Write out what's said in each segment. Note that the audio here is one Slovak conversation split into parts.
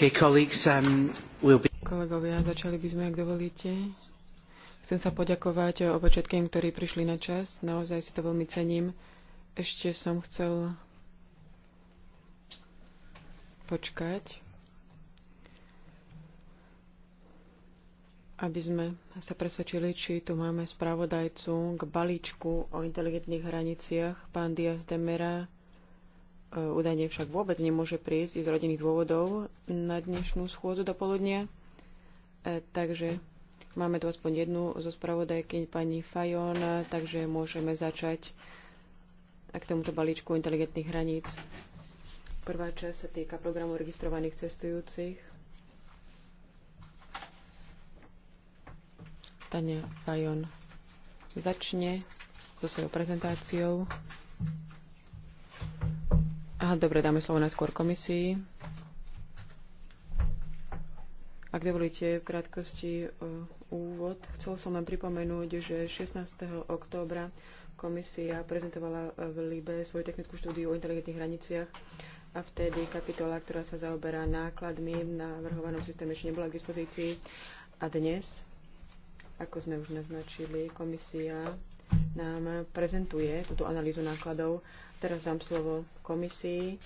Um, Kolegovia, začali by sme, ak dovolíte. Chcem sa poďakovať oba všetkým, ktorí prišli na čas. Naozaj si to veľmi cením. Ešte som chcel počkať, aby sme sa presvedčili, či tu máme spravodajcu k balíčku o inteligentných hraniciach. Pán Diaz de Mera E, údajne však vôbec nemôže prísť z rodinných dôvodov na dnešnú schôdzu do poludnia. E, takže máme tu aspoň jednu zo spravodajkyň pani Fajon, takže môžeme začať k tomuto balíčku inteligentných hraníc. Prvá časť sa týka programu registrovaných cestujúcich. Tania Fajon začne so svojou prezentáciou. Aha, dobre, dáme slovo najskôr komisii. Ak dovolíte v krátkosti e, úvod, chcel som vám pripomenúť, že 16. októbra komisia prezentovala e, v Libe svoju technickú štúdiu o inteligentných hraniciach a vtedy kapitola, ktorá sa zaoberá nákladmi na vrhovanom systéme, ešte nebola k dispozícii. A dnes, ako sme už naznačili, komisia nám prezentuje túto analýzu nákladov Teraz dám slovo komisii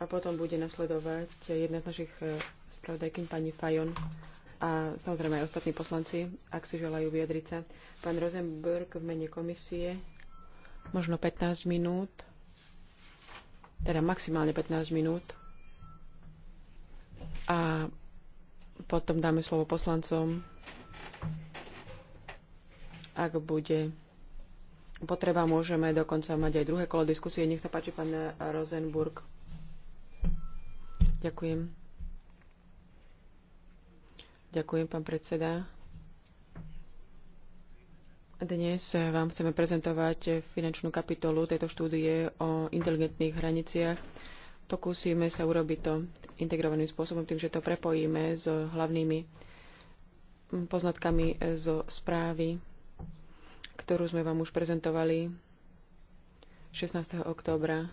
a potom bude nasledovať jedna z našich e, spravodajkyň, pani Fajon a samozrejme aj ostatní poslanci, ak si želajú vyjadriť sa. Pán Rosenberg v mene komisie, možno 15 minút, teda maximálne 15 minút. A potom dáme slovo poslancom, ak bude potreba môžeme dokonca mať aj druhé kolo diskusie. Nech sa páči, pán Rosenburg. Ďakujem. Ďakujem, pán predseda. Dnes vám chceme prezentovať finančnú kapitolu tejto štúdie o inteligentných hraniciach. Pokúsime sa urobiť to integrovaným spôsobom, tým, že to prepojíme s hlavnými poznatkami zo správy ktorú sme vám už prezentovali 16. októbra.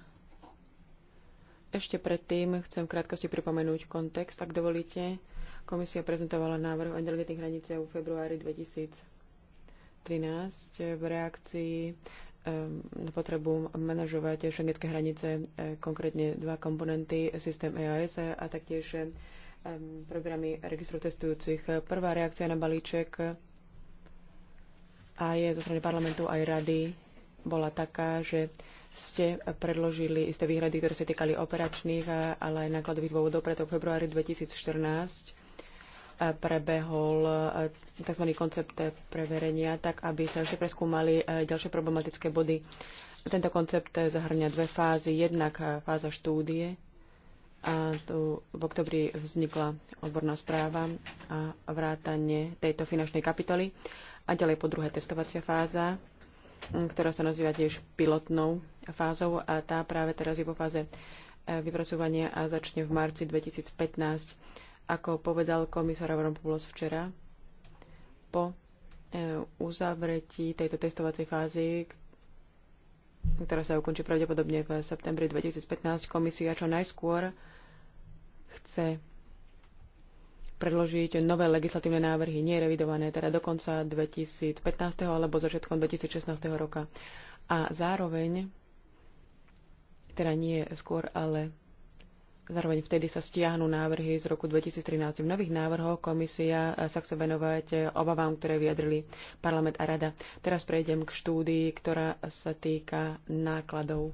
Ešte predtým chcem v krátkosti pripomenúť kontext, ak dovolíte. Komisia prezentovala návrh o energetických hranice v februári 2013 v reakcii ehm, na potrebu manažovať šengenské hranice, e, konkrétne dva komponenty, systém EAS a taktiež ehm, programy registru testujúcich. Prvá reakcia na balíček a je zo strany parlamentu aj rady bola taká, že ste predložili isté výhrady, ktoré sa týkali operačných, ale aj nákladových dôvodov, preto v februári 2014 prebehol eh, tzv. koncept preverenia, tak aby sa ešte preskúmali eh, ďalšie problematické body. Tento koncept eh, zahrňa dve fázy. Jednak fáza štúdie, a tu v oktobri vznikla odborná správa a vrátanie tejto finančnej kapitoly. A ďalej po druhé testovacia fáza, mm, ktorá sa nazýva tiež pilotnou fázou a tá práve teraz je vo fáze e, vypracovania a začne v marci 2015. Ako povedal komisár Avramopoulos včera, po e, uzavretí tejto testovacej fázy, ktorá sa ukončí pravdepodobne v septembri 2015, komisia čo najskôr chce predložiť nové legislatívne návrhy, nie revidované, teda do konca 2015. alebo začiatkom 2016. roka. A zároveň, teda nie skôr, ale zároveň vtedy sa stiahnu návrhy z roku 2013. V nových návrhoch komisia sa chce venovať obavám, ktoré vyjadrili parlament a rada. Teraz prejdem k štúdii, ktorá sa týka nákladov.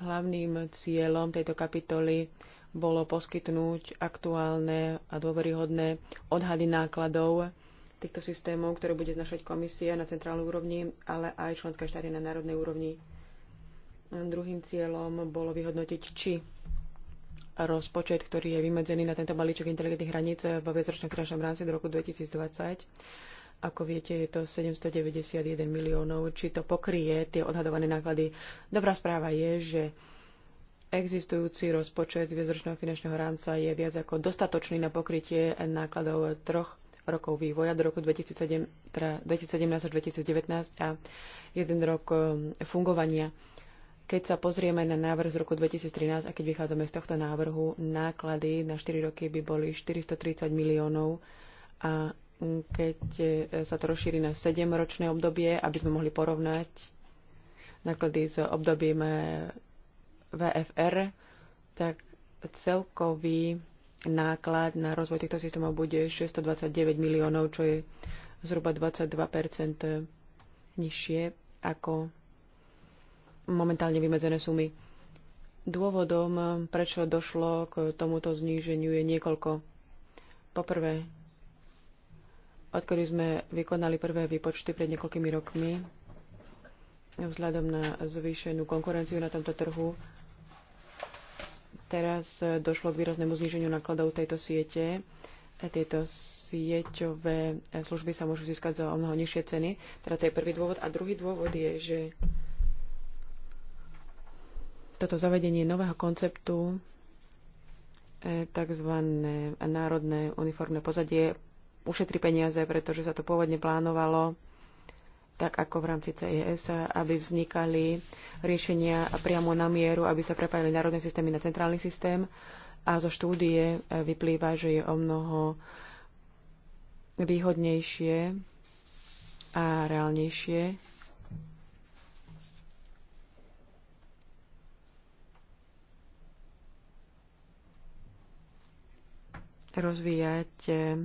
Hlavným cieľom tejto kapitoly bolo poskytnúť aktuálne a dôveryhodné odhady nákladov týchto systémov, ktoré bude znašať komisia na centrálnej úrovni, ale aj členské štáty na národnej úrovni. Druhým cieľom bolo vyhodnotiť, či rozpočet, ktorý je vymedzený na tento balíček inteligentných hraníc vo viacročnom finančnom rámci do roku 2020, ako viete, je to 791 miliónov, či to pokrie tie odhadované náklady. Dobrá správa je, že Existujúci rozpočet viezročného finančného rámca je viac ako dostatočný na pokrytie nákladov troch rokov vývoja do roku 2017 teda až 2019 a jeden rok e, fungovania. Keď sa pozrieme na návrh z roku 2013 a keď vychádzame z tohto návrhu, náklady na 4 roky by boli 430 miliónov a keď e, sa to rozšíri na 7-ročné obdobie, aby sme mohli porovnať náklady s obdobím VFR, tak celkový náklad na rozvoj týchto systémov bude 629 miliónov, čo je zhruba 22 nižšie ako momentálne vymedzené sumy. Dôvodom, prečo došlo k tomuto zníženiu, je niekoľko. Poprvé, odkedy sme vykonali prvé výpočty pred niekoľkými rokmi, vzhľadom na zvýšenú konkurenciu na tomto trhu, Teraz e, došlo k výraznému zníženiu nákladov tejto siete. E, tieto sieťové e, služby sa môžu získať za o mnoho nižšie ceny. Teda to je prvý dôvod. A druhý dôvod je, že toto zavedenie nového konceptu tzv. národné uniformné pozadie ušetri peniaze, pretože sa to pôvodne plánovalo tak ako v rámci CIS, e aby vznikali riešenia priamo na mieru, aby sa prepájali národné systémy na centrálny systém. A zo štúdie eh, vyplýva, že je o mnoho výhodnejšie a reálnejšie rozvíjať eh,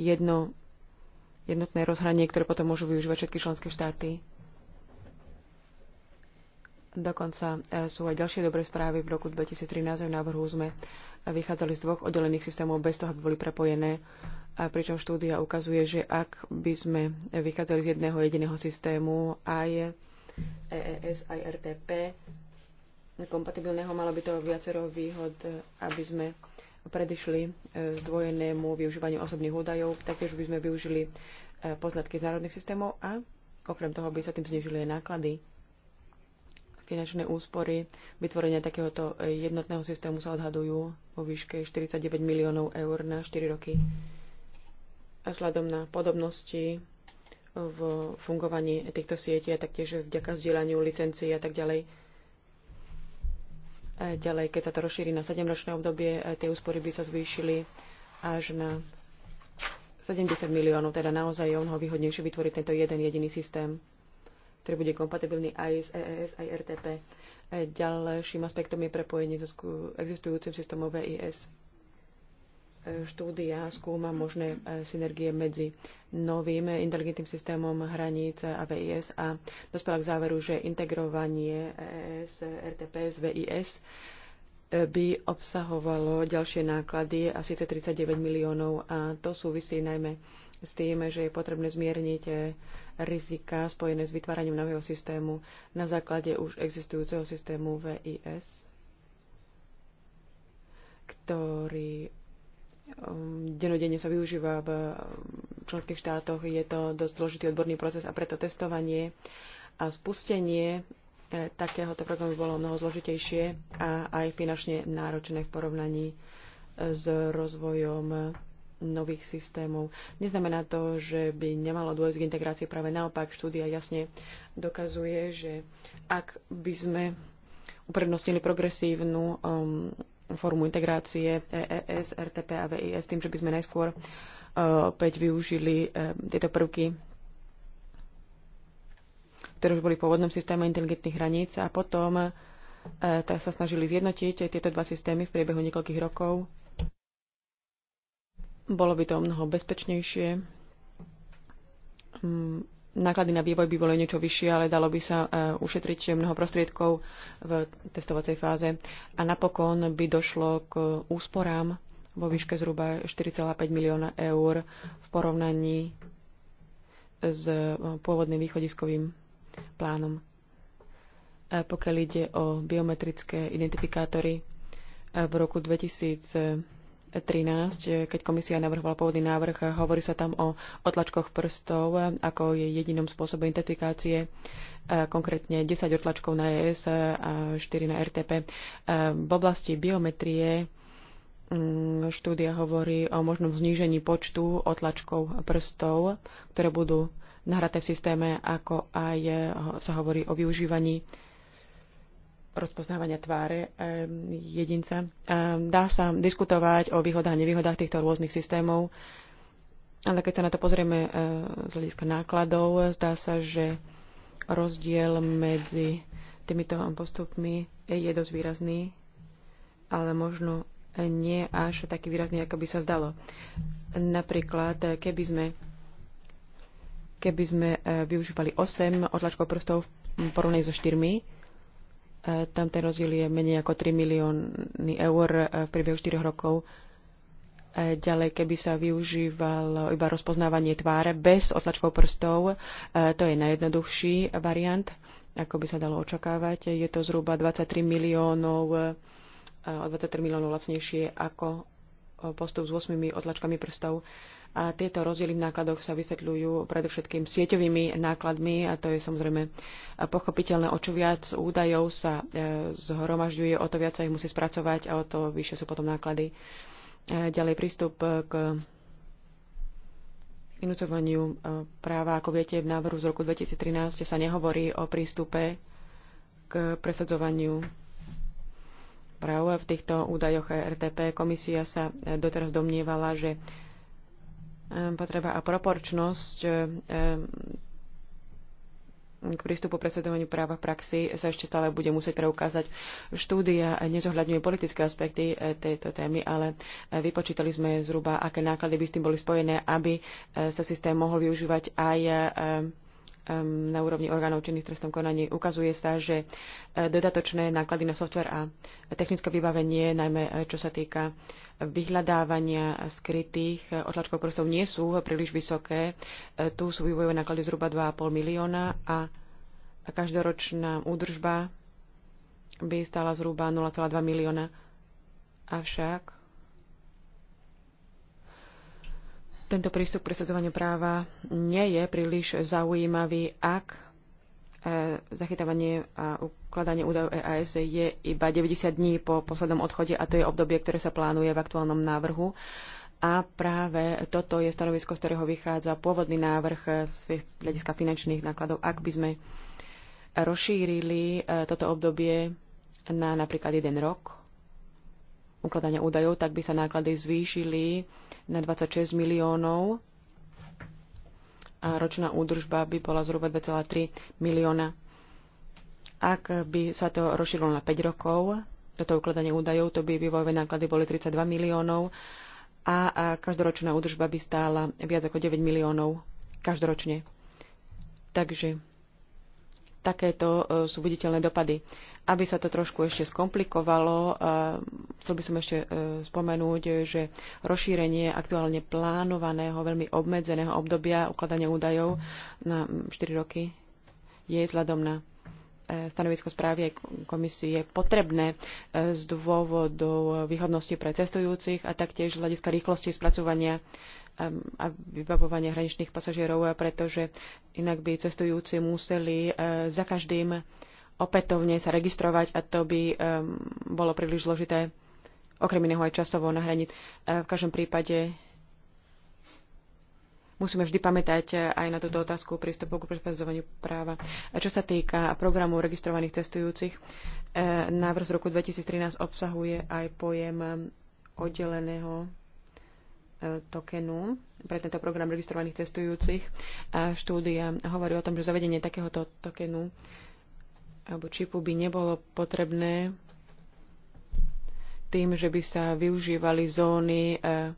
jedno jednotné rozhranie, ktoré potom môžu využívať všetky členské štáty. Dokonca e, sú aj ďalšie dobré správy. V roku 2013 v návrhu sme vychádzali z dvoch oddelených systémov bez toho, aby boli prepojené. A pričom štúdia ukazuje, že ak by sme vychádzali z jedného jediného systému, aj EES, aj RTP, kompatibilného, malo by to viacero výhod, aby sme predišli e, zdvojenému využívaniu osobných údajov. Taktiež by sme využili e, poznatky z národných systémov a okrem toho by sa tým znižili aj náklady. Finančné úspory vytvorenie takéhoto e, jednotného systému sa odhadujú vo výške 49 miliónov eur na 4 roky. A vzhľadom na podobnosti v fungovaní týchto sietí a taktiež vďaka zdieľaniu licencií a tak ďalej Ďalej, keď sa to rozšíri na 7-ročné obdobie, e, tie úspory by sa zvýšili až na 70 miliónov, teda naozaj je o mnoho výhodnejšie vytvoriť tento jeden jediný systém, ktorý bude kompatibilný aj s EES, aj RTP. E, ďalším aspektom je prepojenie so existujúcim systémom VIS štúdia skúma možné e, synergie medzi novým inteligentným systémom hraníc a VIS a dospela k záveru, že integrovanie ES, RTP s VIS e, by obsahovalo ďalšie náklady a síce 39 miliónov a to súvisí najmä s tým, že je potrebné zmierniť e, rizika spojené s vytváraním nového systému na základe už existujúceho systému VIS, ktorý denodene sa využíva v členských štátoch. Je to dosť zložitý odborný proces a preto testovanie a spustenie e, takéhoto programu bolo mnoho zložitejšie a aj finančne náročné v porovnaní e, s rozvojom nových systémov. Neznamená to, že by nemalo dôjsť k integrácii, práve naopak štúdia jasne dokazuje, že ak by sme uprednostnili progresívnu um, formu integrácie EES, RTP a VIS tým, že by sme najskôr e, opäť využili e, tieto prvky, ktoré už boli v pôvodnom systéme inteligentných hraníc a potom e, sa snažili zjednotiť tieto dva systémy v priebehu niekoľkých rokov. Bolo by to mnoho bezpečnejšie, mm, Náklady na vývoj by boli niečo vyššie, ale dalo by sa e, ušetriť mnoho prostriedkov v testovacej fáze. A napokon by došlo k úsporám vo výške zhruba 4,5 milióna eur v porovnaní s e, pôvodným východiskovým plánom. E, pokiaľ ide o biometrické identifikátory, v roku 2000 13, eh, keď komisia navrhovala pôvodný návrh, eh, hovorí sa tam o otlačkoch prstov eh, ako je jedinom spôsobe identifikácie, konkrétne 10 otlačkov na ES a 4 na RTP. V oblasti biometrie mm, štúdia hovorí o možnom znížení počtu otlačkov prstov, ktoré budú nahraté v systéme, ako aj sa hovorí o využívaní rozpoznávania tváre jedinca. Dá sa diskutovať o výhodách a nevýhodách týchto rôznych systémov, ale keď sa na to pozrieme eh, z hľadiska nákladov, zdá sa, že rozdiel medzi týmito postupmi je dosť výrazný, ale možno nie až taký výrazný, ako by sa zdalo. Napríklad, eh, keby sme, keby sme eh, využívali 8 odlačkov prstov porovnej so 4, tam ten rozdiel je menej ako 3 milióny eur eh, v priebehu 4 rokov. Eh, ďalej, keby sa využívalo iba rozpoznávanie tváre bez otlačkov prstov, eh, to je najjednoduchší variant, ako by sa dalo očakávať. Je to zhruba 23 miliónov, 23 miliónov lacnejšie ako postup s 8 otlačkami prstov. A tieto rozdiely v nákladoch sa vysvetľujú predovšetkým sieťovými nákladmi a to je samozrejme pochopiteľné. O čo viac údajov sa e, zhromažďuje, o to viac sa ich musí spracovať a o to vyššie sú potom náklady. E, ďalej prístup k inúcovaniu e, práva. Ako viete, v návrhu z roku 2013 sa nehovorí o prístupe k presadzovaniu práv v týchto údajoch RTP. Komisia sa doteraz domnievala, že potreba a proporčnosť k prístupu predsedovaniu práva v praxi sa ešte stále bude musieť preukázať. Štúdia nezohľadňuje politické aspekty eh, tejto témy, ale eh, vypočítali sme zhruba, aké náklady by s tým boli spojené, aby eh, sa systém mohol využívať aj na úrovni orgánov činných v trestnom konaní. Ukazuje sa, že e, dodatočné náklady na software a technické vybavenie, najmä e, čo sa týka vyhľadávania skrytých e, otlačkov prstov, nie sú príliš vysoké. Tu sú vývojové náklady zhruba 2,5 milióna a každoročná údržba by stála zhruba 0,2 milióna. Avšak Tento prístup k presadzovaniu práva nie je príliš zaujímavý, ak e, zachytávanie a ukladanie údajov EAS je iba 90 dní po poslednom odchode a to je obdobie, ktoré sa plánuje v aktuálnom návrhu. A práve toto je stanovisko, z ktorého vychádza pôvodný návrh z hľadiska finančných nákladov. Ak by sme rozšírili e, toto obdobie na napríklad jeden rok, ukladania údajov, tak by sa náklady zvýšili na 26 miliónov a ročná údržba by bola zhruba 2,3 milióna. Ak by sa to rozšírilo na 5 rokov, toto ukladanie údajov, to by vývojové náklady boli 32 miliónov a, a každoročná údržba by stála viac ako 9 miliónov každoročne. Takže takéto e, sú viditeľné dopady. Aby sa to trošku ešte skomplikovalo, e, chcel by som ešte e, spomenúť, že rozšírenie aktuálne plánovaného, veľmi obmedzeného obdobia ukladania údajov na 4 roky je vzhľadom na e, stanovisko správy komisie je potrebné z dôvodov výhodnosti pre cestujúcich a taktiež z hľadiska rýchlosti spracovania a vybavovania hraničných pasažierov, pretože inak by cestujúci museli za každým opätovne sa registrovať a to by um, bolo príliš zložité, okrem iného aj časovo na hranic. E, v každom prípade musíme vždy pamätať e, aj na túto otázku prístupu k presadzovaniu práva. A čo sa týka programu registrovaných cestujúcich, e, návrh z roku 2013 obsahuje aj pojem ehm, oddeleného tokenu pre tento program registrovaných cestujúcich. A štúdia hovorí o tom, že zavedenie takéhoto tokenu alebo čipu by nebolo potrebné tým, že by sa využívali zóny, e,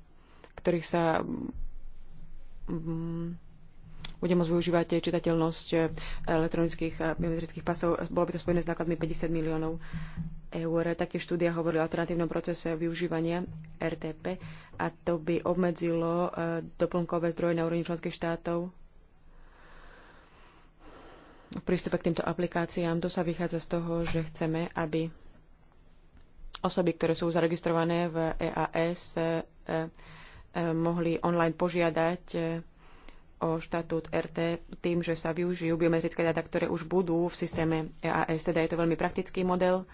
ktorých sa mm, bude môcť využívať čitateľnosť e, elektronických a e, biometrických pasov. Bolo by to spojené s nákladmi 50 miliónov eur. Taktiež štúdia hovorí o alternatívnom procese využívania RTP a to by obmedzilo doplnkové zdroje na úrovni členských štátov v prístupe k týmto aplikáciám. To sa vychádza z toho, že chceme, aby osoby, ktoré sú zaregistrované v EAS, e, e, mohli online požiadať e, o štatút RT tým, že sa využijú biometrické dáta, ktoré už budú v systéme EAS. Teda je to veľmi praktický model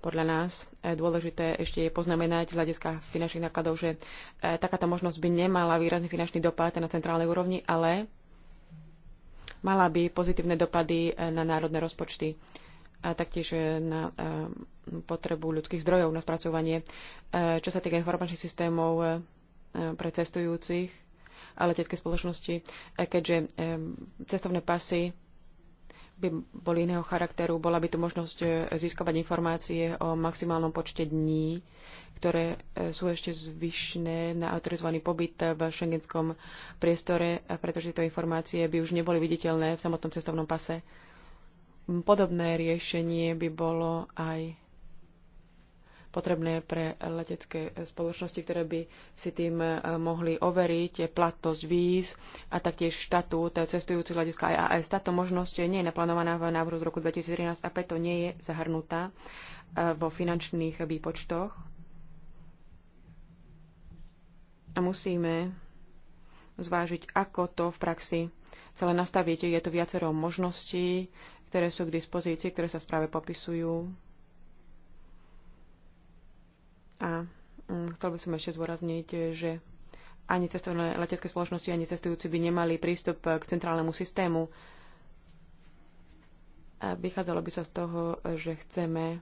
podľa nás dôležité ešte je poznamenať z hľadiska finančných nákladov, že takáto možnosť by nemala výrazný finančný dopad na centrálnej úrovni, ale mala by pozitívne dopady e, na národné rozpočty a taktiež e, na e, potrebu ľudských zdrojov na spracovanie. Čo sa týka informačných systémov pre cestujúcich a letecké spoločnosti, keďže cestovné pasy by boli iného charakteru. Bola by tu možnosť e, získavať informácie o maximálnom počte dní, ktoré e, sú ešte zvyšné na autorizovaný pobyt v šengenskom priestore, pretože tieto informácie by už neboli viditeľné v samotnom cestovnom pase. Podobné riešenie by bolo aj potrebné pre letecké spoločnosti, ktoré by si tým eh, mohli overiť platnosť víz a taktiež štatút cestujúcich hľadiska e AS. Táto možnosť nie je naplánovaná v návrhu z roku 2013 a preto nie je zahrnutá eh, vo finančných výpočtoch. A musíme zvážiť, ako to v praxi celé nastavíte, Je tu viacero možností, ktoré sú k dispozícii, ktoré sa v správe popisujú. A mm, chcel by som ešte zdôrazniť, že ani cestovné letecké spoločnosti, ani cestujúci by nemali prístup k centrálnemu systému. A vychádzalo by sa z toho, že chceme,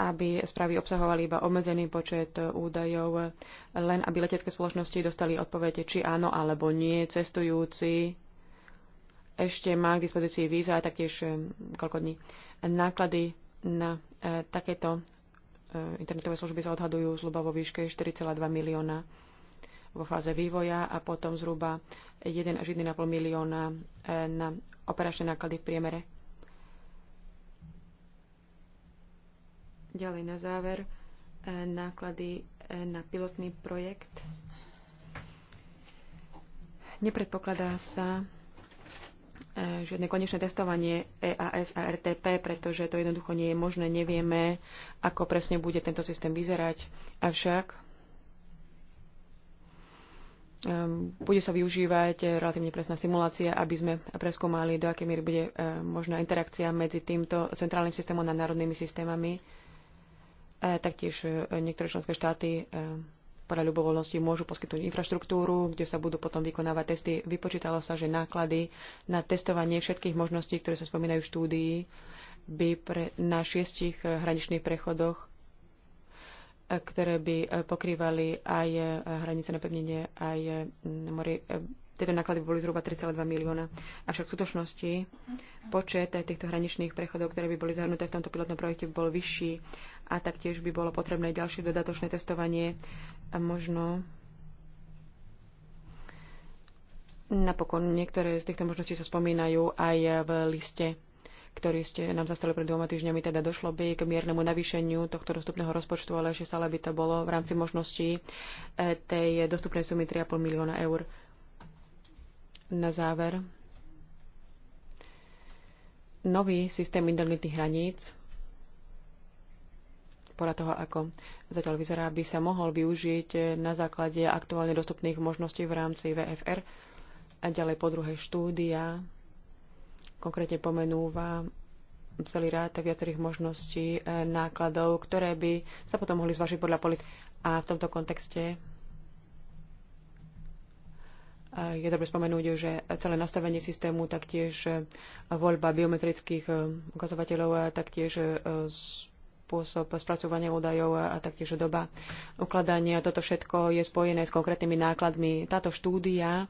aby správy obsahovali iba obmedzený počet údajov, len aby letecké spoločnosti dostali odpovede, či áno alebo nie, cestujúci ešte má k dispozícii víza a taktiež mm, koľko dní náklady na e, takéto E, internetové služby sa odhadujú zhruba vo výške 4,2 milióna vo fáze vývoja a potom zhruba 1 až 1,5 milióna e, na operačné náklady v priemere. Ďalej na záver e, náklady na pilotný projekt. Nepredpokladá sa Eh, žiadne konečné testovanie EAS a RTP, pretože to jednoducho nie je možné, nevieme, ako presne bude tento systém vyzerať. Avšak bude sa využívať eh, relatívne presná simulácia, aby sme preskúmali, do akej miery bude eh, možná interakcia medzi týmto centrálnym systémom a národnými systémami. Taktiež niektoré členské štáty podľa ľubovoľnosti môžu poskytnúť infraštruktúru, kde sa budú potom vykonávať testy. Vypočítalo sa, že náklady na testovanie všetkých možností, ktoré sa spomínajú v štúdii, by pre, na šiestich eh, hraničných prechodoch, eh, ktoré by eh, pokrývali aj hranice na pevnenie, aj mori, tieto náklady by boli zhruba 3,2 milióna. Avšak v skutočnosti počet týchto hraničných prechodov, ktoré by boli zahrnuté v tomto pilotnom projekte, by bol vyšší a taktiež by bolo potrebné ďalšie dodatočné testovanie a možno napokon niektoré z týchto možností sa spomínajú aj v liste ktorý ste nám zastali pred dvoma týždňami, teda došlo by k miernemu navýšeniu tohto dostupného rozpočtu, ale ešte stále by to bolo v rámci možností e, tej dostupnej sumy 3,5 milióna eur. Na záver, nový systém internetných hraníc podľa toho, ako zatiaľ vyzerá, by sa mohol využiť na základe aktuálne dostupných možností v rámci VFR. A ďalej po druhé štúdia konkrétne pomenúva celý rád viacerých možností e, nákladov, ktoré by sa potom mohli zvažiť podľa politiky. A v tomto kontexte e, je dobre spomenúť, že celé nastavenie systému, taktiež e, voľba biometrických ukazovateľov a taktiež spôsob spracovania údajov a taktiež doba ukladania. Toto všetko je spojené s konkrétnymi nákladmi. Táto štúdia e,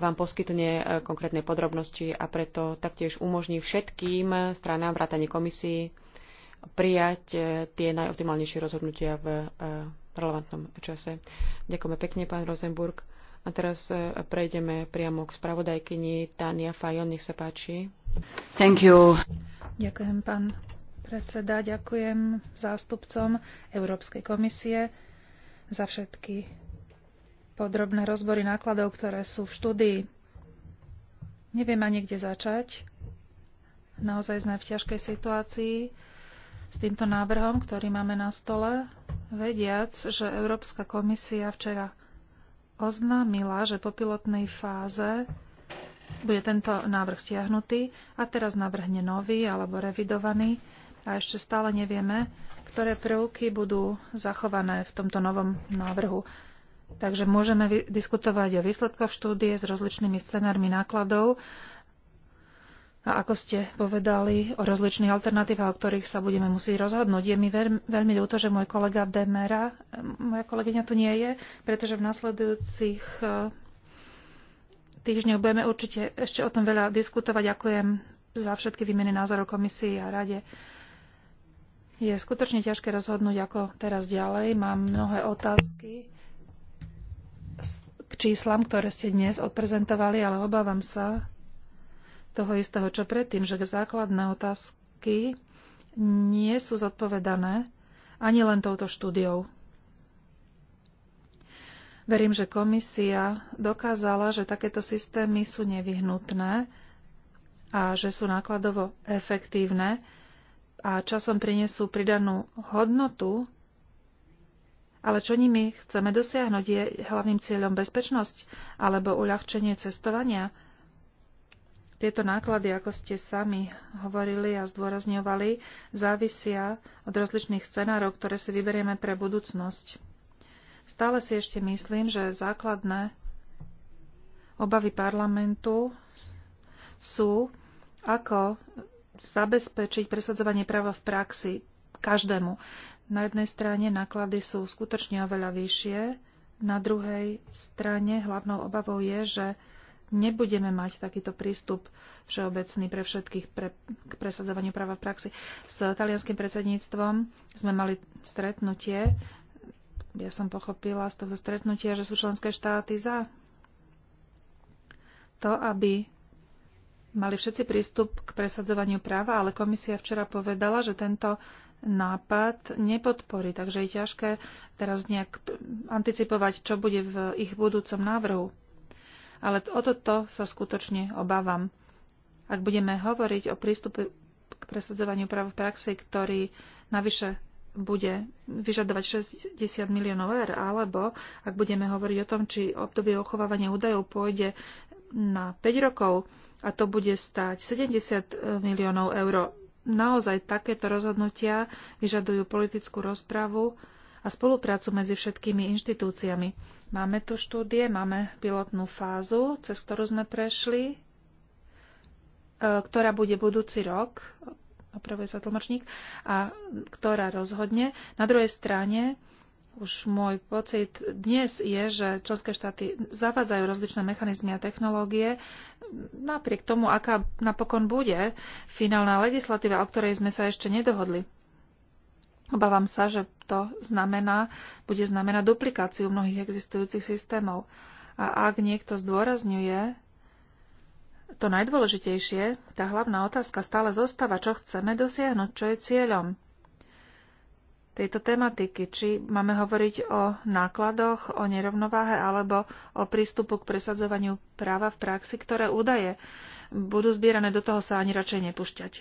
vám poskytne e, konkrétne podrobnosti a preto taktiež umožní všetkým stranám vrátane komisii prijať e, tie najoptimálnejšie rozhodnutia v relevantnom čase. Ďakujeme pekne, pán Rosenburg. A teraz prejdeme priamo k spravodajkyni Tania Fajon, nech sa páči. Thank you. Ďakujem, pán predseda, ďakujem zástupcom Európskej komisie za všetky podrobné rozbory nákladov, ktoré sú v štúdii. Neviem ani kde začať. Naozaj sme v ťažkej situácii s týmto návrhom, ktorý máme na stole, vediac, že Európska komisia včera oznámila, že po pilotnej fáze bude tento návrh stiahnutý a teraz navrhne nový alebo revidovaný a ešte stále nevieme, ktoré prvky budú zachované v tomto novom návrhu. Takže môžeme diskutovať o výsledkoch štúdie s rozličnými scenármi nákladov a ako ste povedali o rozličných alternatívach, o ktorých sa budeme musieť rozhodnúť. Je mi veľmi ľúto, že môj kolega Demera, moja kolegyňa tu nie je, pretože v nasledujúcich e, týždňoch budeme určite ešte o tom veľa diskutovať. Ďakujem za všetky výmeny názorov komisii a rade. Je skutočne ťažké rozhodnúť, ako teraz ďalej. Mám mnohé otázky k číslam, ktoré ste dnes odprezentovali, ale obávam sa toho istého, čo predtým, že základné otázky nie sú zodpovedané ani len touto štúdiou. Verím, že komisia dokázala, že takéto systémy sú nevyhnutné a že sú nákladovo efektívne a časom prinesú pridanú hodnotu, ale čo nimi chceme dosiahnuť? Je hlavným cieľom bezpečnosť alebo uľahčenie cestovania? Tieto náklady, ako ste sami hovorili a zdôrazňovali, závisia od rozličných scenárov, ktoré si vyberieme pre budúcnosť. Stále si ešte myslím, že základné obavy parlamentu sú, ako zabezpečiť presadzovanie práva v praxi každému. Na jednej strane náklady sú skutočne oveľa vyššie, na druhej strane hlavnou obavou je, že nebudeme mať takýto prístup všeobecný pre všetkých pre, k presadzovaniu práva v praxi. S talianským predsedníctvom sme mali stretnutie. Ja som pochopila z toho stretnutia, že sú členské štáty za to, aby mali všetci prístup k presadzovaniu práva, ale komisia včera povedala, že tento nápad nepodporí. Takže je ťažké teraz nejak anticipovať, čo bude v ich budúcom návrhu. Ale o toto sa skutočne obávam. Ak budeme hovoriť o prístupe k presadzovaniu práv v praxi, ktorý navyše bude vyžadovať 60 miliónov eur, alebo ak budeme hovoriť o tom, či obdobie ochovávania údajov pôjde na 5 rokov a to bude stáť 70 e, miliónov eur. Naozaj takéto rozhodnutia vyžadujú politickú rozpravu a spoluprácu medzi všetkými inštitúciami. Máme tu štúdie, máme pilotnú fázu, cez ktorú sme prešli, e, ktorá bude budúci rok, opravuje sa tlmočník, a ktorá rozhodne. Na druhej strane už môj pocit dnes je, že členské štáty zavádzajú rozličné mechanizmy a technológie, napriek tomu, aká napokon bude finálna legislatíva, o ktorej sme sa ešte nedohodli. Obávam sa, že to znamená, bude znamená duplikáciu mnohých existujúcich systémov. A ak niekto zdôrazňuje to najdôležitejšie, tá hlavná otázka stále zostáva, čo chceme dosiahnuť, čo je cieľom tejto tematiky, či máme hovoriť o nákladoch, o nerovnováhe alebo o prístupu k presadzovaniu práva v praxi, ktoré údaje budú zbierané, do toho sa ani radšej nepúšťať.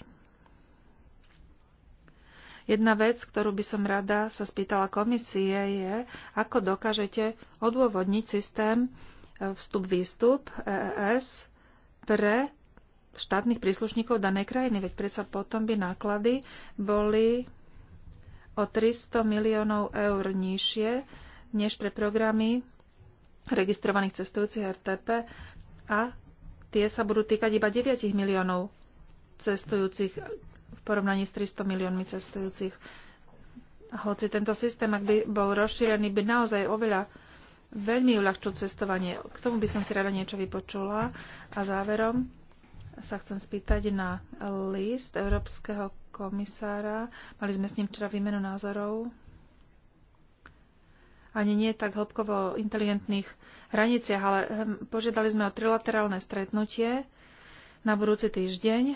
Jedna vec, ktorú by som rada sa spýtala komisie, je, ako dokážete odôvodniť systém e, vstup-výstup EES pre štátnych príslušníkov danej krajiny, veď predsa potom by náklady boli o 300 miliónov eur nižšie než pre programy registrovaných cestujúcich RTP a tie sa budú týkať iba 9 miliónov cestujúcich v porovnaní s 300 miliónmi cestujúcich. Hoci tento systém, ak by bol rozšírený, by naozaj oveľa veľmi uľahčil cestovanie. K tomu by som si rada niečo vypočula. A záverom, sa chcem spýtať na list Európskeho komisára. Mali sme s ním včera výmenu názorov. Ani nie tak hĺbkovo inteligentných hraniciach, ale hm, požiadali sme o trilaterálne stretnutie na budúci týždeň.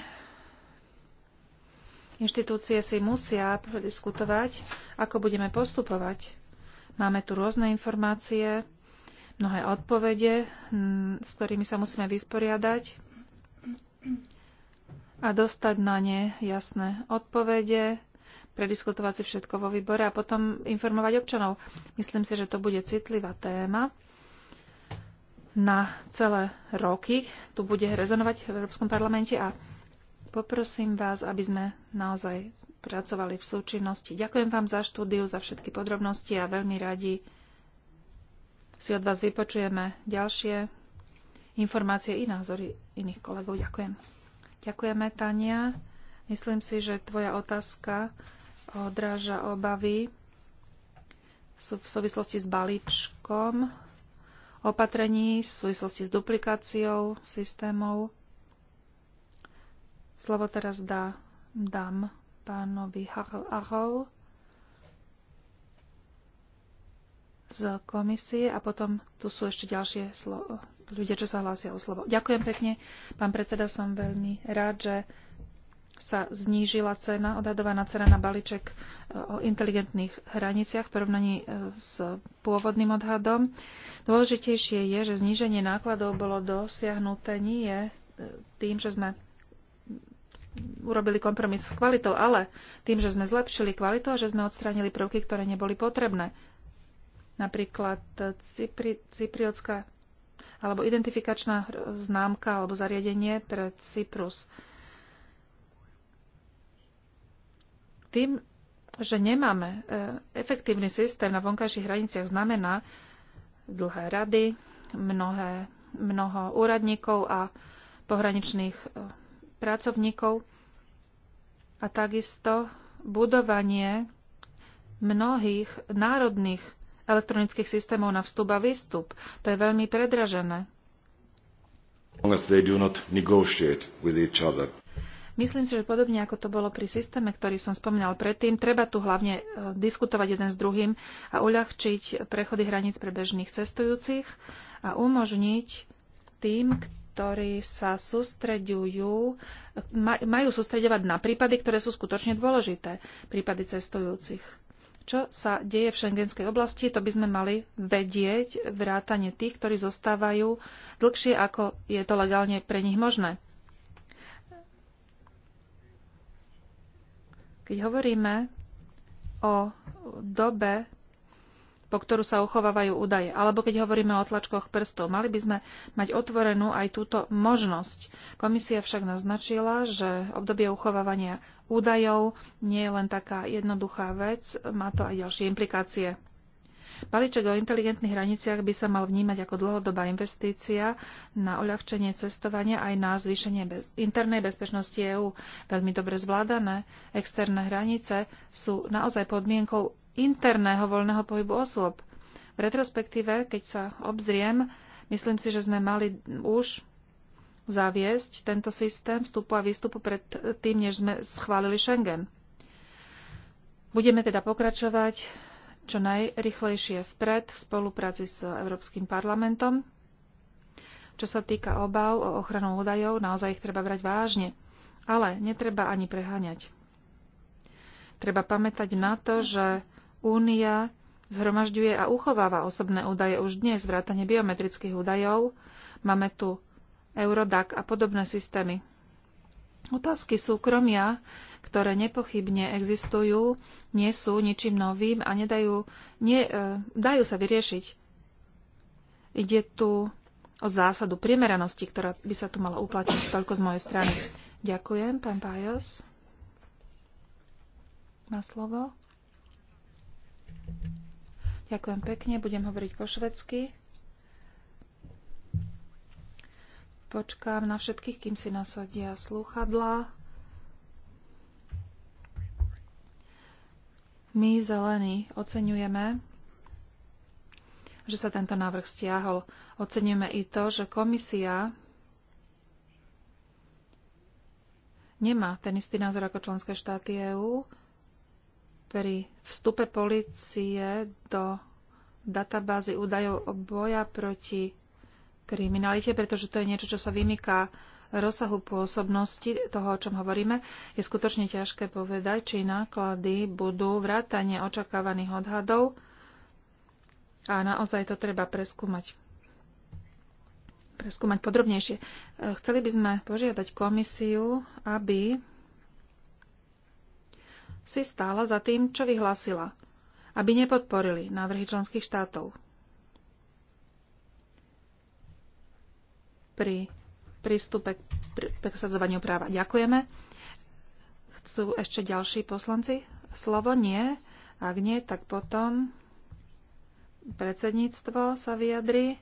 Inštitúcie si musia prediskutovať, ako budeme postupovať. Máme tu rôzne informácie, mnohé odpovede, hm, s ktorými sa musíme vysporiadať a dostať na ne jasné odpovede, prediskutovať si všetko vo výbore a potom informovať občanov. Myslím si, že to bude citlivá téma na celé roky. Tu bude rezonovať v Európskom parlamente a poprosím vás, aby sme naozaj pracovali v súčinnosti. Ďakujem vám za štúdiu, za všetky podrobnosti a veľmi radi si od vás vypočujeme ďalšie informácie i názory iných kolegov. Ďakujem. Ďakujeme, Tania. Myslím si, že tvoja otázka odráža obavy v súvislosti s balíčkom opatrení, v súvislosti s duplikáciou systémov. Slovo teraz dá, dám pánovi Ahov z komisie a potom tu sú ešte ďalšie slovo, ľudia, čo sa hlásia o slovo. Ďakujem pekne. Pán predseda, som veľmi rád, že sa znížila cena, odhadovaná cena na balíček e, o inteligentných hraniciach v porovnaní e, s pôvodným odhadom. Dôležitejšie je, že zníženie nákladov bolo dosiahnuté nie e, tým, že sme urobili kompromis s kvalitou, ale tým, že sme zlepšili kvalitu a že sme odstránili prvky, ktoré neboli potrebné. Napríklad Cypri, cypriotská alebo identifikačná známka alebo zariadenie pre Cyprus. Tým, že nemáme e, efektívny systém na vonkajších hraniciach, znamená dlhé rady, mnohé, mnoho úradníkov a pohraničných e, pracovníkov a takisto budovanie mnohých národných elektronických systémov na vstup a výstup. To je veľmi predražené. Myslím si, že podobne ako to bolo pri systéme, ktorý som spomínal predtým, treba tu hlavne e, diskutovať jeden s druhým a uľahčiť prechody hraníc pre bežných cestujúcich a umožniť tým, ktorí sa sústreďujú, e, majú sústreďovať na prípady, ktoré sú skutočne dôležité, prípady cestujúcich čo sa deje v šengenskej oblasti, to by sme mali vedieť vrátane tých, ktorí zostávajú dlhšie, ako je to legálne pre nich možné. Keď hovoríme o dobe po ktorú sa uchovávajú údaje. Alebo keď hovoríme o tlačkoch prstov, mali by sme mať otvorenú aj túto možnosť. Komisia však naznačila, že obdobie uchovávania údajov nie je len taká jednoduchá vec, má to aj ďalšie implikácie. Balíček o inteligentných hraniciach by sa mal vnímať ako dlhodobá investícia na uľahčenie cestovania aj na zvýšenie bez, internej bezpečnosti EÚ. Veľmi dobre zvládané externé hranice sú naozaj podmienkou interného voľného pohybu osôb. V retrospektíve, keď sa obzriem, myslím si, že sme mali už zaviesť tento systém vstupu a výstupu pred tým, než sme schválili Schengen. Budeme teda pokračovať čo najrychlejšie vpred v spolupráci s Európskym parlamentom. Čo sa týka obav o ochranu údajov, naozaj ich treba brať vážne, ale netreba ani preháňať. Treba pamätať na to, že Únia zhromažďuje a uchováva osobné údaje už dnes, vrátane biometrických údajov. Máme tu Eurodac a podobné systémy. Otázky súkromia, ktoré nepochybne existujú, nie sú ničím novým a nedajú, nie, e, dajú sa vyriešiť. Ide tu o zásadu primeranosti, ktorá by sa tu mala uplatniť. Toľko z mojej strany. Ďakujem, pán Pajos. Má slovo. Ďakujem pekne, budem hovoriť po švedsky. Počkám na všetkých, kým si nasadia slúchadlá. My, zelení, oceňujeme, že sa tento návrh stiahol. Oceňujeme i to, že komisia nemá ten istý názor ako členské štáty EÚ pri vstupe policie do databázy údajov o boja proti kriminalite, pretože to je niečo, čo sa vymyká rozsahu pôsobnosti toho, o čom hovoríme, je skutočne ťažké povedať, či náklady budú vrátanie očakávaných odhadov a naozaj to treba preskúmať preskúmať podrobnejšie. Chceli by sme požiadať komisiu, aby si stála za tým, čo vyhlásila, aby nepodporili návrhy členských štátov. Pri prístupe k presadzovaniu práva ďakujeme. Chcú ešte ďalší poslanci? Slovo nie. Ak nie, tak potom predsedníctvo sa vyjadri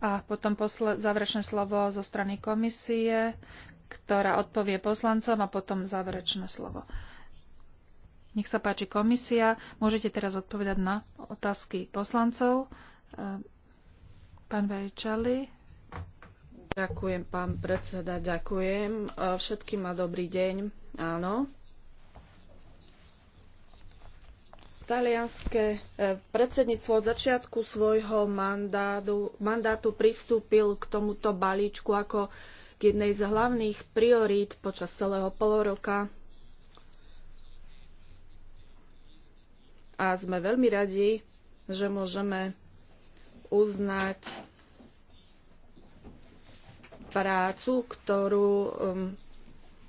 a potom posle- záverečné slovo zo strany komisie, ktorá odpovie poslancom a potom záverečné slovo. Nech sa páči komisia. Môžete teraz odpovedať na otázky poslancov. Pán Veričali. Ďakujem, pán predseda, ďakujem. E, všetkým a dobrý deň. Áno. Talianské e, predsedníctvo od začiatku svojho mandátu, mandátu pristúpil k tomuto balíčku ako k jednej z hlavných priorít počas celého poloroka a sme veľmi radi, že môžeme uznať prácu, ktorú um,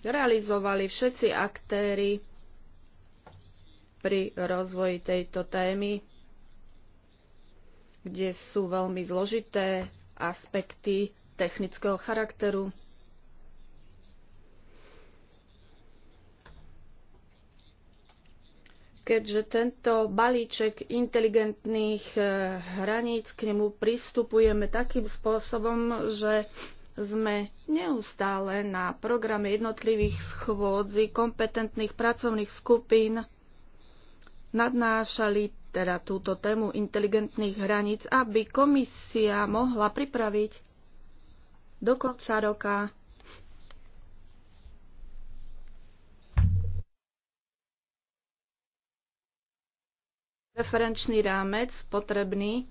realizovali všetci aktéry pri rozvoji tejto témy, kde sú veľmi zložité aspekty technického charakteru. keďže tento balíček inteligentných eh, hraníc k nemu pristupujeme takým spôsobom, že sme neustále na programe jednotlivých schôdzi kompetentných pracovných skupín nadnášali teda túto tému inteligentných hraníc, aby komisia mohla pripraviť do konca roka referenčný rámec potrebný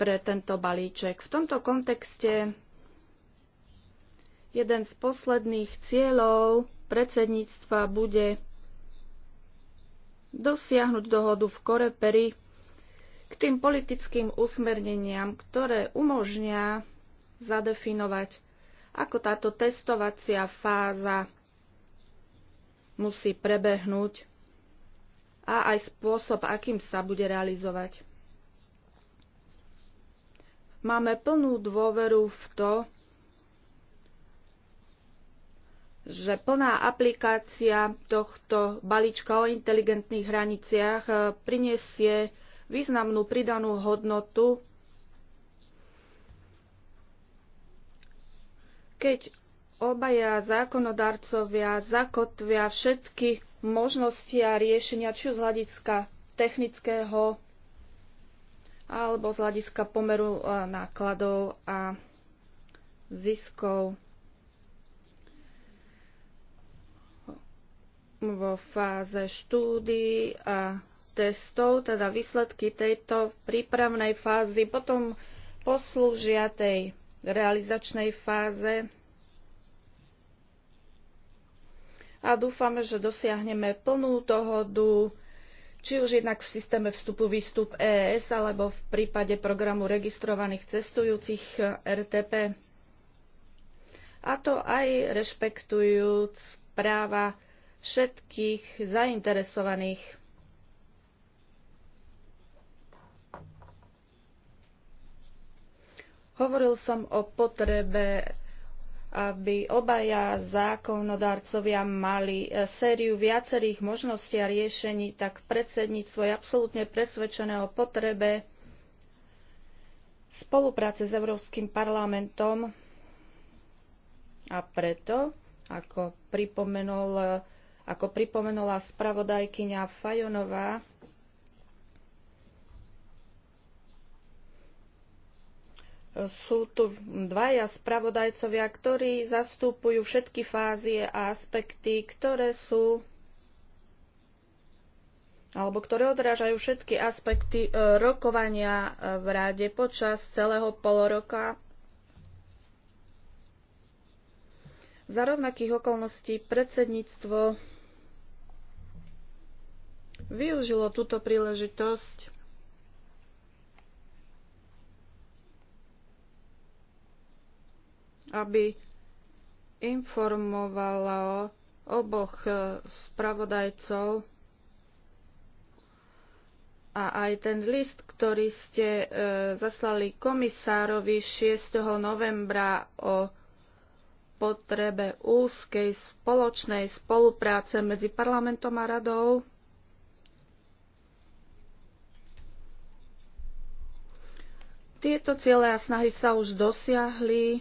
pre tento balíček. V tomto kontexte jeden z posledných cieľov predsedníctva bude dosiahnuť dohodu v Koreperi k tým politickým usmerneniam, ktoré umožnia zadefinovať, ako táto testovacia fáza musí prebehnúť a aj spôsob, akým sa bude realizovať. Máme plnú dôveru v to, že plná aplikácia tohto balíčka o inteligentných hraniciach eh, prinesie významnú pridanú hodnotu, keď obaja zákonodarcovia zakotvia všetky možnosti a riešenia, či z hľadiska technického alebo z hľadiska pomeru nákladov a ziskov. vo fáze štúdy a testov, teda výsledky tejto prípravnej fázy potom poslúžia tej realizačnej fáze a dúfame, že dosiahneme plnú dohodu, či už jednak v systéme vstupu-výstup EES alebo v prípade programu registrovaných cestujúcich RTP. A to aj rešpektujúc práva všetkých zainteresovaných. Hovoril som o potrebe aby obaja zákonodárcovia mali e, sériu viacerých možností a riešení, tak predsedníctvo je absolútne presvedčené o potrebe spolupráce s Európskym parlamentom a preto, ako, pripomenul, e, ako pripomenula spravodajkyňa Fajonová, sú tu dvaja spravodajcovia, ktorí zastupujú všetky fázie a aspekty, ktoré sú alebo ktoré odrážajú všetky aspekty e, rokovania e, v rade počas celého poloroka. Za rovnakých okolností predsedníctvo využilo túto príležitosť aby informovala oboch eh, spravodajcov a aj ten list, ktorý ste eh, zaslali komisárovi 6. novembra o potrebe úzkej spoločnej spolupráce medzi parlamentom a radou. Tieto ciele a snahy sa už dosiahli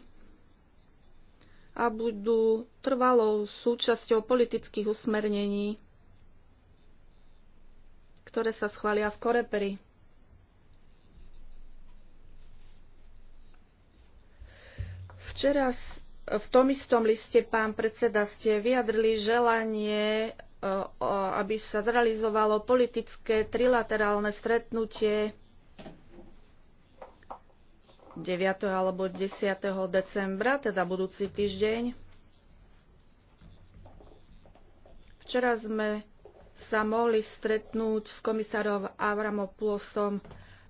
a budú trvalou súčasťou politických usmernení, ktoré sa schvália v Koreperi. Včera v tom istom liste, pán predseda, ste vyjadrili želanie, e, aby sa zrealizovalo politické trilaterálne stretnutie 9. alebo 10. decembra, teda budúci týždeň. Včera sme sa mohli stretnúť s komisárom Plosom,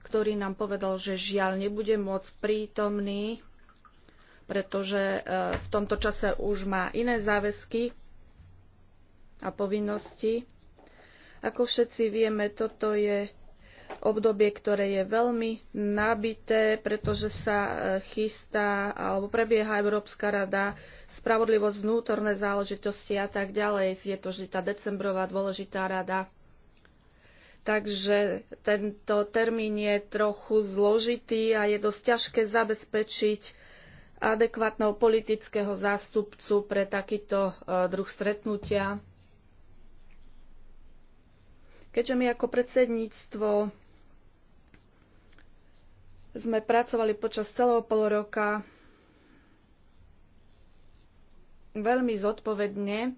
ktorý nám povedal, že žiaľ nebude môcť prítomný, pretože e, v tomto čase už má iné záväzky a povinnosti. Ako všetci vieme, toto je obdobie, ktoré je veľmi nabité, pretože sa e, chystá alebo prebieha Európska rada, spravodlivosť, vnútorné záležitosti a tak ďalej. Je to vždy tá decembrová dôležitá rada. Takže tento termín je trochu zložitý a je dosť ťažké zabezpečiť adekvátneho politického zástupcu pre takýto e, druh stretnutia. Keďže my ako predsedníctvo sme pracovali počas celého pol roka veľmi zodpovedne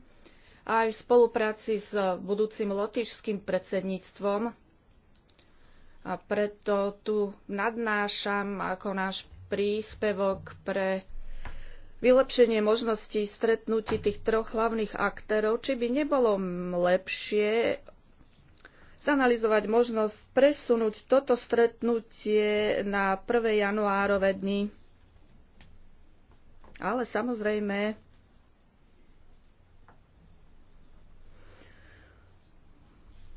aj v spolupráci s budúcim lotišským predsedníctvom. A preto tu nadnášam ako náš príspevok pre vylepšenie možností stretnutí tých troch hlavných aktérov, či by nebolo lepšie zanalizovať možnosť presunúť toto stretnutie na 1. januárove dni. Ale samozrejme,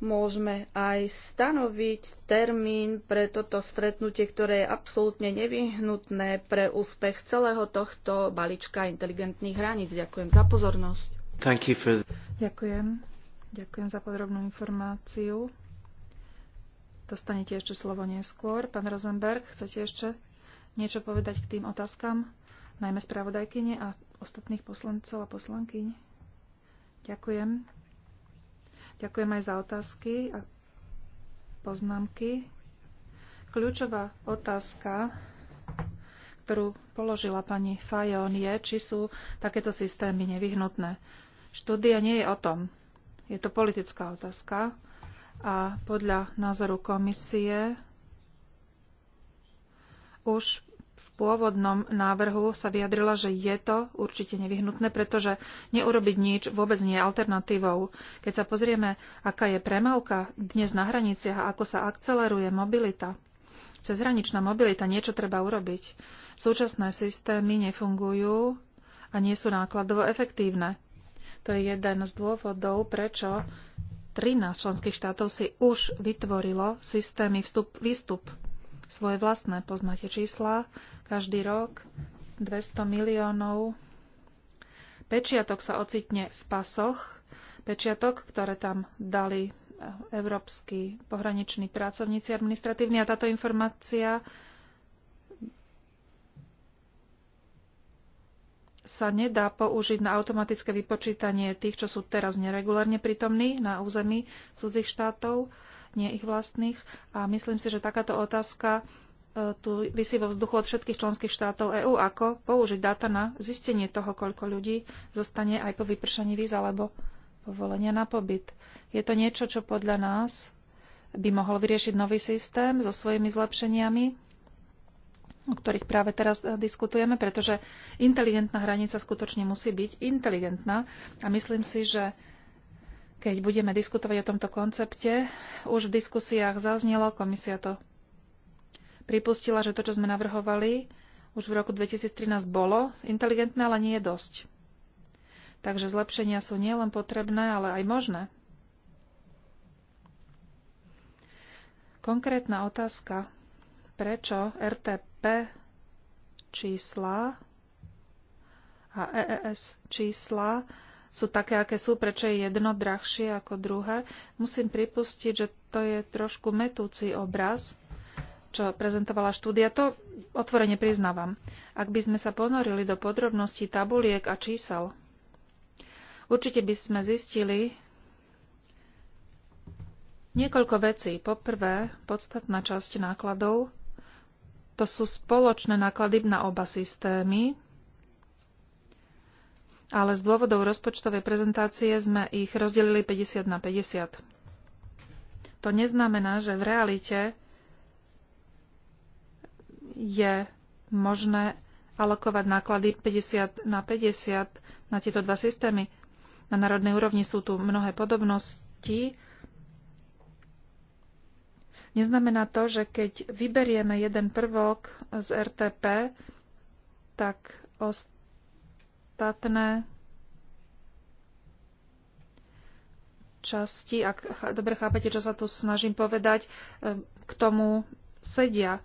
môžeme aj stanoviť termín pre toto stretnutie, ktoré je absolútne nevyhnutné pre úspech celého tohto balíčka inteligentných hraníc. Ďakujem za pozornosť. Thank you for... Ďakujem. Ďakujem za podrobnú informáciu. Dostanete ešte slovo neskôr. Pán Rosenberg, chcete ešte niečo povedať k tým otázkam, najmä spravodajkyne a ostatných poslancov a poslankyň? Ďakujem. Ďakujem aj za otázky a poznámky. Kľúčová otázka, ktorú položila pani Fajon, je, či sú takéto systémy nevyhnutné. Štúdia nie je o tom. Je to politická otázka a podľa názoru komisie už v pôvodnom návrhu sa vyjadrila, že je to určite nevyhnutné, pretože neurobiť nič vôbec nie je alternatívou. Keď sa pozrieme, aká je premávka dnes na hraniciach a ako sa akceleruje mobilita, cezhraničná mobilita, niečo treba urobiť. Súčasné systémy nefungujú a nie sú nákladovo efektívne. To je jeden z dôvodov, prečo 13 členských štátov si už vytvorilo systémy vstup-výstup. Svoje vlastné poznáte čísla. Každý rok 200 miliónov pečiatok sa ocitne v pasoch. Pečiatok, ktoré tam dali eh, európsky pohraniční pracovníci administratívni a táto informácia sa nedá použiť na automatické vypočítanie tých, čo sú teraz neregulárne prítomní na území cudzích štátov, nie ich vlastných. A myslím si, že takáto otázka e, tu vysí vo vzduchu od všetkých členských štátov EÚ, ako použiť dáta na zistenie toho, koľko ľudí zostane aj po vypršaní víz alebo povolenia na pobyt. Je to niečo, čo podľa nás by mohol vyriešiť nový systém so svojimi zlepšeniami, o ktorých práve teraz e, diskutujeme, pretože inteligentná hranica skutočne musí byť inteligentná a myslím si, že keď budeme diskutovať o tomto koncepte, už v diskusiách zaznelo, komisia to pripustila, že to, čo sme navrhovali, už v roku 2013 bolo inteligentné, ale nie je dosť. Takže zlepšenia sú nielen potrebné, ale aj možné. Konkrétna otázka, prečo RTP P čísla a EES čísla sú také, aké sú, prečo je jedno drahšie ako druhé. Musím pripustiť, že to je trošku metúci obraz, čo prezentovala štúdia. To otvorene priznávam. Ak by sme sa ponorili do podrobností tabuliek a čísel, určite by sme zistili niekoľko vecí. Poprvé, podstatná časť nákladov to sú spoločné náklady na oba systémy, ale z dôvodov rozpočtovej prezentácie sme ich rozdelili 50 na 50. To neznamená, že v realite je možné alokovať náklady 50 na 50 na tieto dva systémy. Na národnej úrovni sú tu mnohé podobnosti, Neznamená to, že keď vyberieme jeden prvok z RTP, tak ostatné časti, ak dobre chápete, čo sa tu snažím povedať, e, k tomu sedia.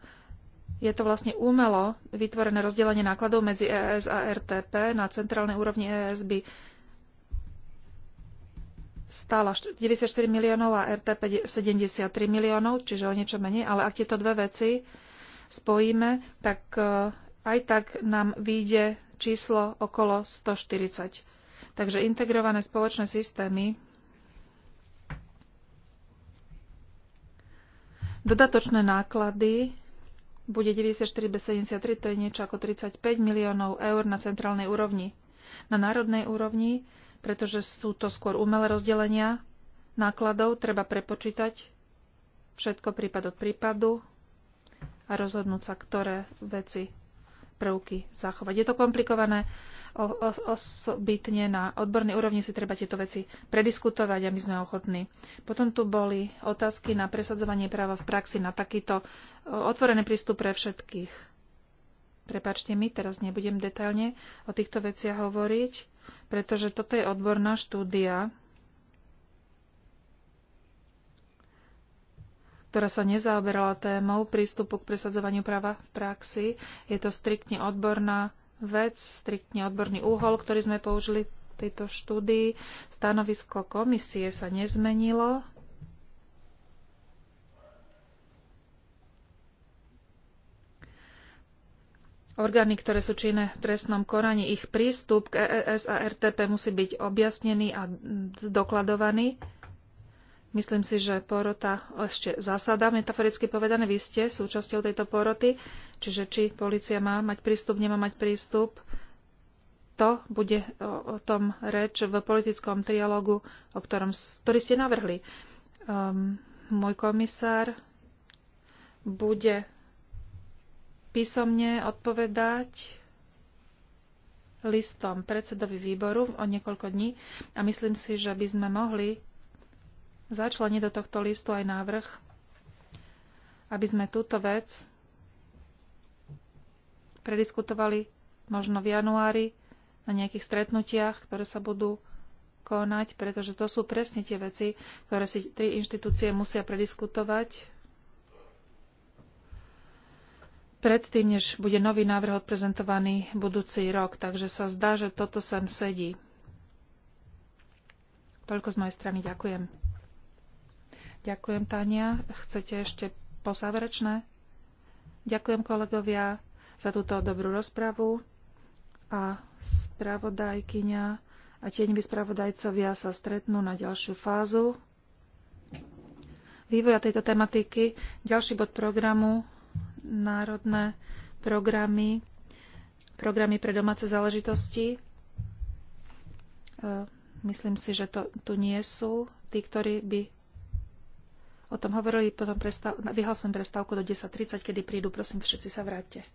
Je to vlastne umelo vytvorené rozdelenie nákladov medzi ES a RTP. Na centrálnej úrovni ES by stála 94 miliónov a RTP 73 miliónov, čiže o niečo menej, ale ak tieto dve veci spojíme, tak e, aj tak nám vyjde číslo okolo 140. Takže integrované spoločné systémy Dodatočné náklady bude 94 bez 73, to je niečo ako 35 miliónov eur na centrálnej úrovni. Na národnej úrovni pretože sú to skôr umelé rozdelenia nákladov, treba prepočítať všetko prípad od prípadu a rozhodnúť sa, ktoré veci prvky zachovať. Je to komplikované, osobitne na odbornej úrovni si treba tieto veci prediskutovať a my sme ochotní. Potom tu boli otázky na presadzovanie práva v praxi, na takýto otvorený prístup pre všetkých. Prepačte mi, teraz nebudem detailne o týchto veciach hovoriť pretože toto je odborná štúdia, ktorá sa nezaoberala témou prístupu k presadzovaniu práva v praxi. Je to striktne odborná vec, striktne odborný úhol, ktorý sme použili v tejto štúdii. Stanovisko komisie sa nezmenilo, orgány, ktoré sú činné v trestnom koraní, ich prístup k EES a RTP musí byť objasnený a dokladovaný. Myslím si, že porota ešte zasada, metaforicky povedané, vy ste súčasťou tejto poroty, čiže či policia má mať prístup, nemá mať prístup, to bude o, tom reč v politickom trialogu, o ktorom, ktorý ste navrhli. Um, môj komisár bude písomne odpovedať listom predsedovi výboru o niekoľko dní a myslím si, že by sme mohli začleniť do tohto listu aj návrh, aby sme túto vec prediskutovali možno v januári na nejakých stretnutiach, ktoré sa budú konať, pretože to sú presne tie veci, ktoré si tri inštitúcie musia prediskutovať predtým, než bude nový návrh odprezentovaný budúci rok. Takže sa zdá, že toto sem sedí. Toľko z mojej strany. Ďakujem. Ďakujem, Tania. Chcete ešte posáverečné? Ďakujem, kolegovia, za túto dobrú rozpravu. A spravodajkyňa a tieňví spravodajcovia sa stretnú na ďalšiu fázu vývoja tejto tematiky. Ďalší bod programu národné programy, programy pre domáce záležitosti. E, myslím si, že to, tu nie sú tí, ktorí by o tom hovorili. Potom prestav, vyhlasujem prestávku do 10.30, kedy prídu. Prosím, všetci sa vráťte.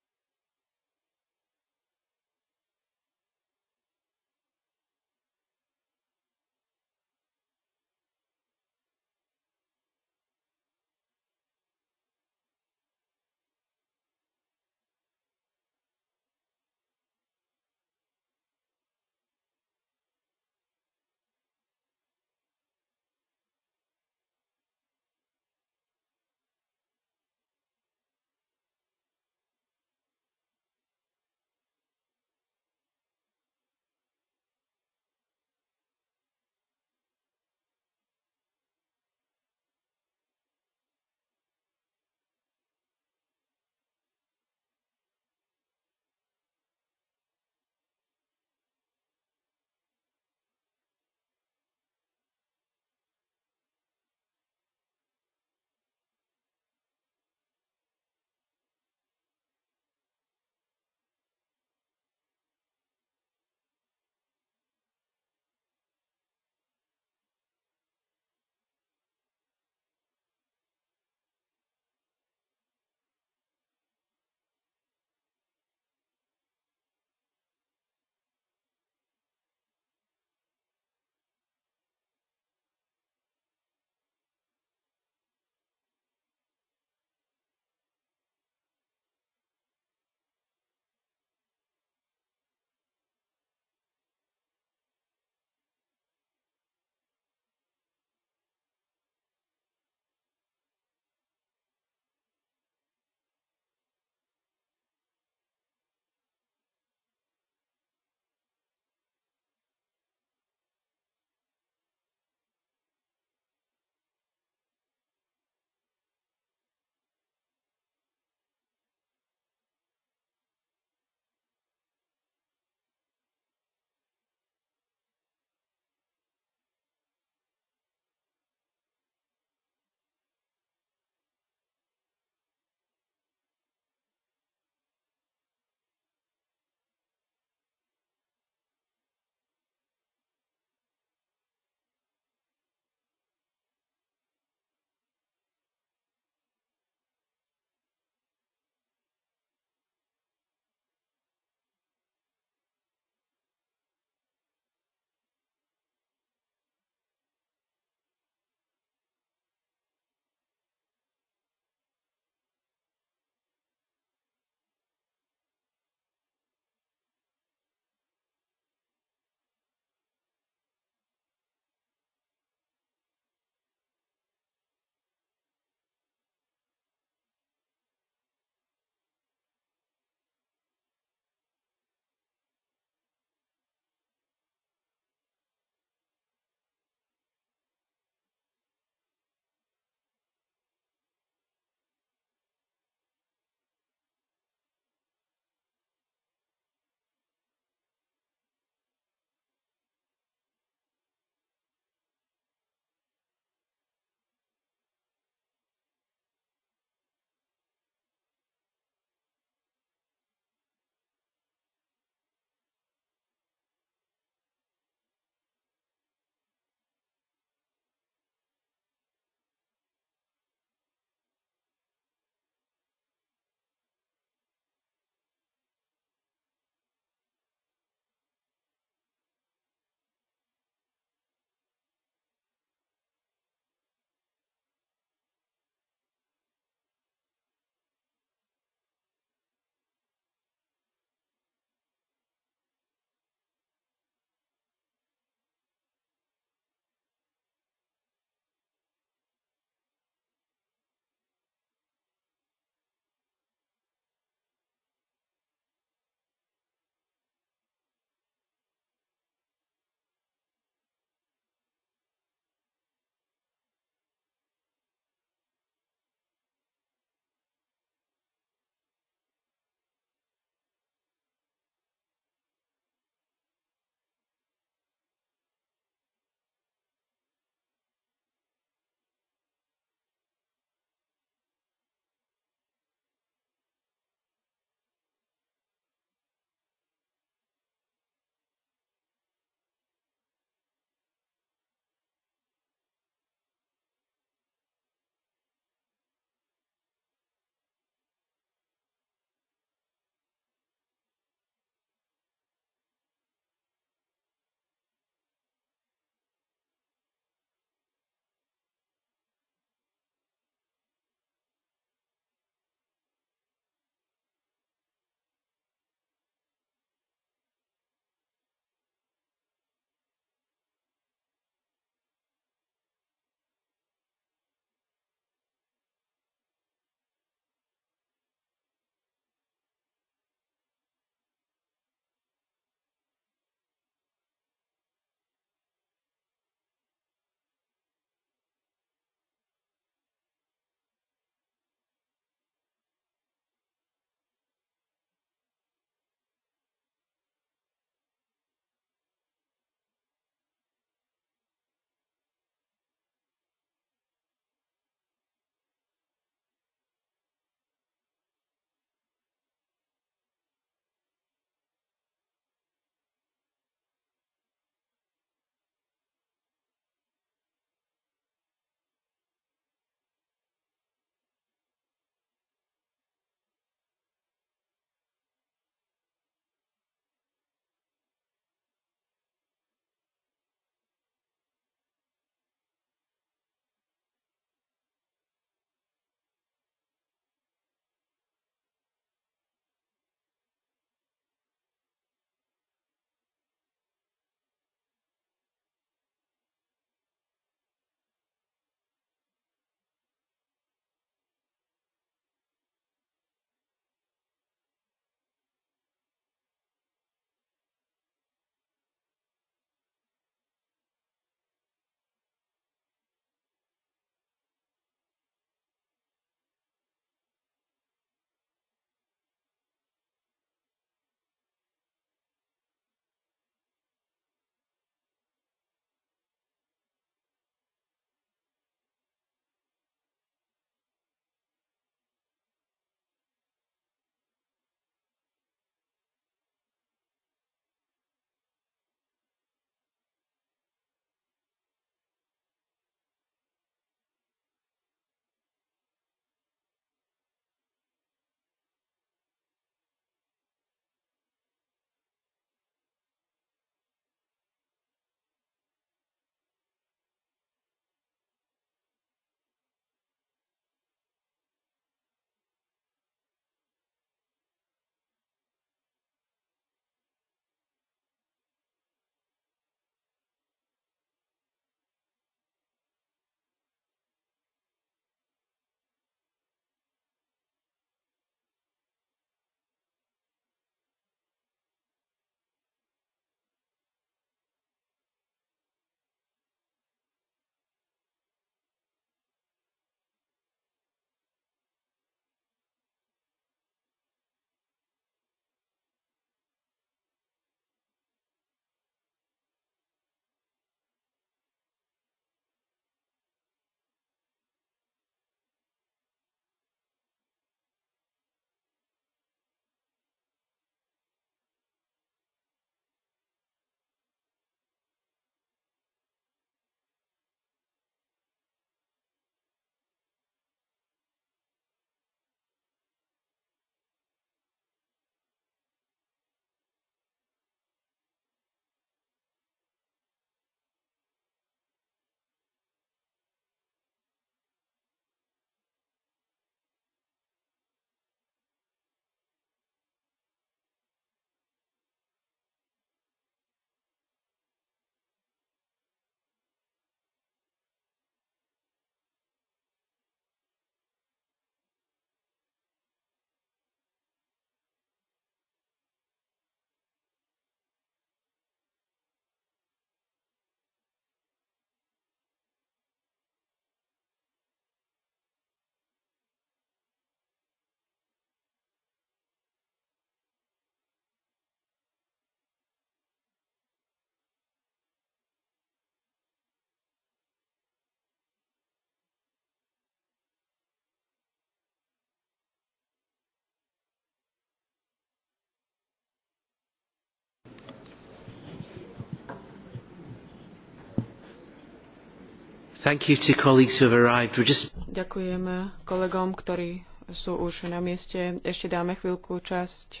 Ďakujem kolegom, ktorí sú už na mieste. Ešte dáme chvíľku časť,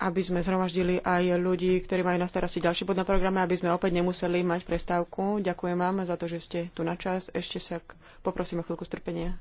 aby sme zhromaždili aj ľudí, ktorí majú na starosti ďalší bod na programe, aby sme opäť nemuseli mať prestávku. Ďakujem vám za to, že ste tu na čas. Ešte sa poprosím o chvíľku strpenia.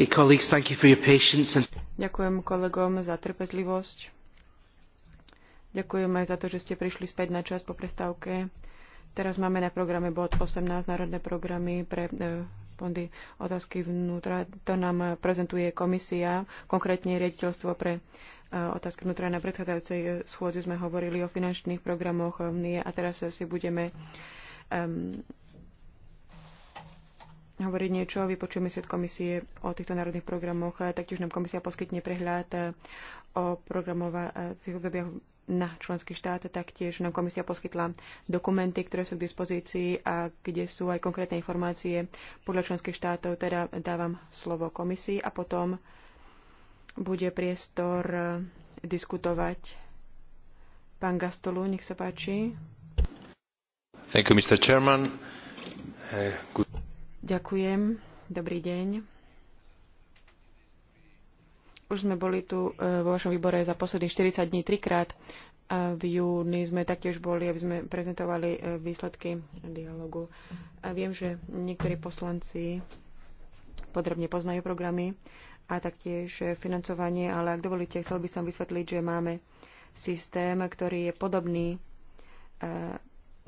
Ďakujem kolegom za trpezlivosť. Ďakujem aj za to, že ste prišli späť na čas po prestávke. Teraz máme na programe bod 18 národné programy pre e, fondy otázky vnútra. To nám prezentuje komisia, konkrétne riaditeľstvo pre e, otázky vnútra. Na predchádzajúcej e, schôdzi sme hovorili o finančných programoch a teraz si budeme um, hovoriť niečo. Vypočujeme si od komisie o týchto národných programoch. Taktiež nám komisia poskytne prehľad e, o programovacích obdobiach na členský štát. Taktiež nám komisia poskytla dokumenty, ktoré sú k dispozícii a kde sú aj konkrétne informácie podľa členských štátov. Teda dávam slovo komisii a potom bude priestor e, diskutovať. Pán Gastolu, nech sa páči. Thank you, Mr. Chairman. Eh, good Ďakujem. Dobrý deň. Už sme boli tu e, vo vašom výbore za posledných 40 dní trikrát. A v júni sme taktiež boli, aby sme prezentovali e, výsledky dialogu. A viem, že niektorí poslanci podrobne poznajú programy a taktiež financovanie, ale ak dovolíte, chcel by som vysvetliť, že máme systém, ktorý je podobný e,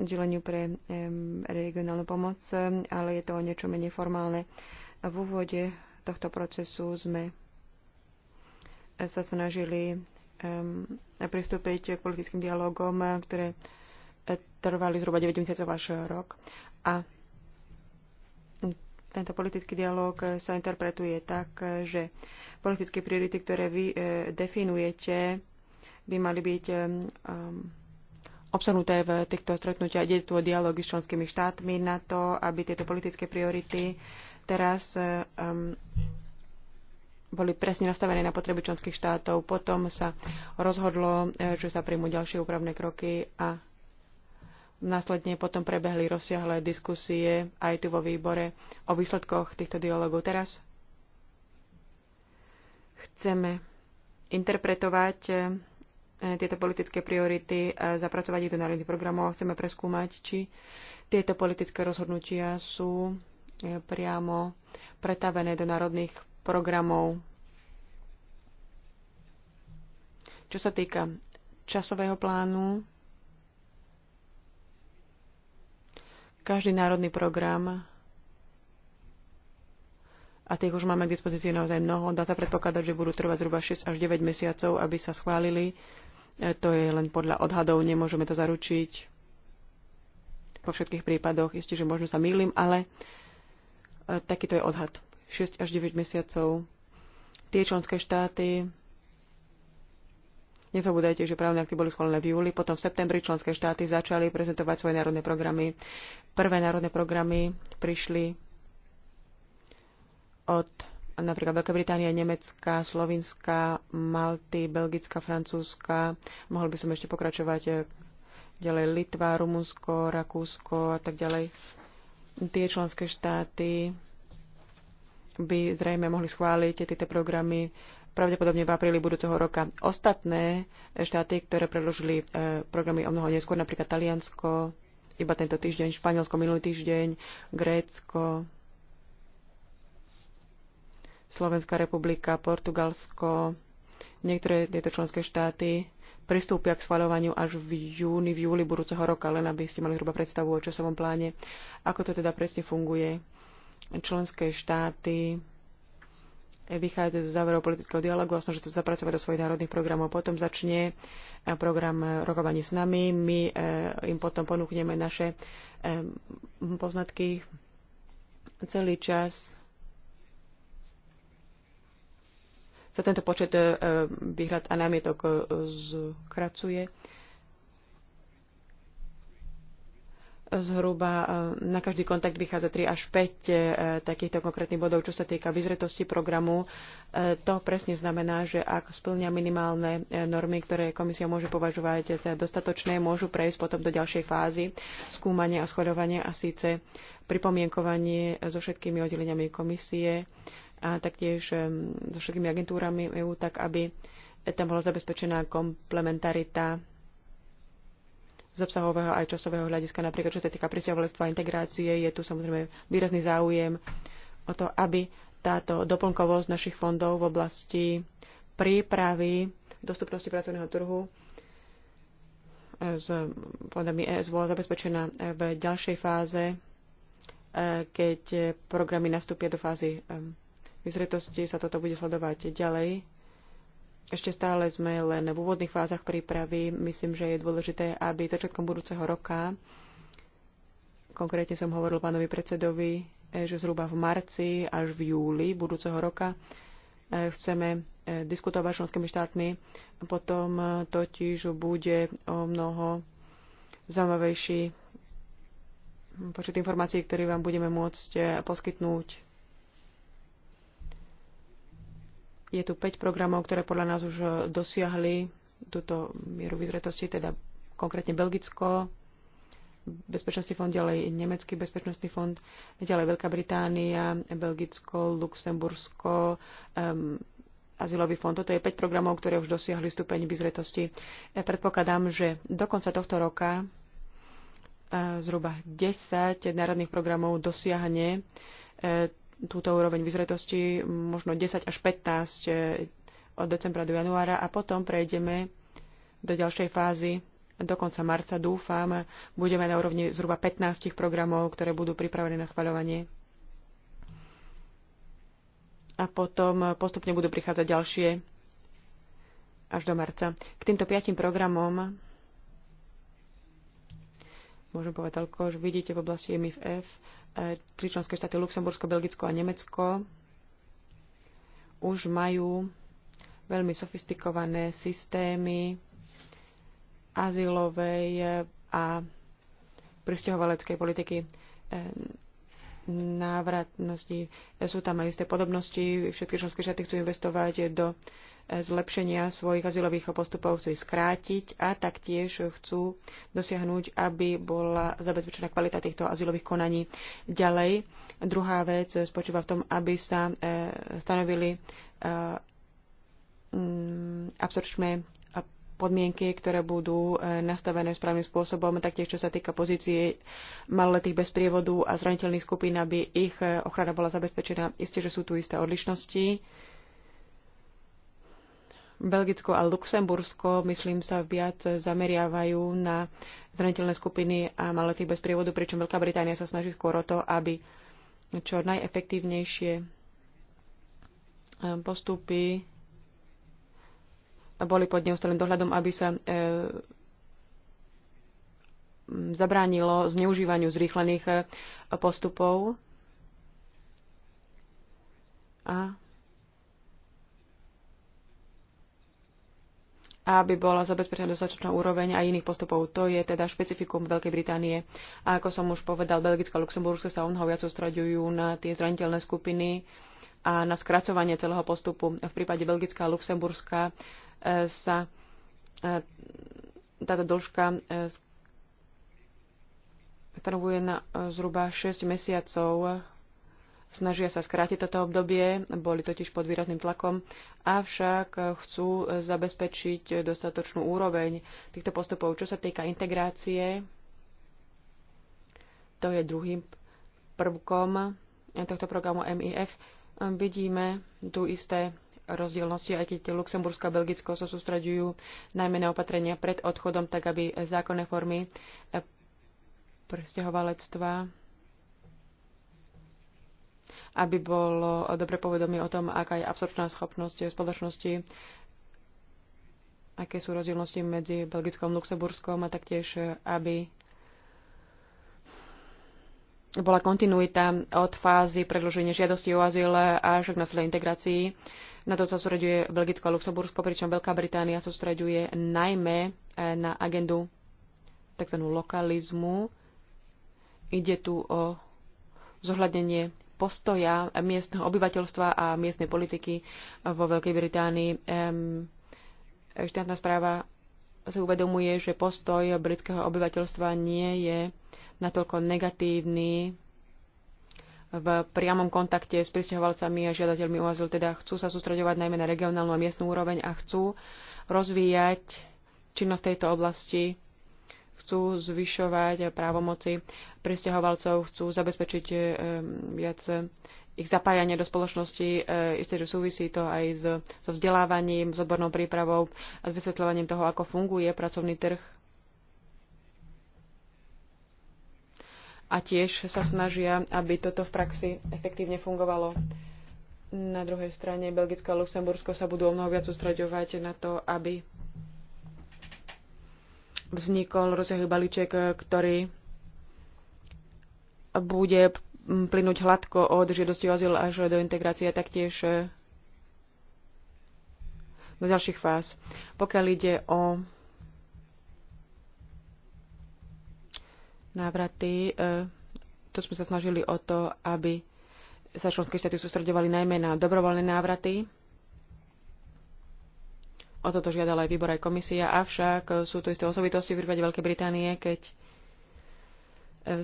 oddeleniu pre regionálnu pomoc, ale je to o niečo menej formálne. V úvode tohto procesu sme sa snažili pristúpiť k politickým dialogom, ktoré trvali zhruba 9 mesiacov až rok. A tento politický dialog sa interpretuje tak, že politické priority, ktoré vy eh, definujete, by mali byť um, obsahnuté v týchto stretnutiach. Ide tu o dialógy s členskými štátmi na to, aby tieto politické priority teraz um, boli presne nastavené na potreby členských štátov. Potom sa rozhodlo, eh, že sa príjmu ďalšie úpravné kroky a následne potom prebehli rozsiahle diskusie aj tu vo výbore o výsledkoch týchto dialogov. Teraz chceme interpretovať eh, E, tieto politické priority, e, zapracovať ich do národných programov a chceme preskúmať, či tieto politické rozhodnutia sú e, priamo pretavené do národných programov. Čo sa týka časového plánu, každý národný program a tých už máme k dispozícii naozaj mnoho. Dá sa predpokladať, že budú trvať zhruba 6 až 9 mesiacov, aby sa schválili E, to je len podľa odhadov, nemôžeme to zaručiť. Po všetkých prípadoch, isté, že možno sa mýlim, ale e, takýto je odhad. 6 až 9 mesiacov. Tie členské štáty, Nezabúdajte, že právne akty boli schválené v júli, potom v septembri členské štáty začali prezentovať svoje národné programy. Prvé národné programy prišli od napríklad Veľká Británia, Nemecka, Slovinska, Malty, Belgická, Francúzska, mohol by som ešte pokračovať eh, ďalej Litva, Rumunsko, Rakúsko a tak ďalej. Tie členské štáty by zrejme mohli schváliť tieto programy pravdepodobne v apríli budúceho roka. Ostatné eh, štáty, ktoré predložili eh, programy o mnoho neskôr, napríklad Taliansko, iba tento týždeň, Španielsko minulý týždeň, Grécko, Slovenská republika, Portugalsko, niektoré tieto členské štáty pristúpia k schvaľovaniu až v júni, v júli budúceho roka, len aby ste mali hruba predstavu o časovom pláne, ako to teda presne funguje. Členské štáty vychádzajú z záverov politického dialogu a snažia sa zapracovať do svojich národných programov. Potom začne eh, program eh, rokovaní s nami, my eh, im potom ponúkneme naše poznatky. Celý čas sa tento počet e, e, výhľad a námietok e, zkracuje. Zhruba na každý kontakt vychádza 3 až 5 takýchto konkrétnych bodov, čo sa týka vyzretosti programu. To presne znamená, že ak splňa minimálne normy, ktoré komisia môže považovať za dostatočné, môžu prejsť potom do ďalšej fázy skúmania a schodovania a síce pripomienkovanie so všetkými oddeleniami komisie, a taktiež so všetkými agentúrami EU, tak aby tam bola zabezpečená komplementarita z obsahového aj časového hľadiska, napríklad čo sa týka prisťahovalectva a integrácie, je tu samozrejme výrazný záujem o to, aby táto doplnkovosť našich fondov v oblasti prípravy dostupnosti pracovného trhu e, s fondami ES bola zabezpečená v ďalšej fáze, e, keď programy nastúpia do fázy vyzretosti sa toto bude sledovať ďalej. Ešte stále sme len v úvodných fázach prípravy. Myslím, že je dôležité, aby začiatkom budúceho roka, konkrétne som hovoril pánovi predsedovi, eh, že zhruba v marci až v júli budúceho roka eh, chceme eh, diskutovať s členskými štátmi. Potom totiž bude o mnoho zaujímavejší počet informácií, ktoré vám budeme môcť poskytnúť Je tu 5 programov, ktoré podľa nás už e, dosiahli túto mieru vyzretosti, teda konkrétne Belgicko, bezpečnostný fond, ďalej Nemecký bezpečnostný fond, ďalej Veľká Británia, Belgicko, Luxembursko, um, azylový fond. Toto je 5 programov, ktoré už dosiahli stupeň vyzretosti. Ja predpokladám, že do konca tohto roka e, zhruba 10 národných programov dosiahne e, túto úroveň vyzretosti možno 10 až 15 e, od decembra do januára a potom prejdeme do ďalšej fázy do konca marca, dúfam, budeme na úrovni zhruba 15 programov, ktoré budú pripravené na schvaľovanie. A potom postupne budú prichádzať ďalšie až do marca. K týmto piatim programom môžem povedať toľko, že vidíte v oblasti MIF F E, tri členské štáty Luxembursko, Belgicko a Nemecko už majú veľmi sofistikované systémy azylovej a pristahovaleckej politiky e, návratnosti. E, sú tam aj isté podobnosti. Všetky členské štáty chcú investovať do zlepšenia svojich azylových postupov, chcú skrátiť a taktiež chcú dosiahnuť, aby bola zabezpečená kvalita týchto azylových konaní. Ďalej, druhá vec spočíva v tom, aby sa e, stanovili e, mm, absorčné podmienky, ktoré budú e, nastavené správnym spôsobom, taktiež čo sa týka pozície maloletých bez prievodu a zraniteľných skupín, aby ich ochrana bola zabezpečená. Isté, že sú tu isté odlišnosti Belgicko a Luxembursko, myslím sa, viac zameriavajú na zraniteľné skupiny a maletých bez prievodu, pričom Veľká Británia sa snaží skôr o to, aby čo najefektívnejšie eh, postupy boli pod neustalým dohľadom, aby sa eh, zabránilo zneužívaniu zrýchlených eh, postupov a aby bola zabezpečená dostatočná úroveň a iných postupov. To je teda špecifikum Veľkej Británie. A ako som už povedal, Belgicko a Luxembursko sa onho viac sústraďujú na tie zraniteľné skupiny a na skracovanie celého postupu. V prípade Belgická a Luxemburska e, sa e, táto dĺžka e, stanovuje na zhruba 6 mesiacov snažia sa skrátiť toto obdobie, boli totiž pod výrazným tlakom, avšak chcú zabezpečiť dostatočnú úroveň týchto postupov. Čo sa týka integrácie, to je druhým prvkom tohto programu MIF. Vidíme tu isté rozdielnosti, aj keď Luxembursko a Belgicko sa sústraďujú najmä na opatrenia pred odchodom, tak aby zákonné formy presťahovalectva aby bolo dobre povedomie o tom, aká je absorpčná schopnosť spoločnosti, aké sú rozdielnosti medzi Belgickom a Luxemburskom a taktiež, aby bola kontinuita od fázy predloženia žiadosti o azyle až k následnej integrácii. Na to sa sústreďuje Belgicko a Luxembursko, pričom Veľká Británia sa sústreďuje najmä eh, na agendu tzv. lokalizmu. Ide tu o zohľadnenie postoja miestneho obyvateľstva a miestnej politiky vo Veľkej Británii. Štátna správa si uvedomuje, že postoj britského obyvateľstva nie je natoľko negatívny v priamom kontakte s pristahovalcami a žiadateľmi o azyl, teda chcú sa sústredovať najmä na regionálnu a miestnú úroveň a chcú rozvíjať činnosť v tejto oblasti chcú zvyšovať právomoci pristahovalcov, chcú zabezpečiť eh, viac ich zapájanie do spoločnosti. Eh, isté, že súvisí to aj so, so vzdelávaním, s odbornou prípravou a s vysvetľovaním toho, ako funguje pracovný trh. A tiež sa snažia, aby toto v praxi efektívne fungovalo. Na druhej strane Belgicko a Luxembursko sa budú o mnoho viac sústraďovať na to, aby vznikol rozsiahly balíček, e, ktorý bude plynúť hladko od žiadosti o azyl až do integrácie a taktiež e, do ďalších fáz. Pokiaľ ide o návraty, e, to sme sa snažili o to, aby sa členské štáty sústredovali najmä na dobrovoľné návraty, O toto žiadala aj výbor aj komisia, avšak e, sú tu isté osobitosti v prípade Veľkej Británie, keď e,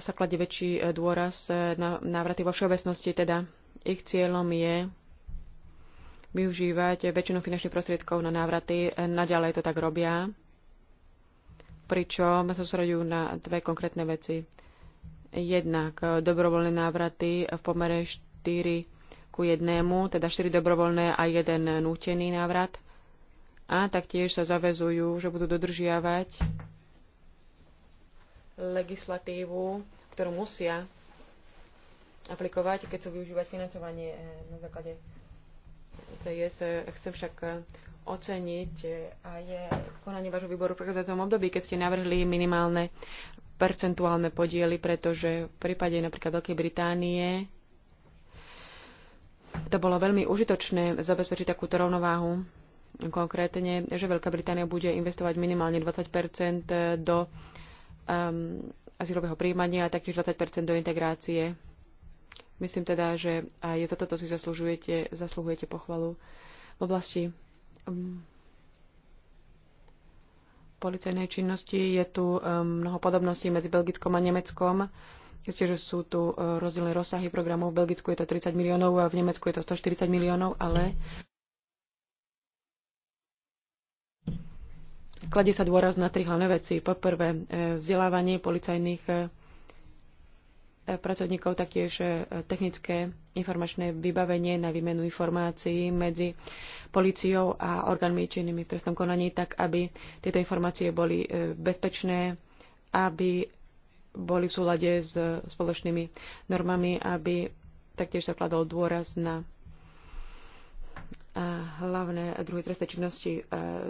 sa kladie väčší e, dôraz na návraty vo všeobecnosti, teda ich cieľom je využívať väčšinu finančných prostriedkov na návraty. Naďalej to tak robia, pričom sa sústredujú na dve konkrétne veci. Jednak dobrovoľné návraty v pomere 4 ku 1, teda 4 dobrovoľné a 1 nútený návrat – a taktiež sa zavezujú, že budú dodržiavať legislatívu, ktorú musia aplikovať, keď sú využívať financovanie eh, na základe CIS. Chcem však eh, oceniť eh, aj konanie vášho výboru v prechádzajúcom období, keď ste navrhli minimálne percentuálne podiely, pretože v prípade napríklad Veľkej Británie to bolo veľmi užitočné zabezpečiť takúto rovnováhu konkrétne, že Veľká Británia bude investovať minimálne 20 do um, azylového príjmania a taktiež 20 do integrácie. Myslím teda, že aj za toto si zaslúžujete, zaslúhujete pochvalu v oblasti um, policajnej činnosti. Je tu um, mnoho podobností medzi Belgickom a Nemeckom. Isté, že sú tu uh, rozdielne rozsahy programov. V Belgicku je to 30 miliónov, a v Nemecku je to 140 miliónov, ale Kladie sa dôraz na tri hlavné veci. Po prvé, e, vzdelávanie policajných e, pracovníkov, taktiež e, technické informačné vybavenie na výmenu informácií medzi políciou a orgánmi činnými v trestnom konaní, tak aby tieto informácie boli bezpečné, aby boli v súlade s spoločnými normami, aby taktiež sa kladol dôraz na hlavné druhy trestnej činnosti e,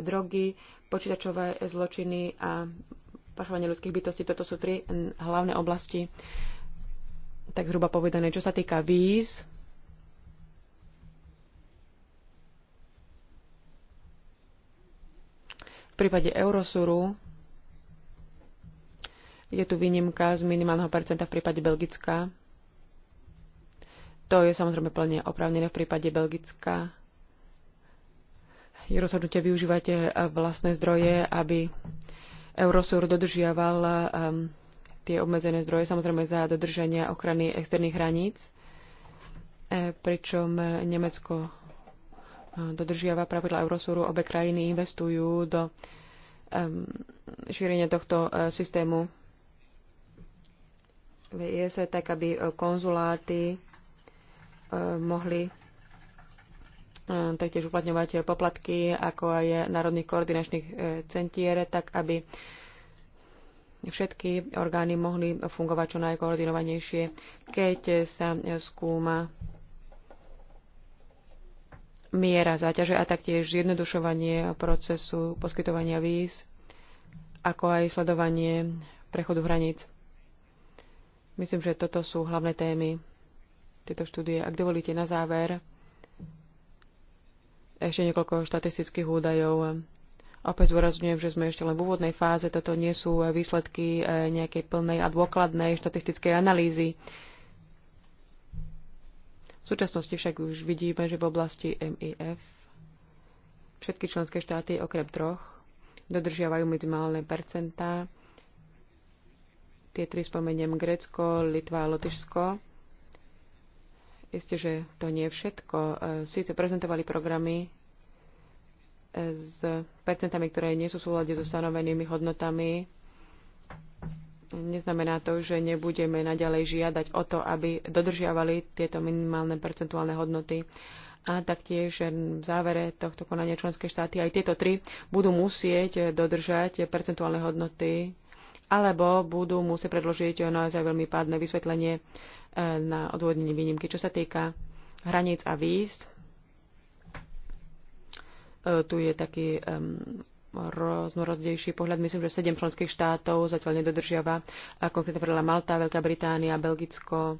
drogy, počítačové zločiny a pašovanie ľudských bytostí. Toto sú tri hlavné oblasti, tak zhruba povedané. Čo sa týka víz, V prípade Eurosuru je tu výnimka z minimálneho percenta v prípade Belgická. To je samozrejme plne oprávnené v prípade Belgická je rozhodnutie využívať eh, vlastné zdroje, aby Eurosur dodržiaval ehm, tie obmedzené zdroje, samozrejme za dodržania ochrany externých hraníc, eh, pričom Nemecko eh, dodržiava pravidla Eurosuru. Obe krajiny investujú do ehm, šírenia tohto systému VIS, tak aby konzuláty mohli E, taktiež uplatňovať poplatky, ako aj národných koordinačných e, centier, tak aby všetky orgány mohli fungovať čo najkoordinovanejšie, keď sa skúma miera záťaže a taktiež zjednodušovanie procesu poskytovania víz, ako aj sledovanie prechodu hraníc. Myslím, že toto sú hlavné témy tejto štúdie. Ak dovolíte na záver, ešte niekoľko štatistických údajov. Opäť zúrazňujem, že sme ešte len v úvodnej fáze. Toto nie sú výsledky eh, nejakej plnej a dôkladnej štatistickej analýzy. V súčasnosti však už vidíme, že v oblasti MIF všetky členské štáty okrem troch dodržiavajú minimálne percentá. Tie tri spomeniem Grécko, Litva a Lotyšsko. Isté, že to nie je všetko. E, Sice prezentovali programy e, s percentami, ktoré nie sú v súlade so stanovenými hodnotami. Neznamená to, že nebudeme naďalej žiadať o to, aby dodržiavali tieto minimálne percentuálne hodnoty a taktiež v závere tohto konania členské štáty aj tieto tri budú musieť dodržať percentuálne hodnoty alebo budú musieť predložiť naozaj veľmi pádne vysvetlenie e, na odvodnenie výnimky. Čo sa týka hraníc a víz, e, tu je taký roznorodnejší pohľad. Myslím, že sedem členských štátov zatiaľ nedodržiava, konkrétne povedala Malta, Veľká Británia, Belgicko,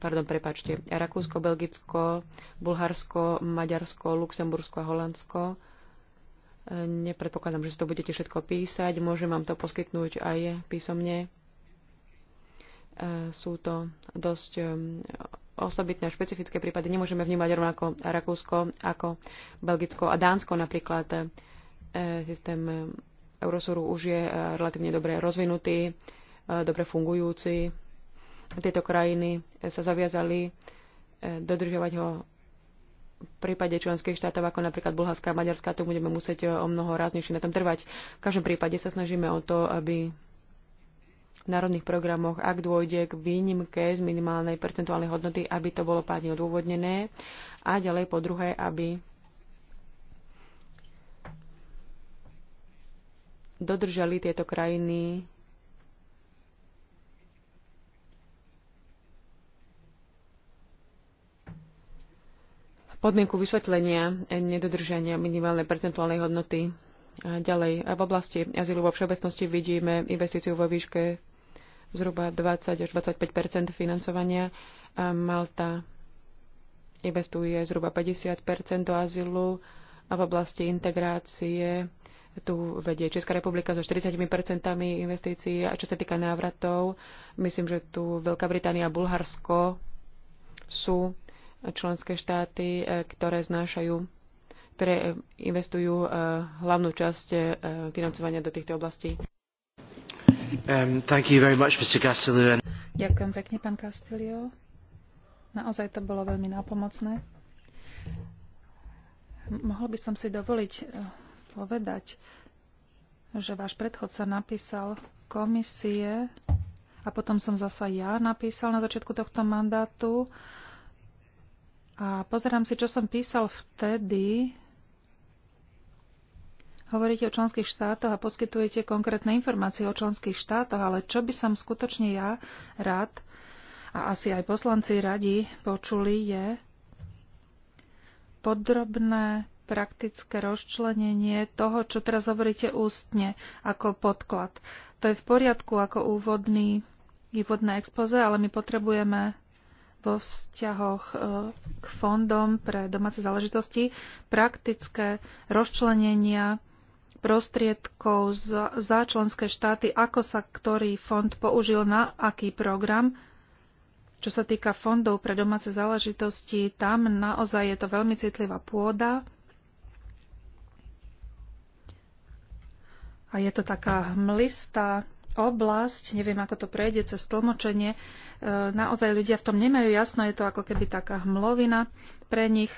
pardon, prepačte, Rakúsko, Belgicko, Bulharsko, Maďarsko, Luxembursko a Holandsko Nepredpokladám, že si to budete všetko písať. Môžem vám to poskytnúť aj písomne. E, sú to dosť e, osobitné a špecifické prípady. Nemôžeme vnímať rovnako Rakúsko ako Belgicko a Dánsko napríklad. E, systém Eurosuru už je relatívne dobre rozvinutý, dobre fungujúci. Tieto krajiny sa zaviazali dodržovať ho v prípade členských štátov, ako napríklad Bulharská a Maďarská, to budeme musieť e, o mnoho ráznejšie na tom trvať. V každom prípade sa snažíme o to, aby v národných programoch, ak dôjde k výnimke z minimálnej percentuálnej hodnoty, aby to bolo pádne odôvodnené. A ďalej po druhé, aby dodržali tieto krajiny podmienku vysvetlenia eh, nedodržania minimálnej percentuálnej hodnoty. A ďalej, eh, v oblasti azylu vo všeobecnosti vidíme investíciu vo výške zhruba 20 až 25 financovania. A Malta investuje zhruba 50 do azylu a v oblasti integrácie tu vedie Česká republika so 40 investícií a čo sa týka návratov, myslím, že tu Veľká Británia a Bulharsko sú členské štáty, e, ktoré znášajú, ktoré e, investujú e, hlavnú časť financovania do týchto oblastí. Um, much, Ďakujem pekne, pán Castillo. Naozaj to bolo veľmi nápomocné. Mohol by som si dovoliť povedať, že váš predchodca napísal komisie a potom som zasa ja napísal na začiatku tohto mandátu a pozerám si, čo som písal vtedy. Hovoríte o členských štátoch a poskytujete konkrétne informácie o členských štátoch, ale čo by som skutočne ja rád a asi aj poslanci radi počuli je podrobné praktické rozčlenenie toho, čo teraz hovoríte ústne ako podklad. To je v poriadku ako úvodný, úvodné expoze, ale my potrebujeme vo vzťahoch e, k fondom pre domáce záležitosti praktické rozčlenenia prostriedkov za, za členské štáty, ako sa ktorý fond použil na aký program. Čo sa týka fondov pre domáce záležitosti, tam naozaj je to veľmi citlivá pôda. A je to taká mlistá oblasť, neviem ako to prejde cez tlmočenie, e, naozaj ľudia v tom nemajú jasno, je to ako keby taká hmlovina pre nich.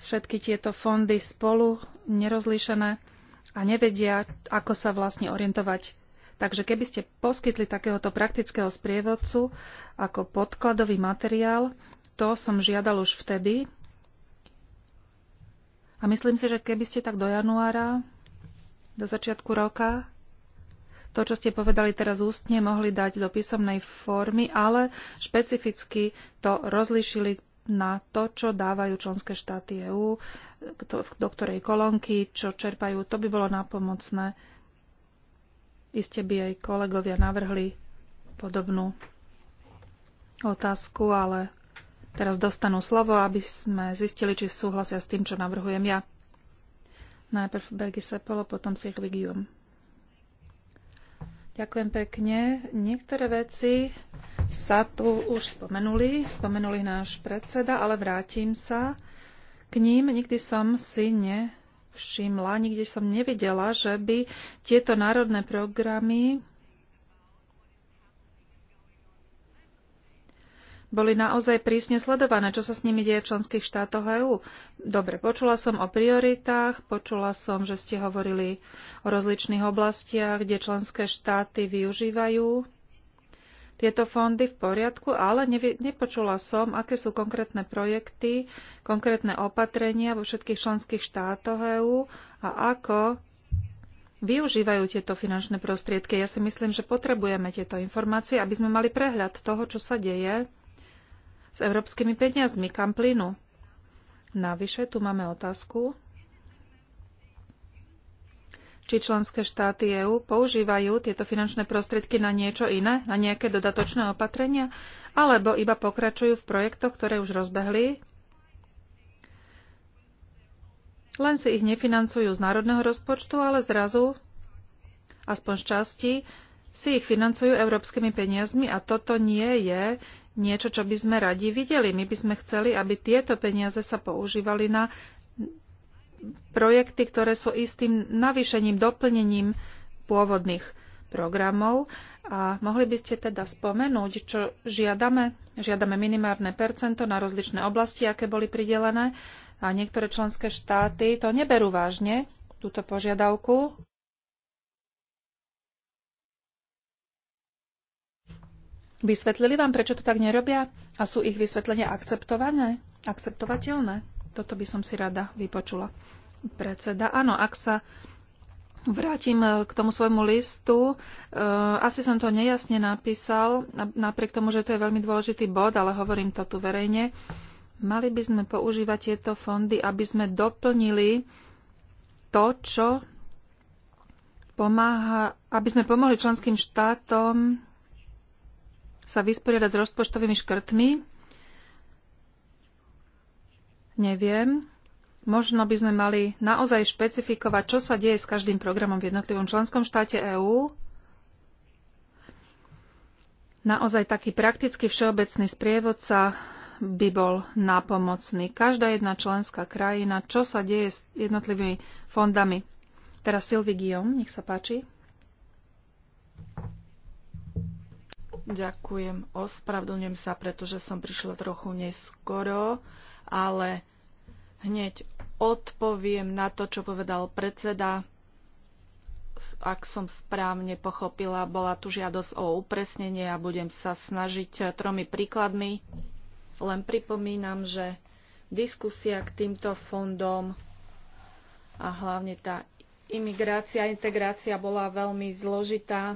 Všetky tieto fondy spolu nerozlíšené a nevedia, ako sa vlastne orientovať. Takže keby ste poskytli takéhoto praktického sprievodcu ako podkladový materiál, to som žiadal už vtedy. A myslím si, že keby ste tak do januára, do začiatku roka, to, čo ste povedali teraz ústne, mohli dať do písomnej formy, ale špecificky to rozlišili na to, čo dávajú členské štáty EÚ, do ktorej kolónky, čo čerpajú, to by bolo napomocné. Iste by aj kolegovia navrhli podobnú otázku, ale teraz dostanú slovo, aby sme zistili, či súhlasia s tým, čo navrhujem ja. Najprv Bergi Sepolo, potom Sirvigium. Ďakujem pekne. Niektoré veci sa tu už spomenuli, spomenuli náš predseda, ale vrátim sa k ním. Nikdy som si nevšimla, nikdy som nevidela, že by tieto národné programy boli naozaj prísne sledované, čo sa s nimi deje v členských štátoch EÚ. Dobre, počula som o prioritách, počula som, že ste hovorili o rozličných oblastiach, kde členské štáty využívajú tieto fondy v poriadku, ale nepočula som, aké sú konkrétne projekty, konkrétne opatrenia vo všetkých členských štátoch EÚ a ako využívajú tieto finančné prostriedky. Ja si myslím, že potrebujeme tieto informácie, aby sme mali prehľad toho, čo sa deje s európskymi peniazmi, kam plynu. Navyše tu máme otázku, či členské štáty EÚ používajú tieto finančné prostriedky na niečo iné, na nejaké dodatočné opatrenia, alebo iba pokračujú v projektoch, ktoré už rozbehli, len si ich nefinancujú z národného rozpočtu, ale zrazu, aspoň z časti, si ich financujú európskymi peniazmi a toto nie je niečo, čo by sme radi videli. My by sme chceli, aby tieto peniaze sa používali na projekty, ktoré sú istým navýšením, doplnením pôvodných programov. A mohli by ste teda spomenúť, čo žiadame? Žiadame minimárne percento na rozličné oblasti, aké boli pridelené. A niektoré členské štáty to neberú vážne, túto požiadavku. Vysvetlili vám, prečo to tak nerobia a sú ich vysvetlenia akceptované, akceptovateľné? Toto by som si rada vypočula. Predseda, áno, ak sa vrátim eh, k tomu svojmu listu, eh, asi som to nejasne napísal, napriek tomu, že to je veľmi dôležitý bod, ale hovorím to tu verejne. Mali by sme používať tieto fondy, aby sme doplnili to, čo pomáha, aby sme pomohli členským štátom sa vysporiadať s rozpočtovými škrtmi? Neviem. Možno by sme mali naozaj špecifikovať, čo sa deje s každým programom v jednotlivom členskom štáte EÚ. Naozaj taký prakticky všeobecný sprievodca by bol nápomocný. Každá jedna členská krajina, čo sa deje s jednotlivými fondami. Teraz Sylvie Guillaume, nech sa páči. Ďakujem, ospravedlňujem sa, pretože som prišla trochu neskoro, ale hneď odpoviem na to, čo povedal predseda. Ak som správne pochopila, bola tu žiadosť o upresnenie a budem sa snažiť tromi príkladmi. Len pripomínam, že diskusia k týmto fondom a hlavne tá imigrácia, integrácia bola veľmi zložitá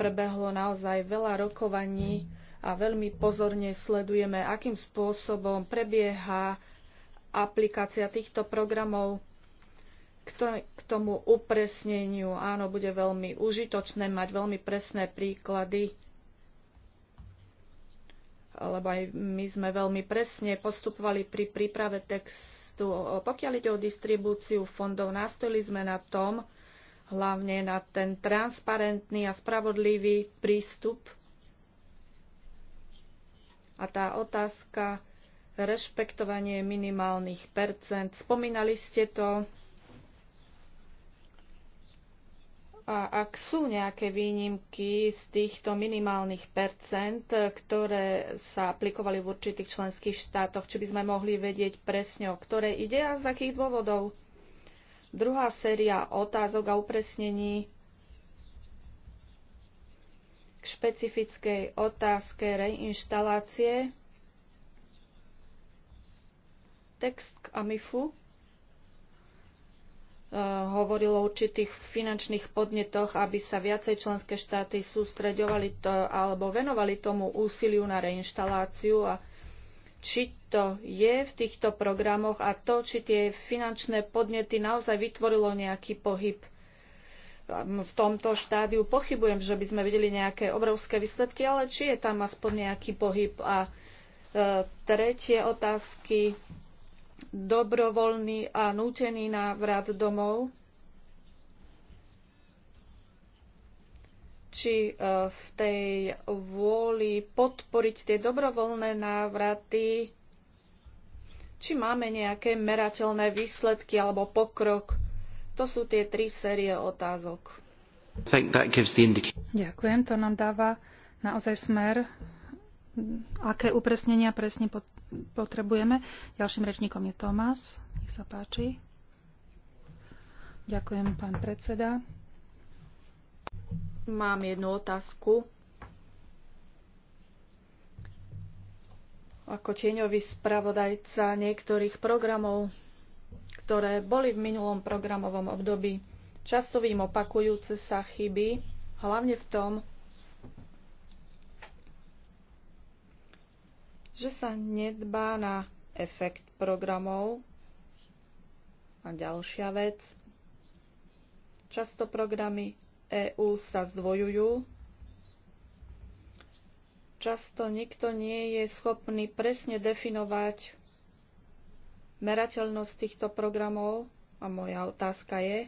Prebehlo naozaj veľa rokovaní a veľmi pozorne sledujeme, akým spôsobom prebieha aplikácia týchto programov k tomu upresneniu. Áno, bude veľmi užitočné mať veľmi presné príklady lebo aj my sme veľmi presne postupovali pri príprave textu. Pokiaľ ide o distribúciu fondov, nastojili sme na tom, hlavne na ten transparentný a spravodlivý prístup. A tá otázka rešpektovanie minimálnych percent. Spomínali ste to. A ak sú nejaké výnimky z týchto minimálnych percent, ktoré sa aplikovali v určitých členských štátoch, či by sme mohli vedieť presne, o ktoré ide a z akých dôvodov? Druhá séria otázok a upresnení k špecifickej otázke reinštalácie. Text k AMIFu eh, hovoril o určitých finančných podnetoch, aby sa viacej členské štáty sústreďovali to, alebo venovali tomu úsiliu na reinštaláciu a či to je v týchto programoch a to, či tie finančné podnety naozaj vytvorilo nejaký pohyb. V tomto štádiu pochybujem, že by sme videli nejaké obrovské výsledky, ale či je tam aspoň nejaký pohyb. A e, tretie otázky, dobrovoľný a nútený návrat domov. či e, v tej vôli podporiť tie dobrovoľné návraty, či máme nejaké merateľné výsledky alebo pokrok. To sú tie tri série otázok. Ďakujem, to nám dáva naozaj smer, aké upresnenia presne potrebujeme. Ďalším rečníkom je Tomás. Nech sa páči. Ďakujem, pán predseda. Mám jednu otázku. Ako tieňový spravodajca niektorých programov, ktoré boli v minulom programovom období časovým opakujúce sa chyby, hlavne v tom, že sa nedbá na efekt programov. A ďalšia vec. Často programy EÚ sa zdvojujú. Často nikto nie je schopný presne definovať merateľnosť týchto programov a moja otázka je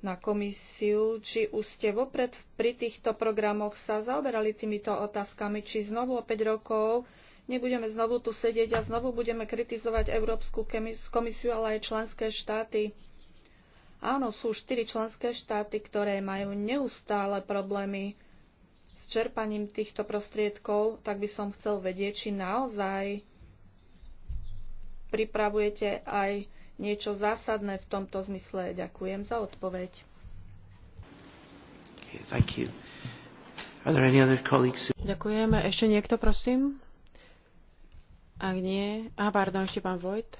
na komisiu, či už ste vopred pri týchto programoch sa zaoberali týmito otázkami, či znovu o 5 rokov nebudeme znovu tu sedieť a znovu budeme kritizovať Európsku komisiu, ale aj členské štáty. Áno, sú štyri členské štáty, ktoré majú neustále problémy s čerpaním týchto prostriedkov, tak by som chcel vedieť, či naozaj pripravujete aj niečo zásadné v tomto zmysle. Ďakujem za odpoveď. Okay, Ďakujem. Ešte niekto, prosím? Ak nie... A pardon, ešte pán Vojt.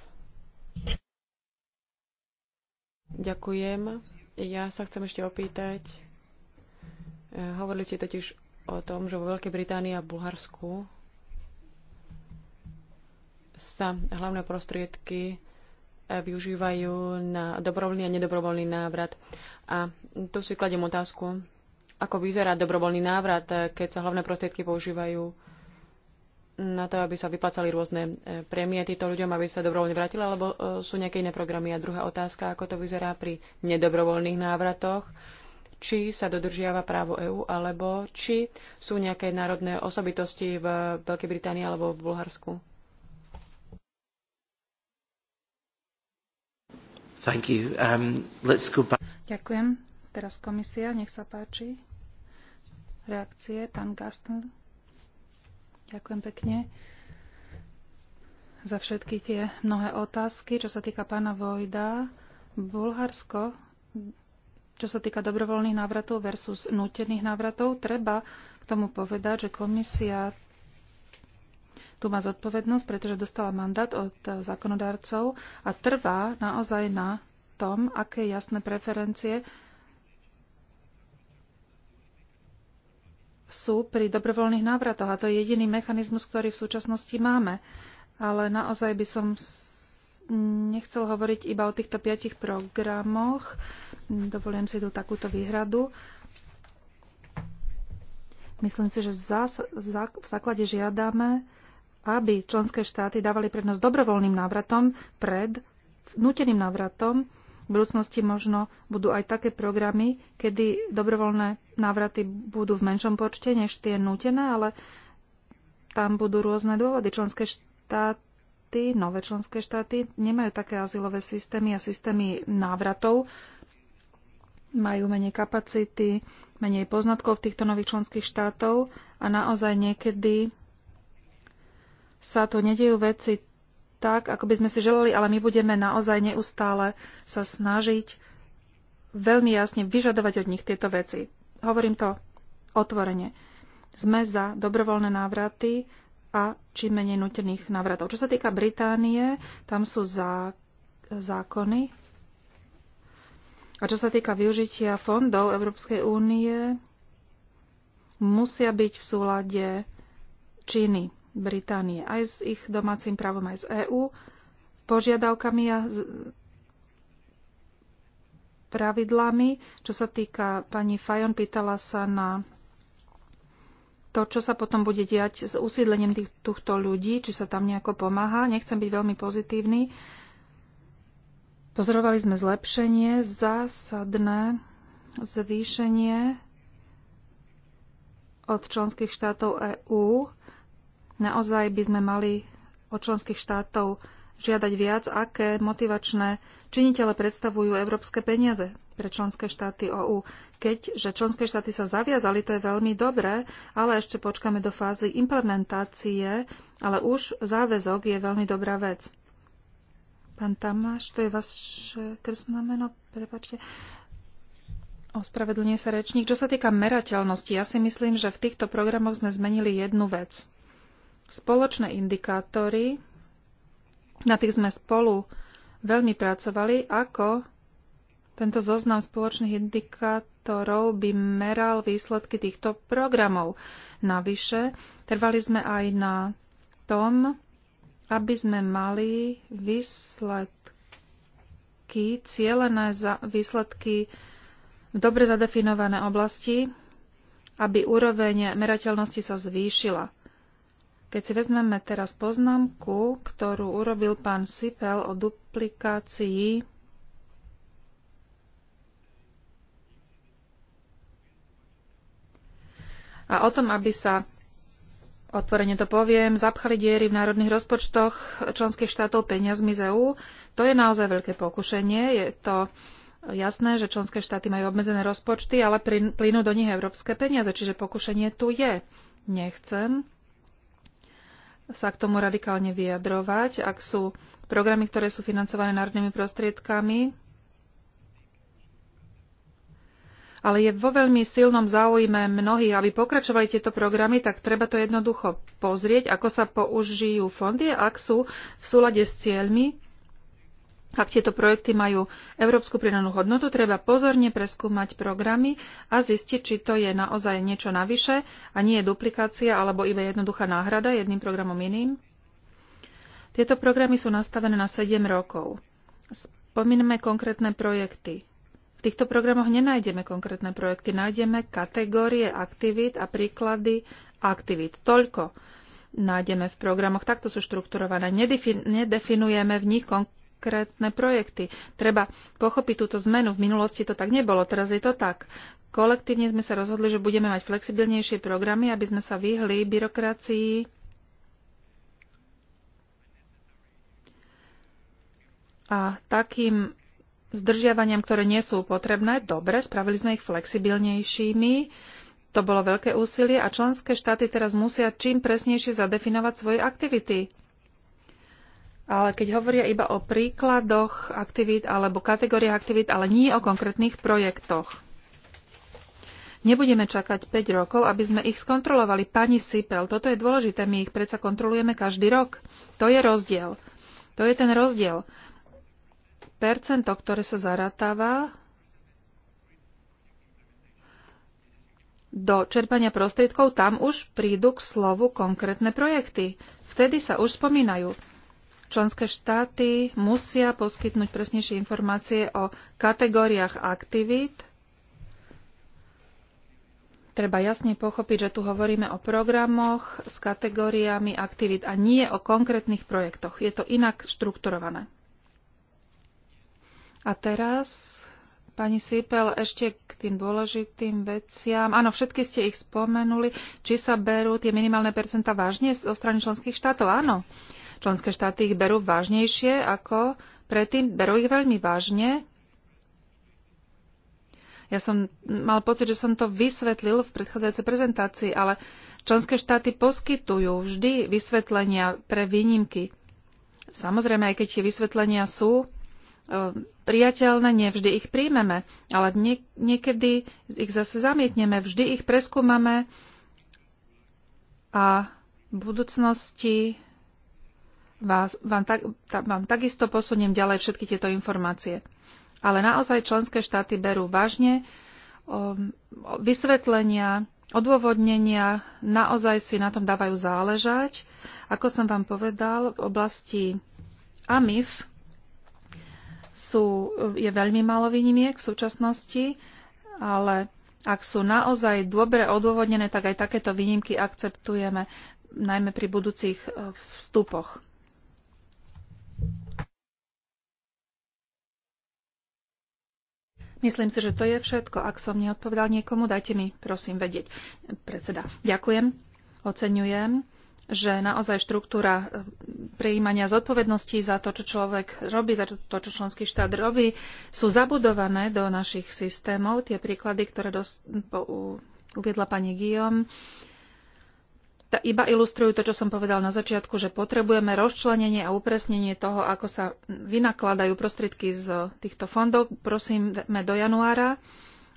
Ďakujem. Ja sa chcem ešte opýtať. E, hovorili ste totiž o tom, že vo Veľkej Británii a Bulharsku sa hlavné prostriedky e, využívajú na dobrovoľný a nedobrovoľný návrat. A tu si kladiem otázku, ako vyzerá dobrovoľný návrat, e, keď sa hlavné prostriedky používajú na to, aby sa vyplácali rôzne e, prémie týmto ľuďom, aby sa dobrovoľne vrátili, alebo e, sú nejaké iné programy? A druhá otázka, ako to vyzerá pri nedobrovoľných návratoch? Či sa dodržiava právo EÚ, alebo či sú nejaké národné osobitosti v Veľkej Británii alebo v Bulharsku? Thank you. Um, let's go back. Ďakujem. Teraz komisia, nech sa páči. Reakcie, pán Gaston. Ďakujem pekne za všetky tie mnohé otázky. Čo sa týka pána Vojda, Bulharsko, čo sa týka dobrovoľných návratov versus nútených návratov, treba k tomu povedať, že komisia tu má zodpovednosť, pretože dostala mandát od zákonodárcov a trvá naozaj na tom, aké jasné preferencie sú pri dobrovoľných návratoch. A to je jediný mechanizmus, ktorý v súčasnosti máme. Ale naozaj by som nechcel hovoriť iba o týchto piatich programoch. Dovolím si tu takúto výhradu. Myslím si, že v základe žiadame, aby členské štáty dávali prednosť dobrovoľným návratom pred nuteným návratom v budúcnosti možno budú aj také programy, kedy dobrovoľné návraty budú v menšom počte než tie nútené, ale tam budú rôzne dôvody. Členské štáty, nové členské štáty nemajú také azylové systémy a systémy návratov. Majú menej kapacity, menej poznatkov v týchto nových členských štátov a naozaj niekedy sa to nedejú veci tak, ako by sme si želali, ale my budeme naozaj neustále sa snažiť veľmi jasne vyžadovať od nich tieto veci. Hovorím to otvorene. Sme za dobrovoľné návraty a čím menej nutených návratov. Čo sa týka Británie, tam sú zá, zákony. A čo sa týka využitia fondov Európskej únie, musia byť v súlade činy Británie, aj s ich domácim právom, aj z EÚ, požiadavkami a pravidlami. Čo sa týka pani Fajon, pýtala sa na to, čo sa potom bude diať s usídlením tých, týchto ľudí, či sa tam nejako pomáha. Nechcem byť veľmi pozitívny. Pozorovali sme zlepšenie, zásadné zvýšenie od členských štátov EÚ Naozaj by sme mali od členských štátov žiadať viac, aké motivačné činitele predstavujú európske peniaze pre členské štáty OU. Keďže členské štáty sa zaviazali, to je veľmi dobré, ale ešte počkáme do fázy implementácie, ale už záväzok je veľmi dobrá vec. Pán Tamáš, to je vaše krstné meno, prepačte. Ospravedlňuje sa rečník. Čo sa týka merateľnosti, ja si myslím, že v týchto programoch sme zmenili jednu vec – spoločné indikátory, na tých sme spolu veľmi pracovali, ako tento zoznam spoločných indikátorov by meral výsledky týchto programov. Navyše, trvali sme aj na tom, aby sme mali výsledky, cieľené za, výsledky v dobre zadefinované oblasti, aby úroveň merateľnosti sa zvýšila. Keď si vezmeme teraz poznámku, ktorú urobil pán Sipel o duplikácii a o tom, aby sa Otvorene to poviem, zapchali diery v národných rozpočtoch členských štátov peniazmi z EÚ. To je naozaj veľké pokušenie. Je to jasné, že členské štáty majú obmedzené rozpočty, ale plynú do nich európske peniaze, čiže pokušenie tu je. Nechcem sa k tomu radikálne vyjadrovať. Ak sú programy, ktoré sú financované národnými prostriedkami, ale je vo veľmi silnom záujme mnohých, aby pokračovali tieto programy, tak treba to jednoducho pozrieť, ako sa použijú fondy, ak sú v súlade s cieľmi ak tieto projekty majú európsku pridanú hodnotu, treba pozorne preskúmať programy a zistiť, či to je naozaj niečo navyše a nie je duplikácia alebo iba jednoduchá náhrada jedným programom iným. Tieto programy sú nastavené na 7 rokov. Spomíname konkrétne projekty. V týchto programoch nenájdeme konkrétne projekty, nájdeme kategórie aktivít a príklady aktivít. Toľko nájdeme v programoch, takto sú štrukturované. Nedefinujeme v nich kon- konkrétne projekty. Treba pochopiť túto zmenu. V minulosti to tak nebolo, teraz je to tak. Kolektívne sme sa rozhodli, že budeme mať flexibilnejšie programy, aby sme sa vyhli byrokracii a takým zdržiavaniam, ktoré nie sú potrebné. Dobre, spravili sme ich flexibilnejšími. To bolo veľké úsilie a členské štáty teraz musia čím presnejšie zadefinovať svoje aktivity. Ale keď hovoria iba o príkladoch aktivít alebo kategóriách aktivít, ale nie o konkrétnych projektoch. Nebudeme čakať 5 rokov, aby sme ich skontrolovali. Pani Sipel, toto je dôležité, my ich predsa kontrolujeme každý rok. To je rozdiel. To je ten rozdiel. Percento, ktoré sa zaratáva do čerpania prostriedkov, tam už prídu k slovu konkrétne projekty. Vtedy sa už spomínajú. Členské štáty musia poskytnúť presnejšie informácie o kategóriách aktivít. Treba jasne pochopiť, že tu hovoríme o programoch s kategóriami aktivít a nie o konkrétnych projektoch. Je to inak štrukturované. A teraz, pani Sipel, ešte k tým dôležitým veciam. Áno, všetky ste ich spomenuli. Či sa berú tie minimálne percenta vážne zo strany členských štátov? Áno. Uh, Členské štáty ich berú vážnejšie ako predtým, berú ich veľmi vážne. Ja som mal pocit, že som to vysvetlil v predchádzajúcej prezentácii, ale členské štáty poskytujú vždy vysvetlenia pre výnimky. Samozrejme, aj keď tie vysvetlenia sú e, priateľné, nevždy ich príjmeme, ale niekedy ich zase zamietneme, vždy ich preskúmame a v budúcnosti vás, vám, tak, tá, vám takisto posuniem ďalej všetky tieto informácie. Ale naozaj členské štáty berú vážne o, um, o vysvetlenia, odôvodnenia, naozaj si na tom dávajú záležať. Ako som vám povedal, v oblasti AMIF sú, je veľmi málo výnimiek v súčasnosti, ale ak sú naozaj dobre odôvodnené, tak aj takéto výnimky akceptujeme, najmä pri budúcich e, vstupoch. Myslím si, že to je všetko. Ak som neodpovedal niekomu, dajte mi prosím vedieť. Predseda, ďakujem, oceňujem, že naozaj štruktúra e, prijímania zodpovedností za to, čo človek robí, za to, čo členský štát robí, sú zabudované do našich systémov. Tie príklady, ktoré dos- uviedla pani Guillaume, iba ilustrujú to, čo som povedal na začiatku, že potrebujeme rozčlenenie a upresnenie toho, ako sa vynakladajú prostriedky z týchto fondov. prosíme do januára,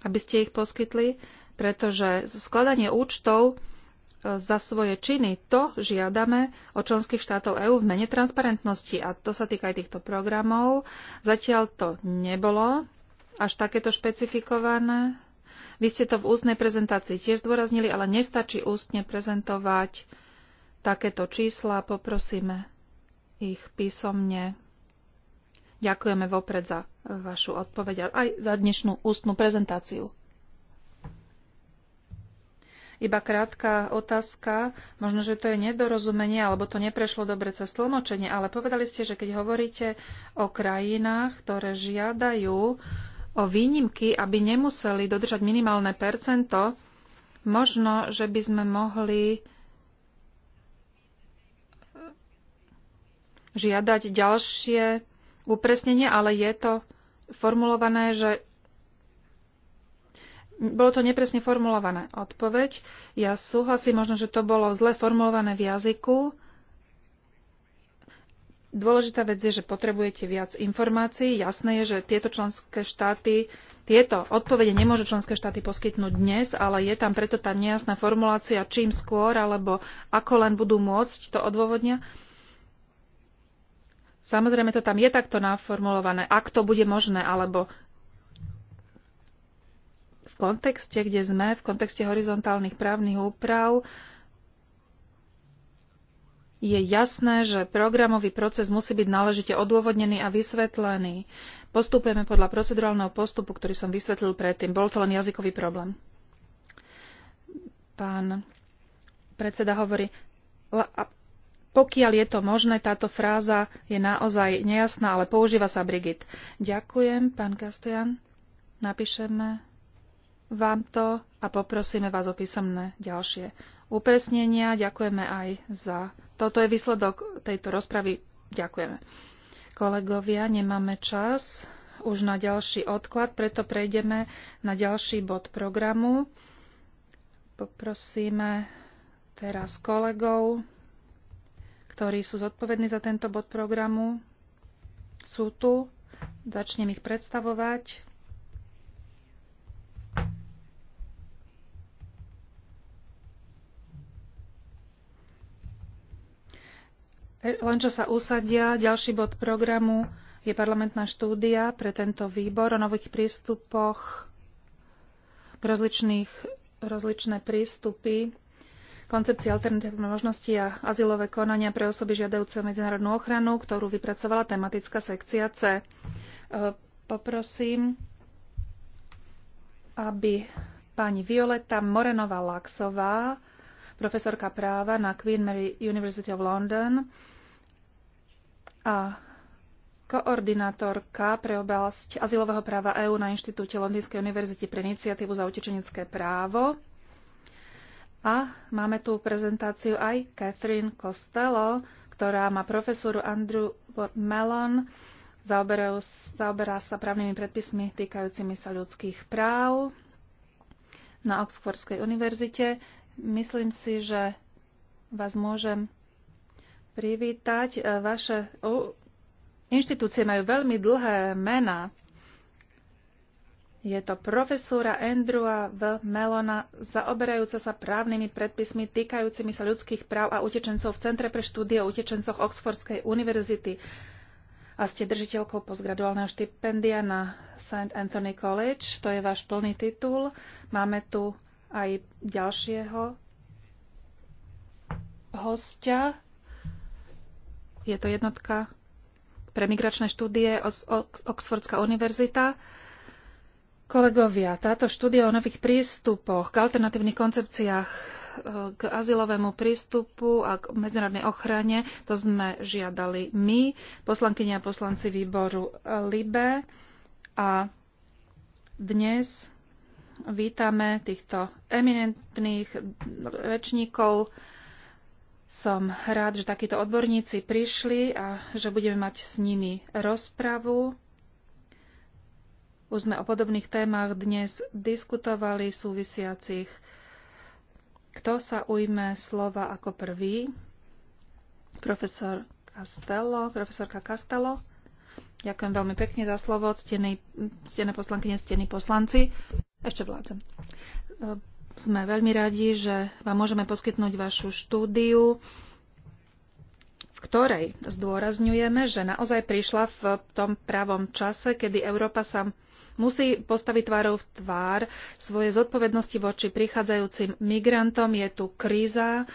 aby ste ich poskytli, pretože skladanie účtov e, za svoje činy, to žiadame od členských štátov EÚ v mene transparentnosti a to sa týka aj týchto programov. Zatiaľ to nebolo až takéto špecifikované vy ste to v ústnej prezentácii tiež zdôraznili, ale nestačí ústne prezentovať takéto čísla. Poprosíme ich písomne. Ďakujeme vopred za e, vašu odpoveď a aj za dnešnú ústnu prezentáciu. Iba krátka otázka, možno, že to je nedorozumenie, alebo to neprešlo dobre cez tlmočenie, ale povedali ste, že keď hovoríte o krajinách, ktoré žiadajú o výnimky, aby nemuseli dodržať minimálne percento, možno, že by sme mohli žiadať ďalšie upresnenie, ale je to formulované, že bolo to nepresne formulované. Odpoveď. Ja súhlasím, možno, že to bolo zle formulované v jazyku, Dôležitá vec je, že potrebujete viac informácií. Jasné je, že tieto členské štáty, tieto odpovede nemôžu členské štáty poskytnúť dnes, ale je tam preto tá nejasná formulácia, čím skôr, alebo ako len budú môcť to odôvodnia. Samozrejme, to tam je takto naformulované, ak to bude možné, alebo v kontexte, kde sme, v kontexte horizontálnych právnych úprav, je jasné, že programový proces musí byť náležite odôvodnený a vysvetlený. Postupujeme podľa procedurálneho postupu, ktorý som vysvetlil predtým. Bol to len jazykový problém. Pán predseda hovorí, pokiaľ je to možné, táto fráza je naozaj nejasná, ale používa sa Brigit. Ďakujem, pán Kastian. Napíšeme vám to a poprosíme vás o písomné ďalšie upresnenia. Ďakujeme aj za... Toto je výsledok tejto rozpravy. Ďakujeme. Kolegovia, nemáme čas už na ďalší odklad, preto prejdeme na ďalší bod programu. Poprosíme teraz kolegov, ktorí sú zodpovední za tento bod programu. Sú tu. Začnem ich predstavovať. Len čo sa usadia, ďalší bod programu je parlamentná štúdia pre tento výbor o nových prístupoch k rozličných, rozličné prístupy koncepcie alternatívnej možnosti a azylové konania pre osoby žiadajúce medzinárodnú ochranu, ktorú vypracovala tematická sekcia C. E, poprosím, aby pani Violeta Morenová-Laxová profesorka práva na Queen Mary University of London a koordinátorka pre oblasť azylového práva EÚ na Inštitúte Londýnskej univerzity pre iniciatívu za utečenecké právo. A máme tu prezentáciu aj Catherine Costello, ktorá má profesoru Andrew Mellon, zaoberá sa právnymi predpismi týkajúcimi sa ľudských práv na Oxfordskej univerzite. Myslím si, že vás môžem privítať. E, vaše inštitúcie majú veľmi dlhé mená. Je to profesúra Andrewa V. Melona, zaoberajúca sa právnymi predpismi týkajúcimi sa ľudských práv a utečencov v Centre pre štúdie o utečencoch Oxfordskej univerzity a ste držiteľkou postgraduálneho štipendia na St. Anthony College. To je váš plný titul. Máme tu aj ďalšieho hostia. Je to jednotka pre migračné štúdie od Oxfordská univerzita. Kolegovia, táto štúdia o nových prístupoch k alternatívnych koncepciách eh, k azylovému prístupu a k medzinárodnej ochrane, to sme žiadali my, poslankyne a poslanci výboru LIBE. A dnes Vítame týchto eminentných rečníkov. Som rád, že takíto odborníci prišli a že budeme mať s nimi rozpravu. Už sme o podobných témach dnes diskutovali súvisiacich. Kto sa ujme slova ako prvý? Profesor Castello, profesorka Castello. Ďakujem veľmi pekne za slovo, ctený, ctené poslankyne, ctení poslanci. Ešte vládzem. Sme veľmi radi, že vám môžeme poskytnúť vašu štúdiu, v ktorej zdôrazňujeme, že naozaj prišla v tom pravom čase, kedy Európa sa musí postaviť tvárov v tvár svoje zodpovednosti voči prichádzajúcim migrantom. Je tu kríza.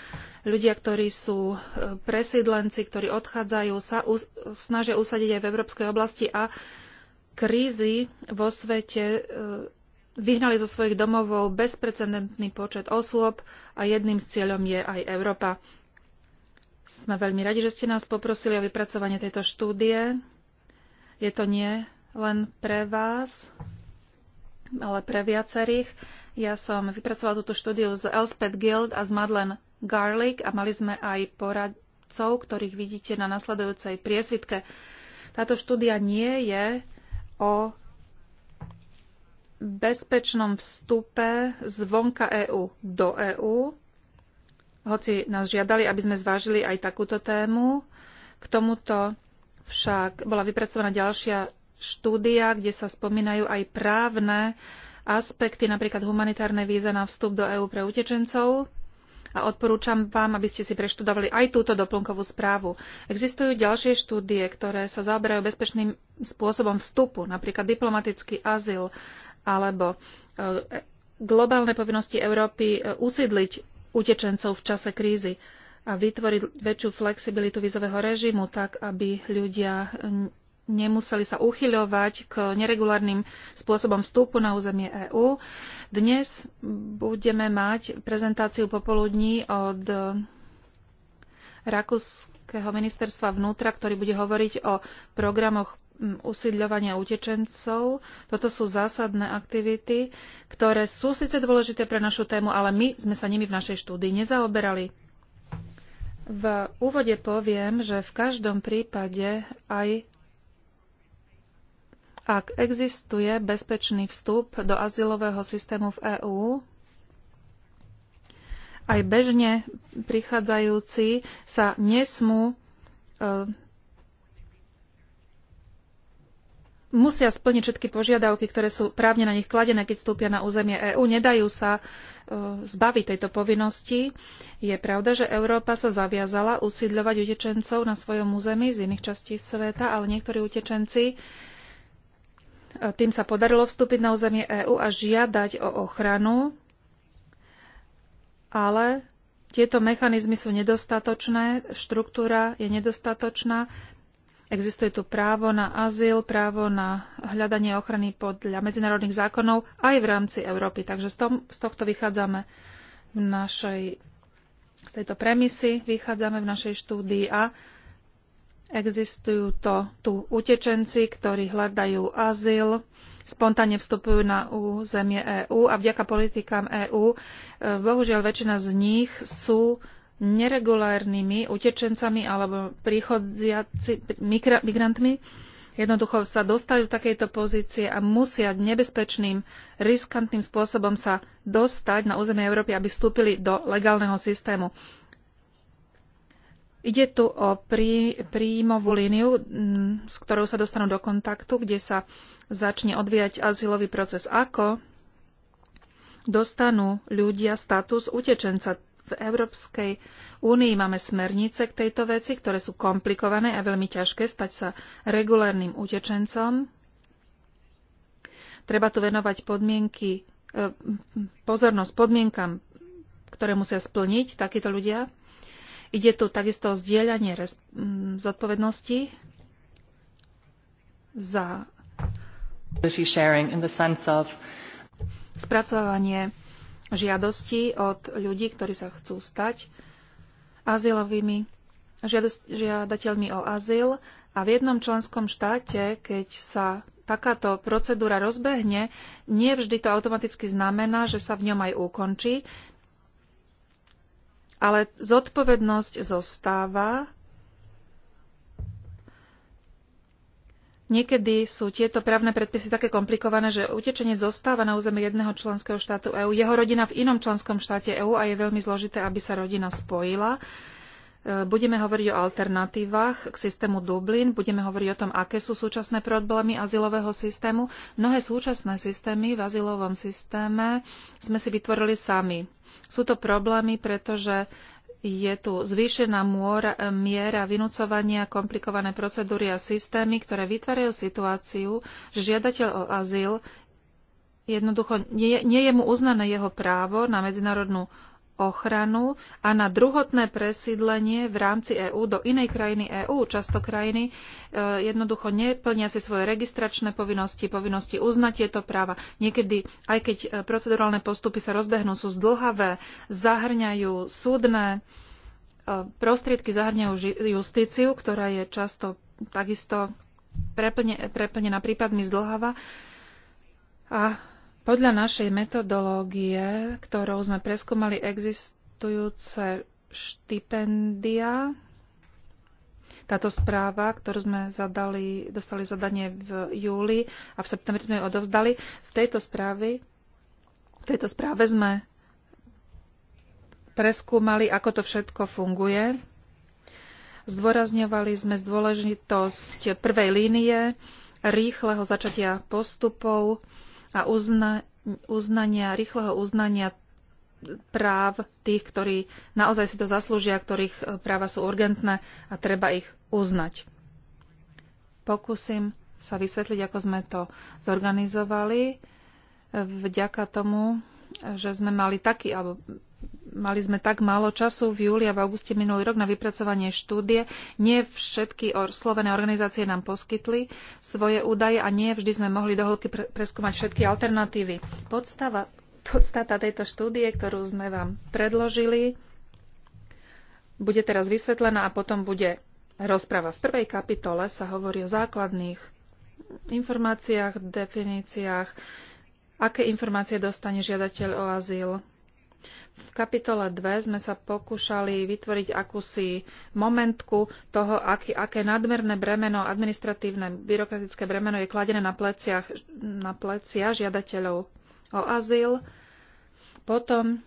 Ľudia, ktorí sú e, presídlenci, ktorí odchádzajú, sa us- snažia usadiť aj v európskej oblasti a krízy vo svete e, vyhnali zo svojich domovov bezprecedentný počet osôb a jedným z cieľom je aj Európa. Sme veľmi radi, že ste nás poprosili o vypracovanie tejto štúdie. Je to nie len pre vás, ale pre viacerých. Ja som vypracovala túto štúdiu z Elspeth Guild a z Madeleine Garlic a mali sme aj poradcov, ktorých vidíte na nasledujúcej priesvitke. Táto štúdia nie je o bezpečnom vstupe zvonka EÚ do EÚ, hoci nás žiadali, aby sme zvážili aj takúto tému. K tomuto však bola vypracovaná ďalšia štúdia, kde sa spomínajú aj právne aspekty, napríklad humanitárne víza na vstup do EÚ pre utečencov. A odporúčam vám, aby ste si preštudovali aj túto doplnkovú správu. Existujú ďalšie štúdie, ktoré sa zaoberajú bezpečným spôsobom vstupu, napríklad diplomatický azyl alebo e, globálne povinnosti Európy e, usídliť utečencov v čase krízy a vytvoriť väčšiu flexibilitu vizového režimu, tak aby ľudia nemuseli sa uchyľovať k neregulárnym spôsobom vstupu na územie EÚ. Dnes budeme mať prezentáciu popoludní od rakúskeho ministerstva vnútra, ktorý bude hovoriť o programoch usídľovania utečencov. Toto sú zásadné aktivity, ktoré sú síce dôležité pre našu tému, ale my sme sa nimi v našej štúdii nezaoberali. V úvode poviem, že v každom prípade aj ak existuje bezpečný vstup do azylového systému v EÚ, aj bežne prichádzajúci sa nesmú e, musia splniť všetky požiadavky, ktoré sú právne na nich kladené, keď vstúpia na územie EÚ. Nedajú sa e, zbaviť tejto povinnosti. Je pravda, že Európa sa zaviazala usídľovať utečencov na svojom území z iných častí sveta, ale niektorí utečenci E, tým sa podarilo vstúpiť na územie EÚ a žiadať o ochranu, ale tieto mechanizmy sú nedostatočné, štruktúra je nedostatočná, existuje tu právo na azyl, právo na hľadanie ochrany podľa medzinárodných zákonov aj v rámci Európy. Takže z, tom, z tohto vychádzame v našej, z tejto premisy vychádzame v našej štúdii a Existujú to tu utečenci, ktorí hľadajú azyl, spontánne vstupujú na územie EÚ a vďaka politikám EÚ e, bohužiaľ väčšina z nich sú neregulárnymi utečencami alebo príchodziaci migrantmi. Jednoducho sa dostali do takejto pozície a musia nebezpečným, riskantným spôsobom sa dostať na územie Európy, aby vstúpili do legálneho systému. Ide tu o prí, príjmovú líniu, s ktorou sa dostanú do kontaktu, kde sa začne odvíjať azylový proces. Ako dostanú ľudia status utečenca? V Európskej únii máme smernice k tejto veci, ktoré sú komplikované a veľmi ťažké stať sa regulárnym utečencom. Treba tu venovať podmienky, e, pozornosť podmienkam, ktoré musia splniť takíto ľudia Ide tu takisto o zdieľanie zodpovednosti za spracovanie žiadosti od ľudí, ktorí sa chcú stať azylovými žiadateľmi o azyl a v jednom členskom štáte, keď sa takáto procedúra rozbehne, nie vždy to automaticky znamená, že sa v ňom aj ukončí. Ale zodpovednosť zostáva. Niekedy sú tieto právne predpisy také komplikované, že utečenec zostáva na území jedného členského štátu EÚ, jeho rodina v inom členskom štáte EÚ a je veľmi zložité, aby sa rodina spojila. Uh, Budeme hovoriť o alternatívach k systému Dublin, budeme hovoriť o tom, aké sú súčasné problémy azylového systému. Mnohé súčasné systémy v azylovom systéme sme si vytvorili sami. Sú to problémy, pretože je tu zvýšená môra, miera vynúcovania, komplikované procedúry a systémy, ktoré vytvárajú situáciu, že žiadateľ o azyl jednoducho nie, nie je mu uznané jeho právo na medzinárodnú ochranu a na druhotné presídlenie v rámci EÚ do inej krajiny EÚ. Často krajiny e, jednoducho neplnia si svoje registračné povinnosti, povinnosti uznať tieto práva. Niekedy, aj keď e, procedurálne postupy sa rozbehnú, sú zdlhavé, zahrňajú súdne e, prostriedky, zahrňajú justíciu, ktorá je často takisto preplne, preplnená prípadmi zdlhava. A podľa našej metodológie, ktorou sme preskúmali existujúce štipendia, táto správa, ktorú sme zadali, dostali zadanie v júli a v septembri sme ju odovzdali, v tejto, správy, v tejto správe sme preskúmali, ako to všetko funguje. Zdôrazňovali sme zdôležitosť prvej línie, rýchleho začatia postupov, a uzna, uznania, rýchleho uznania práv tých, ktorí naozaj si to zaslúžia, ktorých e, práva sú urgentné a treba ich uznať. Pokúsim sa vysvetliť, ako sme to zorganizovali. E, vďaka tomu, že sme mali taký, alebo mali sme tak málo času v júli a v auguste minulý rok na vypracovanie štúdie. Nie všetky slovené organizácie nám poskytli svoje údaje a nie vždy sme mohli dohlbky preskúmať všetky alternatívy. Podstava, podstata tejto štúdie, ktorú sme vám predložili, bude teraz vysvetlená a potom bude rozpráva. V prvej kapitole sa hovorí o základných informáciách, definíciách, aké informácie dostane žiadateľ o azyl, v kapitole 2 sme sa pokúšali vytvoriť akúsi momentku toho, aký, aké nadmerné bremeno, administratívne, byrokratické bremeno je kladené na, pleciach, na plecia žiadateľov o azyl. Potom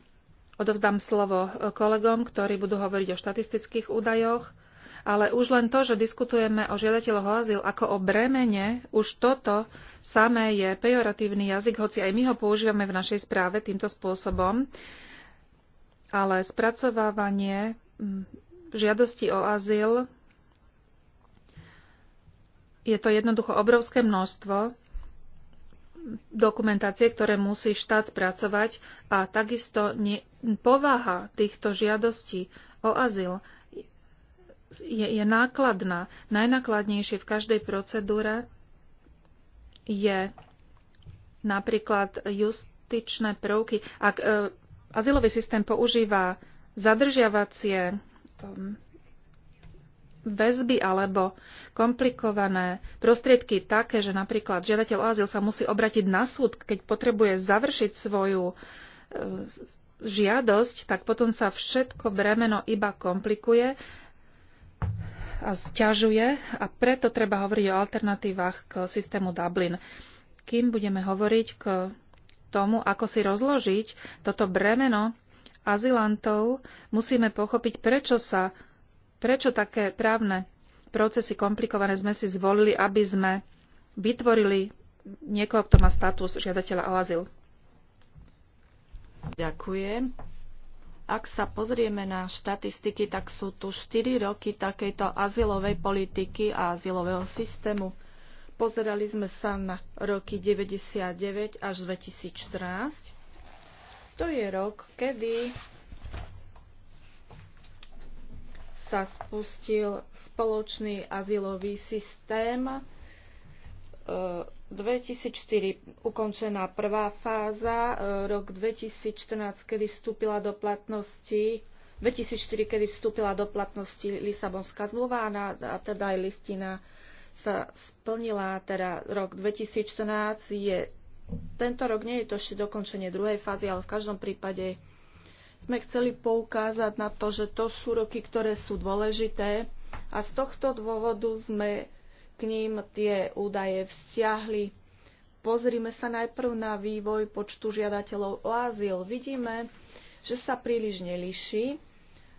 odovzdám slovo kolegom, ktorí budú hovoriť o štatistických údajoch. Ale už len to, že diskutujeme o žiadateľoch o azyl ako o bremene, už toto samé je pejoratívny jazyk, hoci aj my ho používame v našej správe týmto spôsobom ale spracovávanie mm, žiadosti o azyl je to jednoducho obrovské množstvo dokumentácie, ktoré musí štát spracovať a takisto ne, povaha týchto žiadostí o azyl je, je nákladná. Najnákladnejšie v každej procedúre je napríklad justičné prvky. Ak e, azylový systém používa zadržiavacie um, väzby alebo komplikované prostriedky také, že napríklad žiadateľ o azyl sa musí obratiť na súd, keď potrebuje završiť svoju um, žiadosť, tak potom sa všetko bremeno iba komplikuje a sťažuje a preto treba hovoriť o alternatívach k systému Dublin. Kým budeme hovoriť k tomu, ako si rozložiť toto bremeno azylantov, musíme pochopiť, prečo, sa, prečo také právne procesy komplikované sme si zvolili, aby sme vytvorili niekoho, kto má status žiadateľa o azyl. Ďakujem. Ak sa pozrieme na štatistiky, tak sú tu 4 roky takejto azylovej politiky a azylového systému. Pozerali sme sa na roky 99 až 2014. To je rok, kedy sa spustil spoločný azylový systém. 2004 e, ukončená prvá fáza, e, rok 2014, kedy vstúpila do platnosti 2004, kedy vstúpila do platnosti Lisabonská zmluva a, teda aj listina sa splnila, teda rok 2014 je, tento rok nie je to ešte dokončenie druhej fázy, ale v každom prípade sme chceli poukázať na to, že to sú roky, ktoré sú dôležité a z tohto dôvodu sme k ním tie údaje vzťahli. Pozrime sa najprv na vývoj počtu žiadateľov o azyl. Vidíme, že sa príliš neliší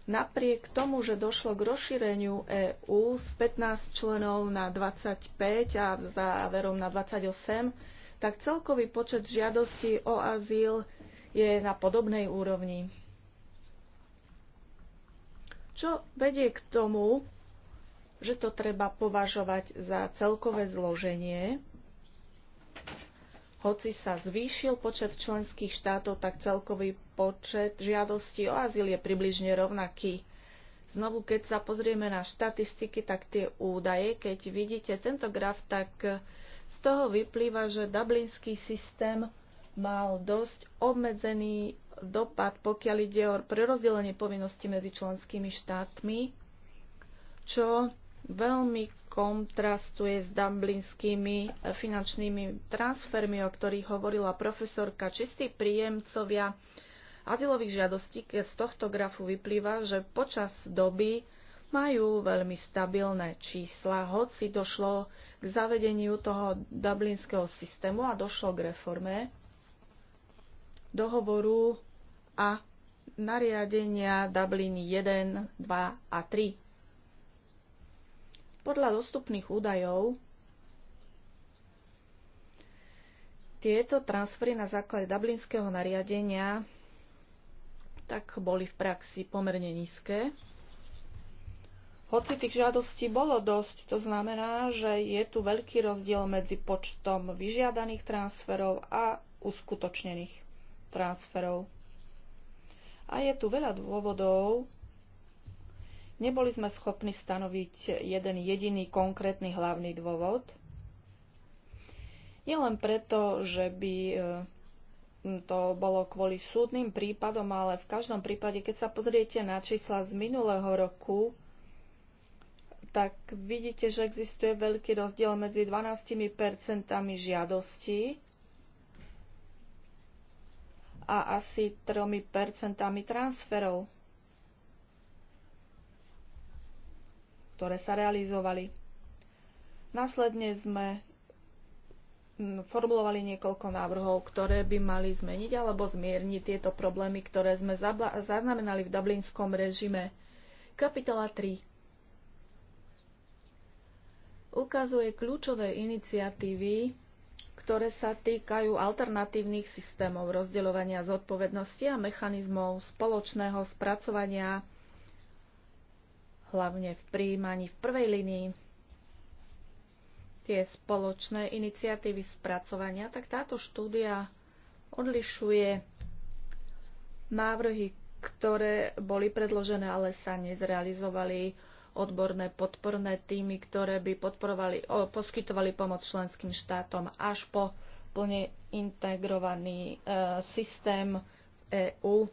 Napriek tomu, že došlo k rozšíreniu EÚ z 15 členov na 25 a záverom na 28, tak celkový počet žiadostí o azyl je na podobnej úrovni. Čo vedie k tomu, že to treba považovať za celkové zloženie hoci sa zvýšil počet členských štátov, tak celkový počet žiadostí o azyl je približne rovnaký. Znovu, keď sa pozrieme na štatistiky, tak tie údaje, keď vidíte tento graf, tak z toho vyplýva, že dublinský systém mal dosť obmedzený dopad, pokiaľ ide o prerozdelenie povinností medzi členskými štátmi, čo veľmi kontrastuje s dublinskými finančnými transfermi, o ktorých hovorila profesorka. Čistí príjemcovia azylových žiadostí, keď z tohto grafu vyplýva, že počas doby majú veľmi stabilné čísla, hoci došlo k zavedeniu toho dublinského systému a došlo k reforme dohovoru a nariadenia Dublin 1, 2 a 3 podľa dostupných údajov tieto transfery na základe dublinského nariadenia tak boli v praxi pomerne nízke. Hoci tých žiadostí bolo dosť, to znamená, že je tu veľký rozdiel medzi počtom vyžiadaných transferov a uskutočnených transferov. A je tu veľa dôvodov, Neboli sme schopní stanoviť jeden jediný konkrétny hlavný dôvod. len preto, že by e, to bolo kvôli súdnym prípadom, ale v každom prípade, keď sa pozriete na čísla z minulého roku, tak vidíte, že existuje veľký rozdiel medzi 12% žiadostí a asi 3% transferov. ktoré sa realizovali. Následne sme mm, formulovali niekoľko návrhov, ktoré by mali zmeniť alebo zmierniť tieto problémy, ktoré sme zaznamenali v dublinskom režime. Kapitola 3 ukazuje kľúčové iniciatívy, ktoré sa týkajú alternatívnych systémov rozdeľovania zodpovednosti a mechanizmov spoločného spracovania hlavne v príjmaní v prvej linii tie spoločné iniciatívy spracovania, tak táto štúdia odlišuje návrhy, ktoré boli predložené, ale sa nezrealizovali odborné podporné týmy, ktoré by podporovali, o, poskytovali pomoc členským štátom až po plne integrovaný e, systém EÚ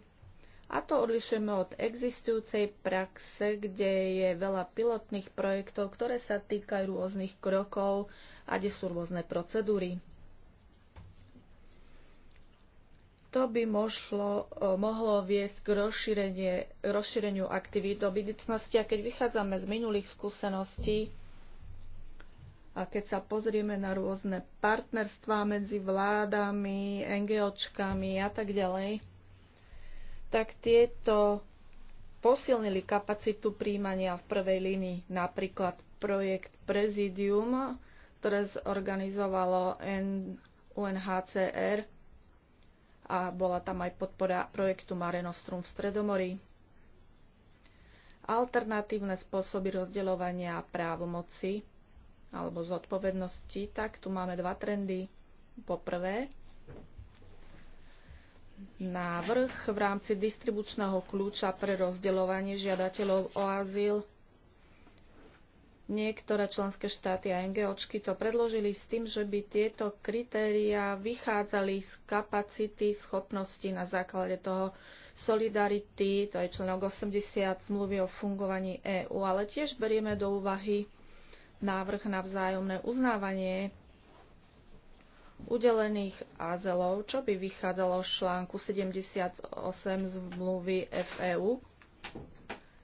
a to odlišujeme od existujúcej praxe, kde je veľa pilotných projektov, ktoré sa týkajú rôznych krokov a kde sú rôzne procedúry. To by možlo, eh, mohlo viesť k rozšíreniu aktivít do budúcnosti a keď vychádzame z minulých skúseností a keď sa pozrieme na rôzne partnerstvá medzi vládami, NGOčkami a tak ďalej, tak tieto posilnili kapacitu príjmania v prvej línii. Napríklad projekt Prezidium, ktoré zorganizovalo UNHCR a bola tam aj podpora projektu Mare Nostrum v Stredomorí. Alternatívne spôsoby rozdeľovania právomoci alebo zodpovednosti, tak tu máme dva trendy. Po prvé, návrh v rámci distribučného kľúča pre rozdeľovanie žiadateľov o azyl. Niektoré členské štáty a NGOčky to predložili s tým, že by tieto kritériá vychádzali z kapacity, schopnosti na základe toho solidarity, to je členok 80 zmluvy o fungovaní EÚ, ale tiež berieme do úvahy návrh na vzájomné uznávanie udelených azelov, čo by vychádzalo z článku 78 z mluvy FEU,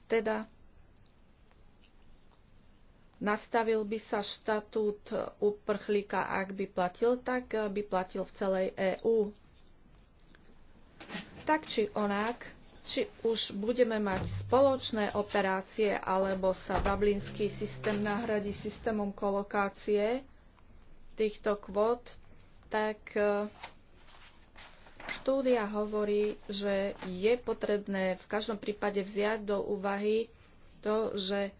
teda nastavil by sa štatút uprchlíka, ak by platil, tak by platil v celej EÚ. Tak či onak, či už budeme mať spoločné operácie, alebo sa dublinský systém nahradí systémom kolokácie týchto kvót, tak e, štúdia hovorí, že je potrebné v každom prípade vziať do úvahy to, že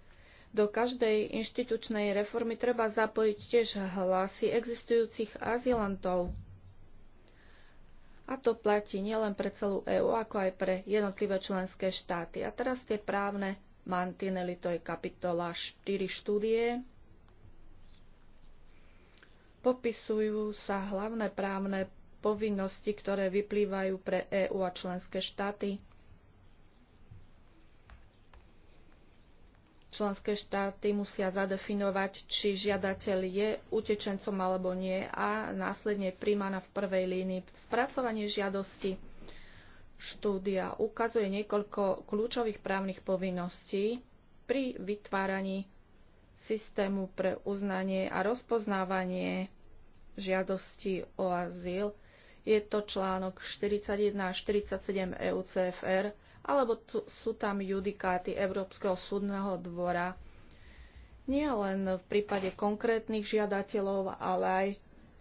do každej inštitučnej reformy treba zapojiť tiež hlasy existujúcich azilantov. A to platí nielen pre celú EÚ, ako aj pre jednotlivé členské štáty. A teraz tie právne mantinely, to je kapitola 4 štúdie popisujú sa hlavné právne povinnosti, ktoré vyplývajú pre EÚ a členské štáty. Členské štáty musia zadefinovať, či žiadateľ je utečencom alebo nie a následne príjmaná v prvej línii spracovanie žiadosti. Štúdia ukazuje niekoľko kľúčových právnych povinností pri vytváraní systému pre uznanie a rozpoznávanie žiadosti o azyl. Je to článok 41 a 47 EUCFR, alebo tu, sú tam judikáty Európskeho súdneho dvora. Nie len v prípade konkrétnych žiadateľov, ale aj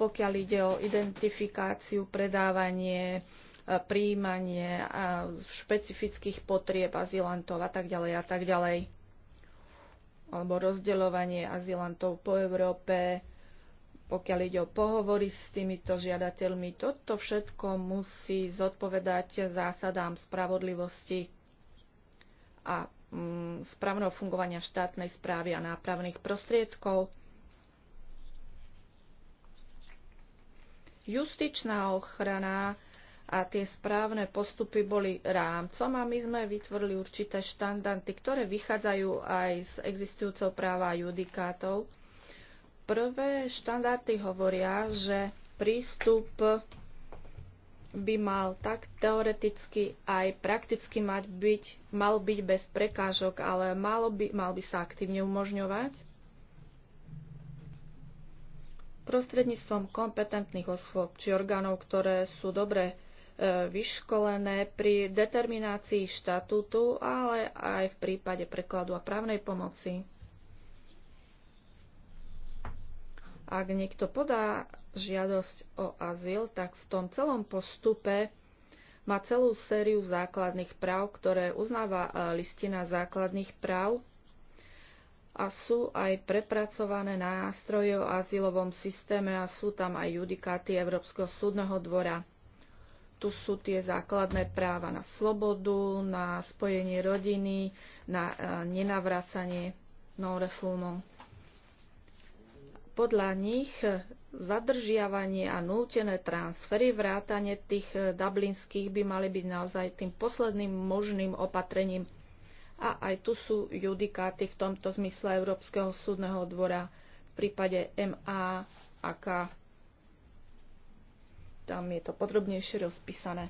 pokiaľ ide o identifikáciu, predávanie, e, príjmanie špecifických potrieb azylantov a tak ďalej a tak ďalej alebo rozdeľovanie azylantov po Európe, pokiaľ ide o pohovory s týmito žiadateľmi. Toto všetko musí zodpovedať zásadám spravodlivosti a mm, správneho fungovania štátnej správy a nápravných prostriedkov. Justičná ochrana a tie správne postupy boli rámcom a my sme vytvorili určité štandardy, ktoré vychádzajú aj z existujúceho práva a judikátov. Prvé štandardy hovoria, že prístup by mal tak teoreticky aj prakticky mať byť, mal byť bez prekážok, ale malo by, mal by sa aktívne umožňovať prostredníctvom kompetentných osôb či orgánov, ktoré sú dobre E, vyškolené pri determinácii štatútu, ale aj v prípade prekladu a právnej pomoci. Ak niekto podá žiadosť o azyl, tak v tom celom postupe má celú sériu základných práv, ktoré uznáva e, listina základných práv a sú aj prepracované nástroje o azylovom systéme a sú tam aj judikáty Európskeho súdneho dvora tu sú tie základné práva na slobodu, na spojenie rodiny, na e, nenavracanie non-refulmom. Podľa nich zadržiavanie a nútené transfery, vrátanie tých e, dublinských by mali byť naozaj tým posledným možným opatrením. A aj tu sú judikáty v tomto zmysle Európskeho súdneho dvora v prípade MA, aká tam je to podrobnejšie rozpísané.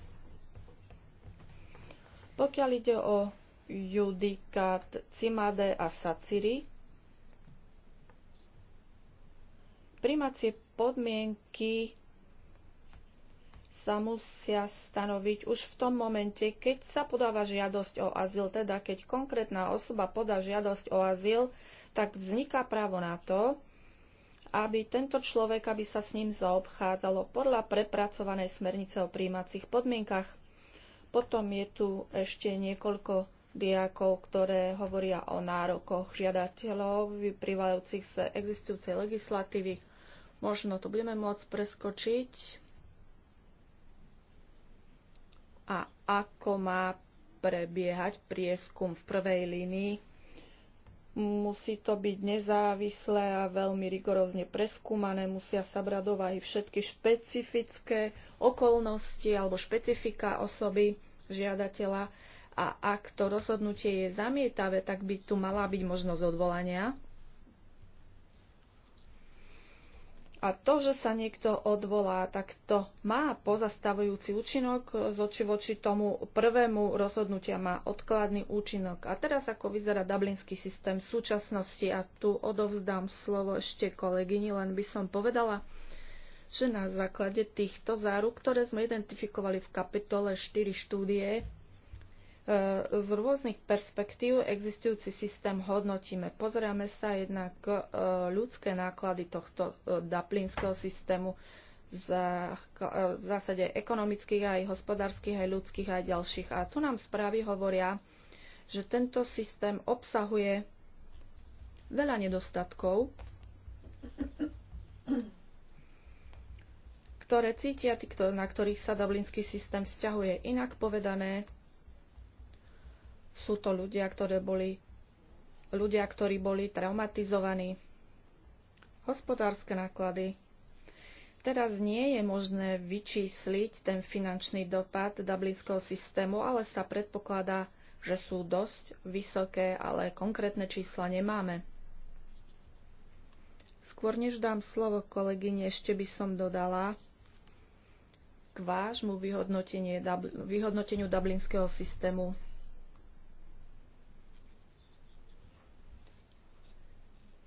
Pokiaľ ide o judikát Cimade a Saciri, primacie podmienky sa musia stanoviť už v tom momente, keď sa podáva žiadosť o azyl, teda keď konkrétna osoba podá žiadosť o azyl, tak vzniká právo na to, aby tento človek, aby sa s ním zaobchádzalo podľa prepracovanej smernice o príjímacích podmienkach. Potom je tu ešte niekoľko diákov, ktoré hovoria o nárokoch žiadateľov vyprývajúcich z existujúcej legislatívy. Možno to budeme môcť preskočiť. A ako má prebiehať prieskum v prvej línii Musí to byť nezávislé a veľmi rigorózne preskúmané, musia sa brať do váhy všetky špecifické okolnosti alebo špecifika osoby žiadateľa a ak to rozhodnutie je zamietavé, tak by tu mala byť možnosť odvolania A to, že sa niekto odvolá, tak to má pozastavujúci účinok z oči voči tomu prvému rozhodnutia má odkladný účinok. A teraz ako vyzerá dublinský systém v súčasnosti a tu odovzdám slovo ešte kolegyni, len by som povedala, že na základe týchto záruk, ktoré sme identifikovali v kapitole 4 štúdie, E, z rôznych perspektív existujúci systém hodnotíme. Pozeráme sa jednak e, ľudské náklady tohto e, dublinského systému v zásade ekonomických, aj hospodárskych, aj ľudských, aj ďalších. A tu nám správy hovoria, že tento systém obsahuje veľa nedostatkov, ktoré cítia na ktorých sa dublinský systém vzťahuje. Inak povedané, sú to ľudia, ktoré boli, ľudia, ktorí boli traumatizovaní. Hospodárske náklady. Teraz nie je možné vyčísliť ten finančný dopad dublinského systému, ale sa predpokladá, že sú dosť vysoké, ale konkrétne čísla nemáme. Skôr než dám slovo kolegyne, ešte by som dodala k vášmu vyhodnoteniu dublinského systému.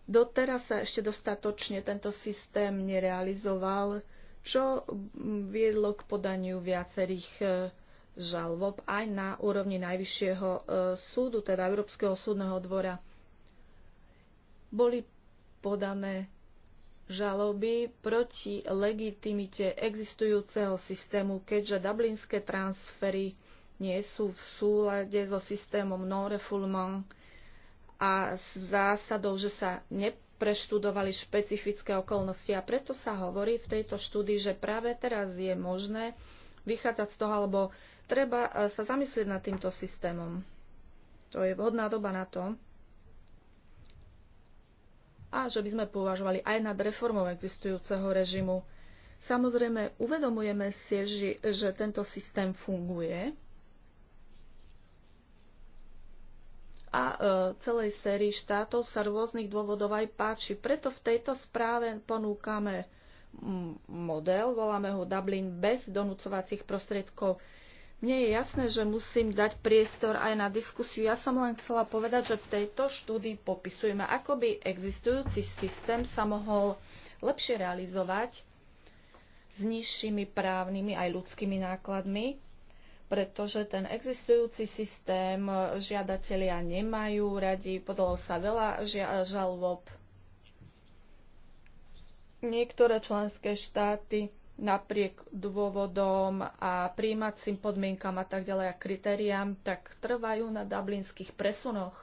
Doteraz sa ešte dostatočne tento systém nerealizoval, čo viedlo k podaniu viacerých e, žalob aj na úrovni Najvyššieho e, súdu, teda Európskeho súdneho dvora. Boli podané žaloby proti legitimite existujúceho systému, keďže dublinské transfery nie sú v súlade so systémom non-refoulement a s zásadou, že sa nepreštudovali špecifické okolnosti. A preto sa hovorí v tejto štúdii, že práve teraz je možné vychádzať z toho, alebo treba e, sa zamyslieť nad týmto systémom. To je vhodná doba na to. A že by sme považovali aj nad reformou existujúceho režimu. Samozrejme, uvedomujeme si, že, že tento systém funguje, a e, celej sérii štátov sa rôznych dôvodov aj páči. Preto v tejto správe ponúkame model, voláme ho Dublin bez donúcovacích prostriedkov. Mne je jasné, že musím dať priestor aj na diskusiu. Ja som len chcela povedať, že v tejto štúdii popisujeme, ako by existujúci systém sa mohol lepšie realizovať s nižšími právnymi aj ľudskými nákladmi pretože ten existujúci systém e, žiadatelia nemajú radi, podalo sa veľa žalob. Niektoré členské štáty napriek dôvodom a príjímacím podmienkam a tak ďalej a kritériám, tak trvajú na dublinských presunoch.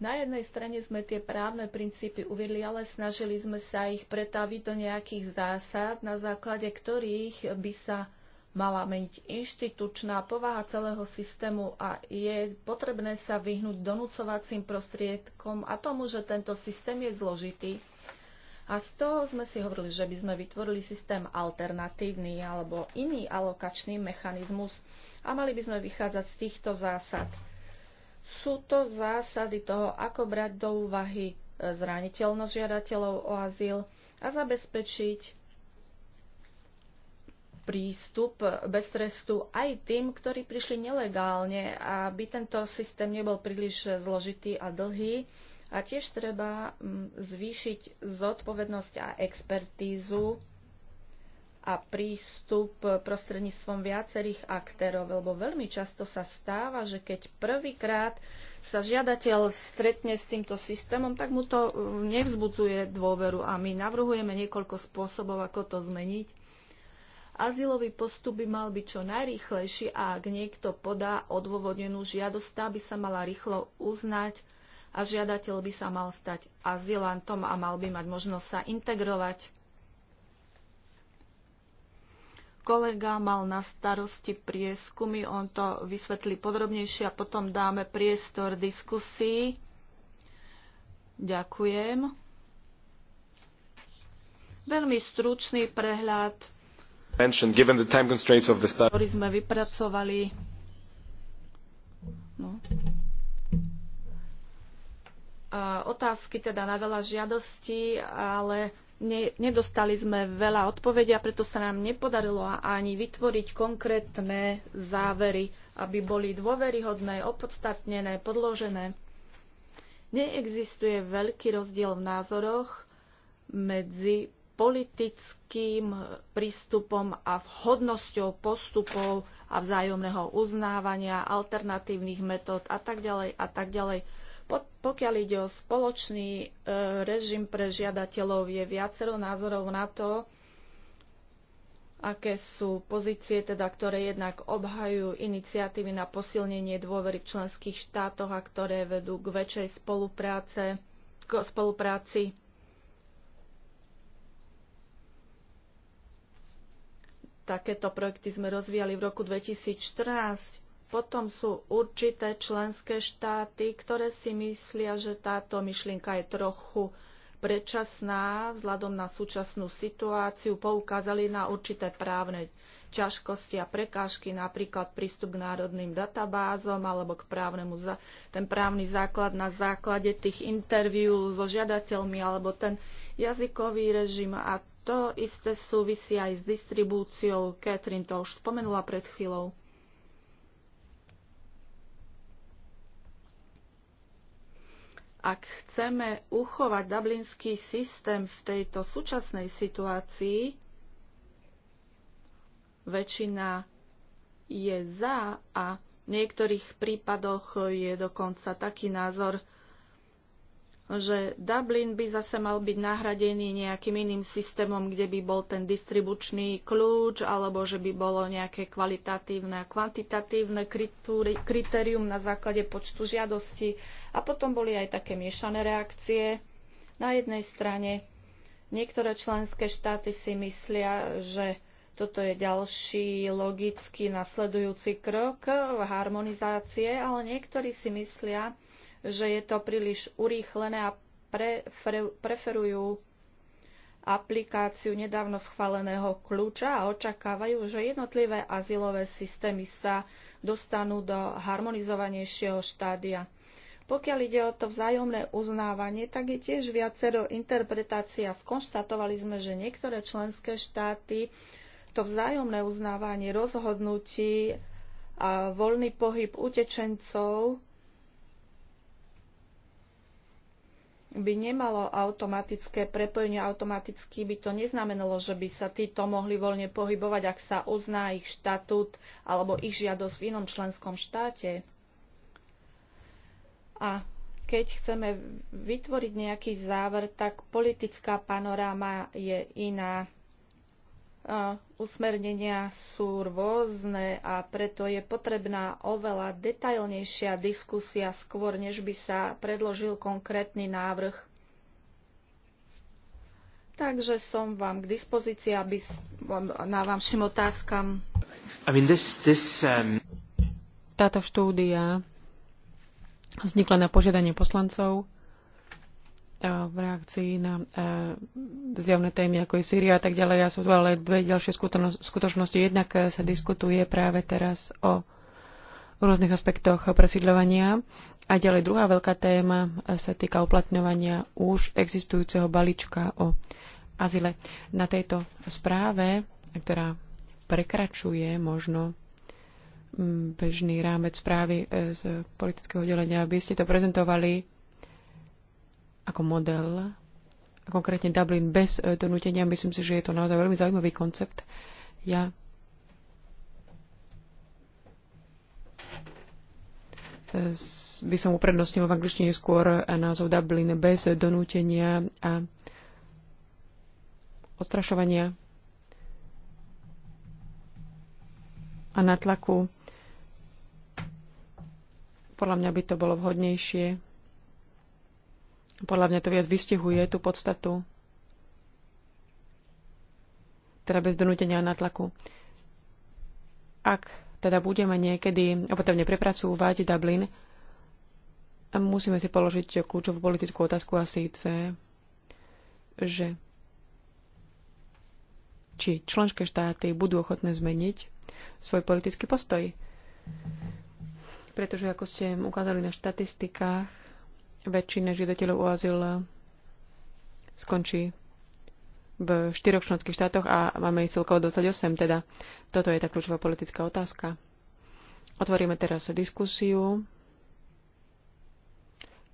Na jednej strane sme tie právne princípy uviedli, ale snažili sme sa ich pretaviť do nejakých zásad, na základe ktorých by sa mala meniť inštitučná povaha celého systému a je potrebné sa vyhnúť donúcovacím prostriedkom a tomu, že tento systém je zložitý. A z toho sme si hovorili, že by sme vytvorili systém alternatívny alebo iný alokačný mechanizmus a mali by sme vychádzať z týchto zásad. Sú to zásady toho, ako brať do úvahy e, zraniteľnosť žiadateľov o azyl a zabezpečiť prístup e, bez trestu aj tým, ktorí prišli nelegálne, aby tento systém nebol príliš zložitý a dlhý. A tiež treba zvýšiť zodpovednosť a expertízu a prístup prostredníctvom viacerých aktérov, lebo veľmi často sa stáva, že keď prvýkrát sa žiadateľ stretne s týmto systémom, tak mu to uh, nevzbudzuje dôveru a my navrhujeme niekoľko spôsobov, ako to zmeniť. Azylový postup by mal byť čo najrýchlejší a ak niekto podá odôvodnenú žiadosť, tá by sa mala rýchlo uznať a žiadateľ by sa mal stať azylantom a mal by mať možnosť sa integrovať kolega mal na starosti prieskumy, on to vysvetlí podrobnejšie a potom dáme priestor diskusii. Ďakujem. Veľmi stručný prehľad, ktorý sme vypracovali. No. Otázky teda na veľa žiadostí, ale ne, nedostali sme veľa odpovedí a preto sa nám nepodarilo ani vytvoriť konkrétne závery, aby boli dôveryhodné, opodstatnené, podložené. Neexistuje veľký rozdiel v názoroch medzi politickým prístupom a vhodnosťou postupov a vzájomného uznávania alternatívnych metód a tak ďalej a tak ďalej pokiaľ ide o spoločný e, režim pre žiadateľov, je viacero názorov na to, aké sú pozície, teda, ktoré jednak obhajujú iniciatívy na posilnenie dôvery v členských štátoch a ktoré vedú k väčšej spolupráce, k spolupráci. Takéto projekty sme rozvíjali v roku 2014 potom sú určité členské štáty, ktoré si myslia, že táto myšlienka je trochu predčasná vzhľadom na súčasnú situáciu. Poukázali na určité právne ťažkosti a prekážky, napríklad prístup k národným databázom alebo k právnemu, ten právny základ na základe tých interviú so žiadateľmi alebo ten jazykový režim a to isté súvisí aj s distribúciou. Catherine to už spomenula pred chvíľou. Ak chceme uchovať dublinský systém v tejto súčasnej situácii, väčšina je za a v niektorých prípadoch je dokonca taký názor, že Dublin by zase mal byť nahradený nejakým iným systémom, kde by bol ten distribučný kľúč, alebo že by bolo nejaké kvalitatívne a kvantitatívne kritérium na základe počtu žiadostí. A potom boli aj také miešané reakcie. Na jednej strane niektoré členské štáty si myslia, že toto je ďalší logický nasledujúci krok v harmonizácie, ale niektorí si myslia, že je to príliš urýchlené a preferujú aplikáciu nedávno schváleného kľúča a očakávajú, že jednotlivé azylové systémy sa dostanú do harmonizovanejšieho štádia. Pokiaľ ide o to vzájomné uznávanie, tak je tiež viacero interpretácií a skonštatovali sme, že niektoré členské štáty to vzájomné uznávanie rozhodnutí a voľný pohyb utečencov by nemalo automatické prepojenie, automaticky by to neznamenalo, že by sa títo mohli voľne pohybovať, ak sa uzná ich štatút alebo ich žiadosť v inom členskom štáte. A keď chceme vytvoriť nejaký záver, tak politická panoráma je iná usmernenia sú rôzne a preto je potrebná oveľa detailnejšia diskusia skôr, než by sa predložil konkrétny návrh. Takže som vám k dispozícii, aby na vám všim otázkam. I mean this, this, um... Táto štúdia vznikla na požiadanie poslancov v reakcii na e, zjavné témy, ako je Sýria a tak ďalej. A sú tu ale dve ďalšie skutočnosti. Jednak e, sa diskutuje práve teraz o rôznych aspektoch presídľovania. A ďalej druhá veľká téma e, sa týka uplatňovania už existujúceho balíčka o azile. Na tejto správe, ktorá prekračuje možno bežný rámec správy z politického delenia, aby ste to prezentovali ako model, a konkrétne Dublin bez donútenia, e, myslím si, že je to naozaj veľmi zaujímavý koncept. Ja by som uprednostnil v angličtine skôr e, názov Dublin bez donútenia a ostrašovania a natlaku. Podľa mňa by to bolo vhodnejšie. Podľa mňa to viac vystihuje tú podstatu, teda bez donútenia a natlaku. Ak teda budeme niekedy opätovne prepracúvať Dublin, musíme si položiť kľúčovú politickú otázku a síce, že či členské štáty budú ochotné zmeniť svoj politický postoj. Pretože, ako ste ukázali na štatistikách, väčšina žiadateľov o azyl skončí v štyroch členských štátoch a máme ich celkovo 28, teda toto je tá kľúčová politická otázka. Otvoríme teraz diskusiu.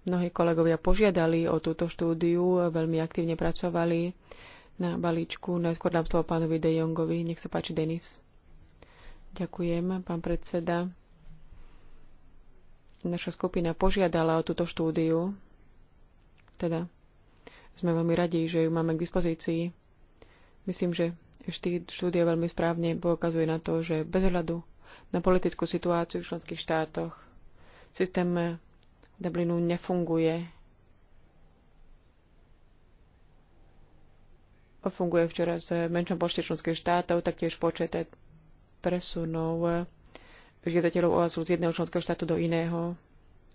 Mnohí kolegovia požiadali o túto štúdiu, veľmi aktívne pracovali na balíčku. Najskôr dám slovo pánovi De Jongovi. Nech sa páči, Denis. Ďakujem, pán predseda. Naša skupina požiadala o túto štúdiu, teda sme veľmi radi, že ju máme k dispozícii. Myslím, že štúdia veľmi správne poukazuje na to, že bez hľadu na politickú situáciu v členských štátoch systém Dublinu nefunguje. Funguje včera v menšom počte členských štátov, taktiež počet presunov žiadateľov o azyl z jedného členského štátu do iného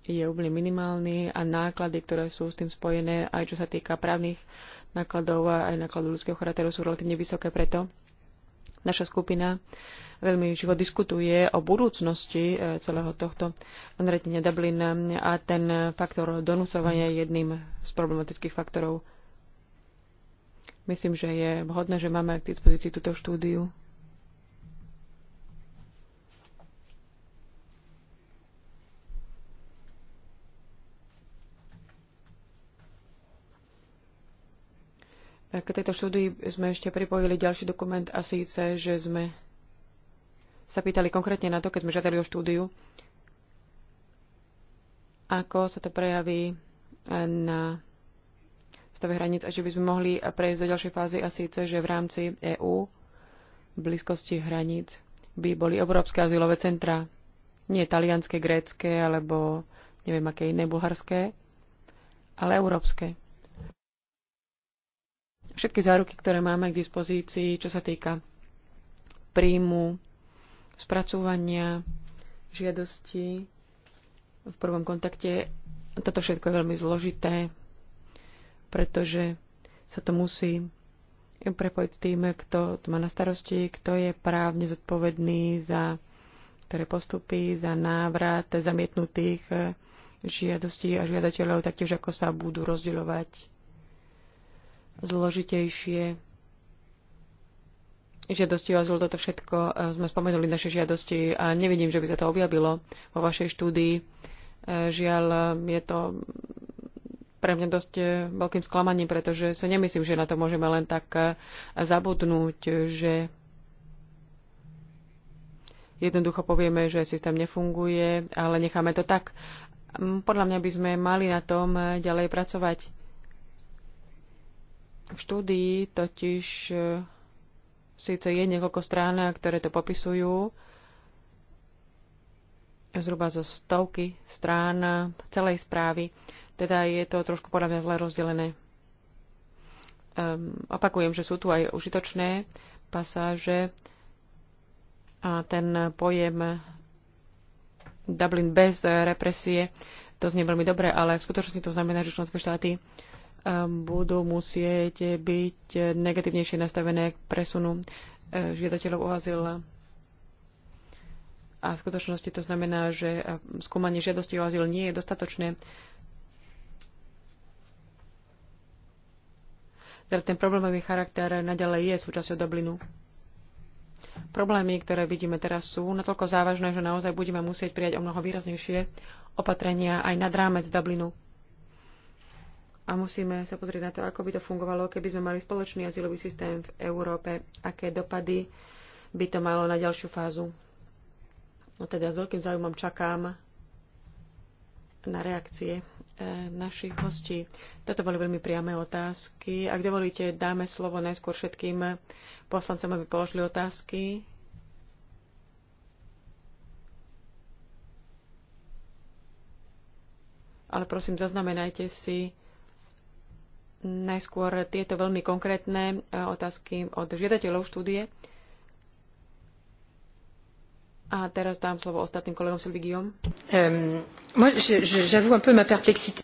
je úplne minimálny a náklady, ktoré sú s tým spojené, aj čo sa týka právnych nákladov a aj nákladov ľudského charakteru, sú relatívne vysoké. Preto naša skupina veľmi živo diskutuje o budúcnosti e, celého tohto nariadenia Dublin a ten faktor donúcovania je jedným z problematických faktorov. Myslím, že je vhodné, že máme k dispozícii túto štúdiu. K tejto štúdii sme ešte pripojili ďalší dokument a síce, že sme sa pýtali konkrétne na to, keď sme žiadali o štúdiu, ako sa to prejaví na stave hraníc a že by sme mohli prejsť do ďalšej fázy a síce, že v rámci EÚ v blízkosti hraníc by boli európske azylové centra, nie talianské, grécké alebo neviem aké iné, bulharské, ale európske všetky záruky, ktoré máme k dispozícii, čo sa týka príjmu, spracúvania, žiadosti v prvom kontakte. Toto všetko je veľmi zložité, pretože sa to musí prepojiť s tým, kto to má na starosti, kto je právne zodpovedný za ktoré postupy, za návrat zamietnutých eh, žiadostí a žiadateľov, taktiež ako sa budú rozdeľovať zložitejšie. Žiadosti o azyl, toto všetko e, sme spomenuli naše žiadosti a nevidím, že by sa to objavilo vo vašej štúdii. E, žiaľ, je to pre mňa dosť e, veľkým sklamaním, pretože sa nemyslím, že na to môžeme len tak zabudnúť, že jednoducho povieme, že systém nefunguje, ale necháme to tak. Podľa mňa by sme mali na tom ďalej pracovať. V štúdii totiž e, síce je niekoľko strán, ktoré to popisujú, zhruba zo stovky strán celej správy. Teda je to trošku podľa mňa zle rozdelené. Um, opakujem, že sú tu aj užitočné pasáže a ten pojem Dublin bez represie, to znie veľmi dobre, ale v skutočnosti to znamená, že členské štáty budú musieť byť negatívnejšie nastavené k presunu e, žiadateľov o azyl. A v skutočnosti to znamená, že e, skúmanie žiadosti o azyl nie je dostatočné. Teda ten problémový charakter naďalej je súčasťou Dublinu. Problémy, ktoré vidíme teraz, sú natoľko závažné, že naozaj budeme musieť prijať o mnoho výraznejšie opatrenia aj nad rámec Dublinu a musíme sa pozrieť na to, ako by to fungovalo, keby sme mali spoločný azylový systém v Európe, aké dopady by to malo na ďalšiu fázu. No teda s veľkým záujmom čakám na reakcie eh, našich hostí. Toto boli veľmi priame otázky. Ak dovolíte, dáme slovo najskôr všetkým poslancom, aby položili otázky. Ale prosím, zaznamenajte si najskôr tieto veľmi konkrétne e, otázky od žiadateľov štúdie. A teraz dám slovo ostatným kolegom Silvigiom. Um, j'avoue un peu ma perplexité.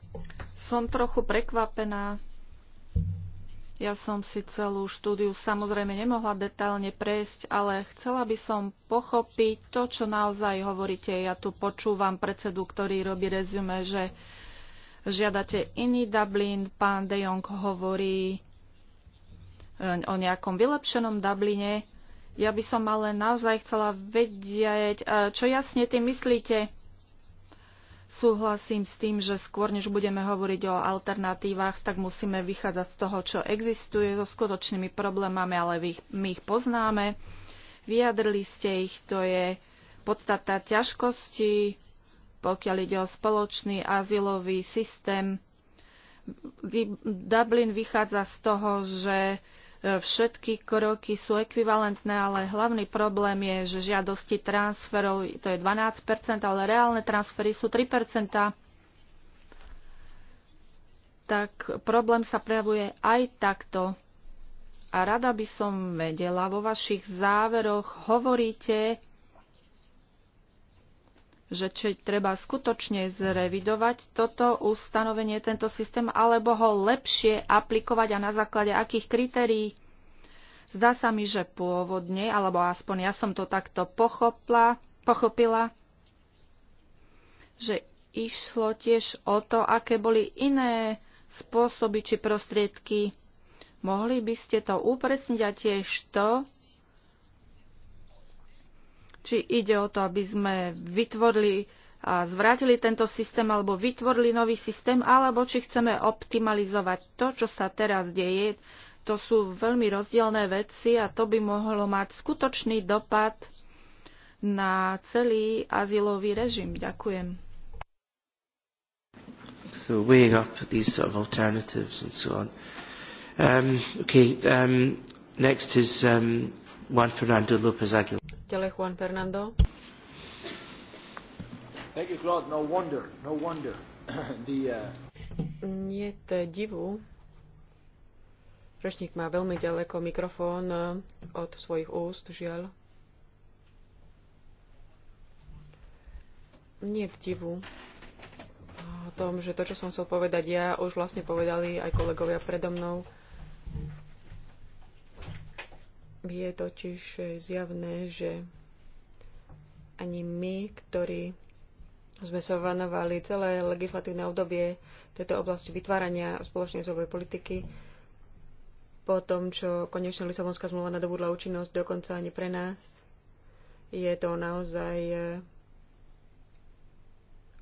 Som trochu prekvapená. Ja som si celú štúdiu samozrejme nemohla detailne prejsť, ale chcela by som pochopiť to, čo naozaj hovoríte. Ja tu počúvam predsedu, ktorý robí rezume, že žiadate iný Dublin, pán De Jong hovorí eh, o nejakom vylepšenom Dubline. Ja by som ale naozaj chcela vedieť, eh, čo jasne tým myslíte. Súhlasím s tým, že skôr než budeme hovoriť o alternatívach, tak musíme vychádzať z toho, čo existuje, so skutočnými problémami, ale my ich poznáme. Vyjadrili ste ich, to je podstata ťažkosti, pokiaľ ide o spoločný azylový systém. Dublin vychádza z toho, že e, všetky kroky sú ekvivalentné, ale hlavný problém je, že žiadosti transferov to je 12%, ale reálne transfery sú 3%. Tak problém sa prejavuje aj takto. A rada by som vedela, vo vašich záveroch hovoríte že či treba skutočne zrevidovať toto ustanovenie, tento systém, alebo ho lepšie aplikovať a na základe akých kritérií. Zdá sa mi, že pôvodne, alebo aspoň ja som to takto pochopla, pochopila, že išlo tiež o to, aké boli iné spôsoby či prostriedky. Mohli by ste to upresniť a tiež to, či ide o to, aby sme vytvorili a zvrátili tento systém alebo vytvorili nový systém, alebo či chceme optimalizovať to, čo sa teraz deje. To sú veľmi rozdielne veci a to by mohlo mať skutočný dopad na celý azylový režim. Ďakujem. So weighing up these sort of alternatives and so on. Um, okay, um, next is um, Juan Fernando Lopez Aguilar. Juan Fernando. Thank you, Claude. No wonder, no wonder. The, uh... Nie to divu. Rečník má veľmi ďaleko mikrofón uh, od svojich úst, žiaľ. Nie v divu o tom, že to, čo som chcel povedať ja, už vlastne povedali aj kolegovia predo mnou. Je totiž zjavné, že ani my, ktorí sme sa venovali celé legislatívne obdobie tejto oblasti vytvárania spoločnej zovej politiky, po tom, čo konečne Lisabonská zmluva nadobudla účinnosť, dokonca ani pre nás, je to naozaj e,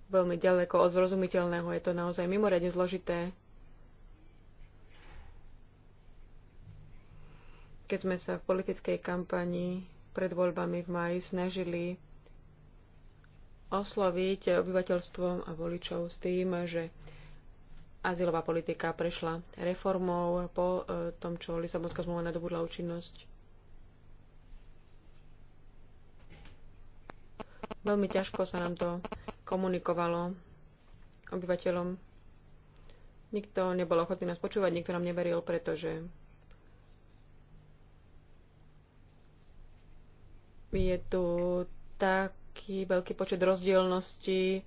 veľmi ďaleko od zrozumiteľného. Je to naozaj mimoriadne zložité Keď sme sa v politickej kampani pred voľbami v maji snažili osloviť obyvateľstvom a voličov s tým, že azylová politika prešla reformou po e, tom, čo Lisabonská zmluva nadobudla účinnosť. Veľmi ťažko sa nám to komunikovalo obyvateľom. Nikto nebol ochotný nás počúvať, nikto nám neveril, pretože Je tu taký veľký počet rozdielností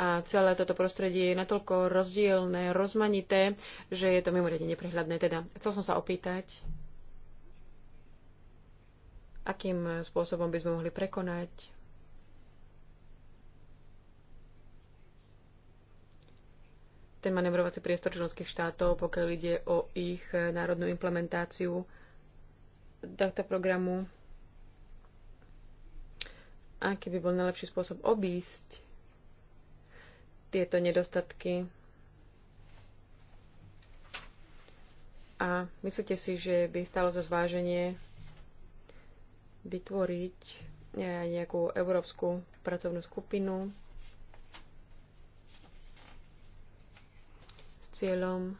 a celé toto prostredie je natoľko rozdielne, rozmanité, že je to mimoriadne neprehľadné. Teda chcel som sa opýtať, akým spôsobom by sme mohli prekonať ten manevrovací priestor členských štátov, pokiaľ ide o ich národnú implementáciu tohto programu aký by bol najlepší spôsob obísť tieto nedostatky. A myslíte si, že by stalo za zváženie vytvoriť e, nejakú európsku pracovnú skupinu s cieľom,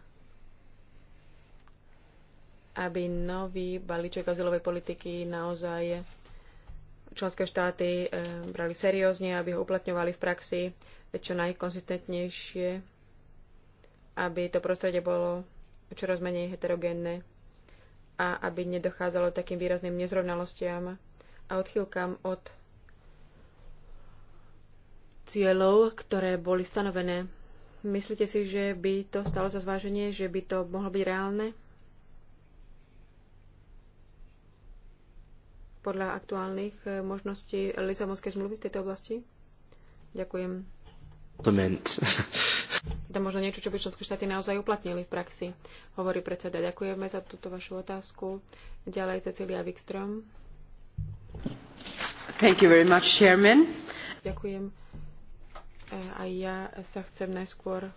aby nový balíček azylovej politiky naozaj členské štáty eh, brali seriózne, aby ho uplatňovali v praxi čo najkonzistentnejšie, aby to prostredie bolo čoraz menej heterogénne a aby nedochádzalo takým výrazným nezrovnalostiam a odchýlkam od cieľov, ktoré boli stanovené. Myslíte si, že by to stalo za zváženie, že by to mohlo byť reálne? podľa aktuálnych e, možností Lisabonskej zmluvy v tejto oblasti? Ďakujem. to možno niečo, čo by členské štáty naozaj uplatnili v praxi, hovorí predseda. Ďakujeme za túto vašu otázku. Ďalej Cecilia Wikström. Thank you very much, Chairman. Ďakujem. E, a ja sa chcem najskôr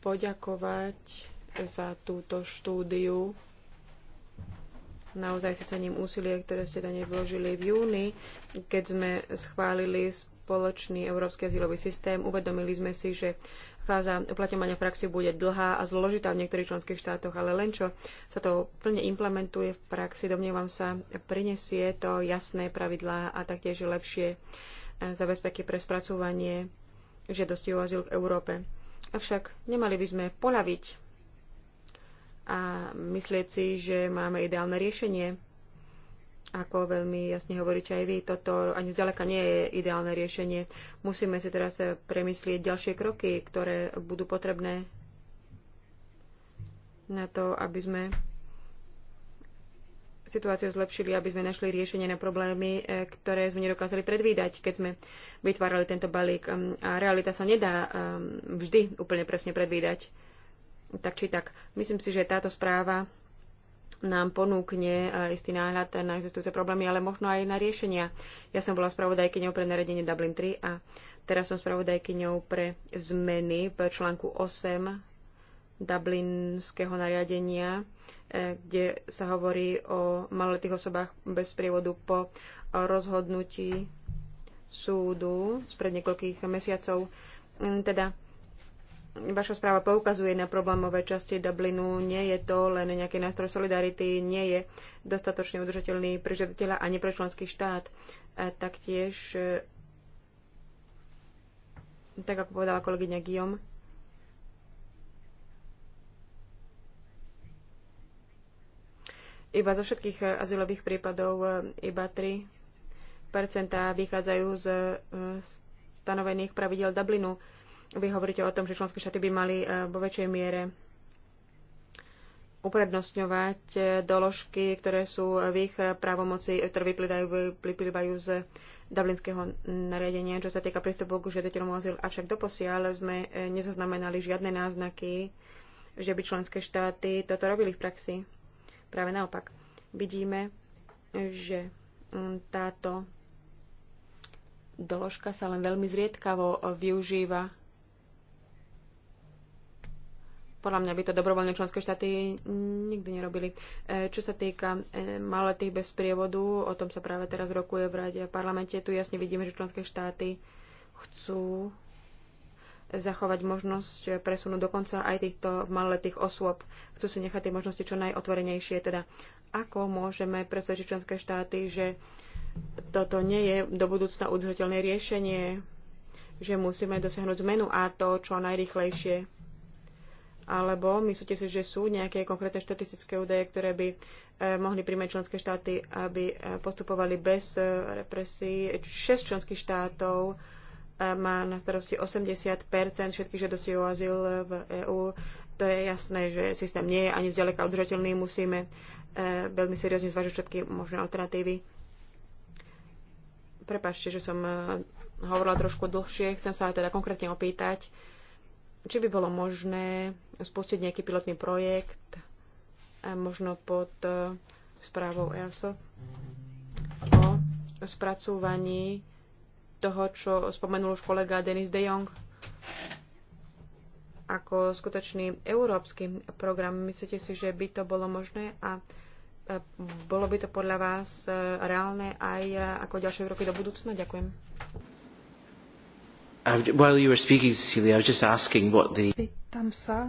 poďakovať za túto štúdiu Naozaj si cením úsilie, ktoré ste do nej vložili v júni, keď sme schválili spoločný európsky azylový systém. Uvedomili sme si, že fáza uplatňovania praxi bude dlhá a zložitá v niektorých členských štátoch, ale len čo sa to plne implementuje v praxi, domnievam sa, prinesie to jasné pravidlá a taktiež lepšie e, zabezpeky pre spracovanie žiadosti o azyl v Európe. Avšak nemali by sme poľaviť a myslieť si, že máme ideálne riešenie. Ako veľmi jasne hovoríte aj vy, toto ani zďaleka nie je ideálne riešenie. Musíme si teraz premyslieť ďalšie kroky, ktoré budú potrebné na to, aby sme situáciu zlepšili, aby sme našli riešenie na problémy, e, ktoré sme nedokázali predvídať, keď sme vytvárali tento balík. A realita sa nedá e, vždy úplne presne predvídať tak či tak, myslím si, že táto správa nám ponúkne e, istý náhľad na existujúce problémy, ale možno aj na riešenia. Ja som bola spravodajkyňou pre naredenie Dublin 3 a teraz som spravodajkyňou pre zmeny v článku 8 Dublinského nariadenia, e, kde sa hovorí o maloletých osobách bez prievodu po rozhodnutí súdu spred niekoľkých mesiacov. Mm, teda Vaša správa poukazuje na problémové časti Dublinu. Nie je to len nejaký nástroj solidarity, nie je dostatočne udržateľný pre žiadateľa ani pre členský štát. A taktiež, e, tak ako povedala kolegyňa Guillaume, iba zo všetkých azylových prípadov e, iba 3 vychádzajú z e, stanovených pravidel Dublinu vy hovoríte o tom, že členské štáty by mali e, vo väčšej miere uprednostňovať e, doložky, ktoré sú v ich e, právomoci, ktoré vyplývajú, z dublinského nariadenia, čo sa týka prístupu k žiadateľom o azyl. Avšak doposiaľ sme nezaznamenali žiadne náznaky, že by členské štáty toto robili v praxi. Práve naopak. Vidíme, že mm, táto doložka sa len veľmi zriedkavo využíva podľa mňa by to dobrovoľné členské štáty nikdy nerobili. E, čo sa týka e, maletých bez prievodu, o tom sa práve teraz rokuje v Rade a v parlamente. Tu jasne vidíme, že členské štáty chcú zachovať možnosť presunúť dokonca aj týchto maloletých osôb. Chcú si nechať tie možnosti čo najotvorenejšie. Teda ako môžeme presvedčiť členské štáty, že toto nie je do budúcna udržateľné riešenie, že musíme dosiahnuť zmenu a to čo najrychlejšie alebo myslíte si, že sú nejaké konkrétne štatistické údaje, ktoré by eh, mohli príjmať členské štáty, aby eh, postupovali bez eh, represí? Šesť členských štátov má na starosti 80 všetkých žiadostí o azyl v EÚ. To je jasné, že systém nie je ani zďaleka udržateľný. Musíme veľmi seriózne zvážiť všetky možné alternatívy. Prepašte, že som hovorila trošku dlhšie. Chcem sa teda konkrétne opýtať, či by bolo možné spustiť nejaký pilotný projekt, e, možno pod e, správou EASO, o spracúvaní toho, čo spomenul už kolega Denis de Jong ako skutočný európsky program. Myslíte si, že by to bolo možné a e, bolo by to podľa vás reálne aj ako ďalšie kroky do budúcna? Ďakujem. While you were speaking, Cecilia, I was just asking what the... Pýtam sa,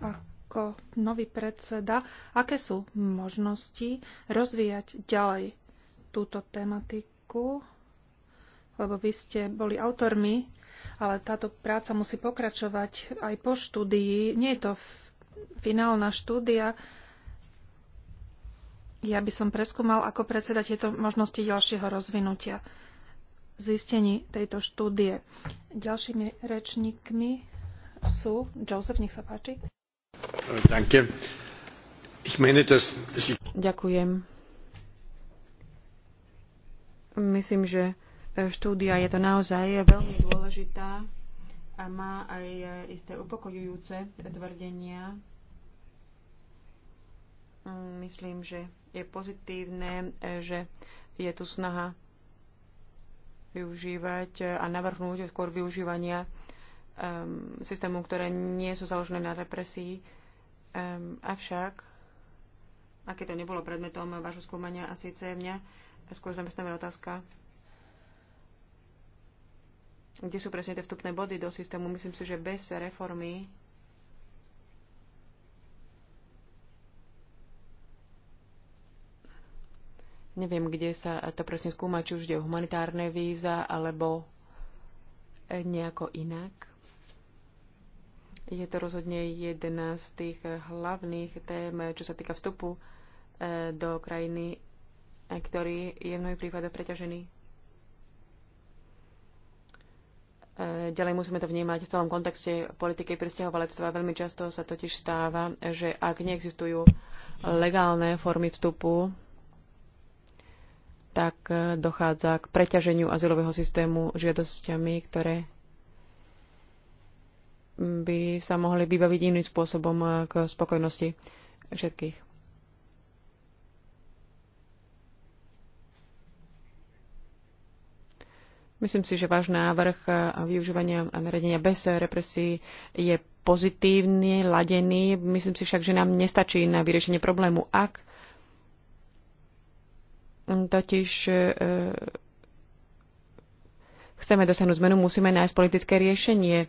ako nový predseda, aké sú možnosti rozvíjať ďalej túto tematiku, lebo vy ste boli autormi, ale táto práca musí pokračovať aj po štúdii. Nie je to finálna štúdia. Ja by som preskúmal ako predseda tieto možnosti ďalšieho rozvinutia zistení tejto štúdie. Ďalšími rečníkmi sú Joseph, nech sa páči. Ďakujem. Myslím, že štúdia je to naozaj veľmi dôležitá a má aj isté upokojujúce tvrdenia. Myslím, že je pozitívne, že je tu snaha využívať e, a navrhnúť skôr využívania um, systému, ktoré nie sú založené na represii. Um, avšak, aké to nebolo predmetom vášho skúmania a síce mňa skôr zamestnáme otázka, kde sú presne tie vstupné body do systému. Myslím si, že bez reformy Neviem, kde sa to presne skúma, či už je humanitárne víza alebo nejako inak. Je to rozhodne jedna z tých hlavných tém, čo sa týka vstupu eh, do krajiny, eh, ktorý je v mnohých prípadoch preťažený. Eh, ďalej musíme to vnímať v celom kontexte politiky pristahovalectva. Veľmi často sa totiž stáva, že ak neexistujú legálne formy vstupu tak e, dochádza k preťaženiu azylového systému žiadosťami, ktoré by sa mohli vybaviť iným spôsobom e, k spokojnosti všetkých. Myslím si, že váš návrh e, využívania a naredenia bez represí je pozitívne ladený. Myslím si však, že nám nestačí na vyriešenie problému. Ak Hm, totiž e, chceme dosiahnuť zmenu, musíme nájsť politické riešenie, e,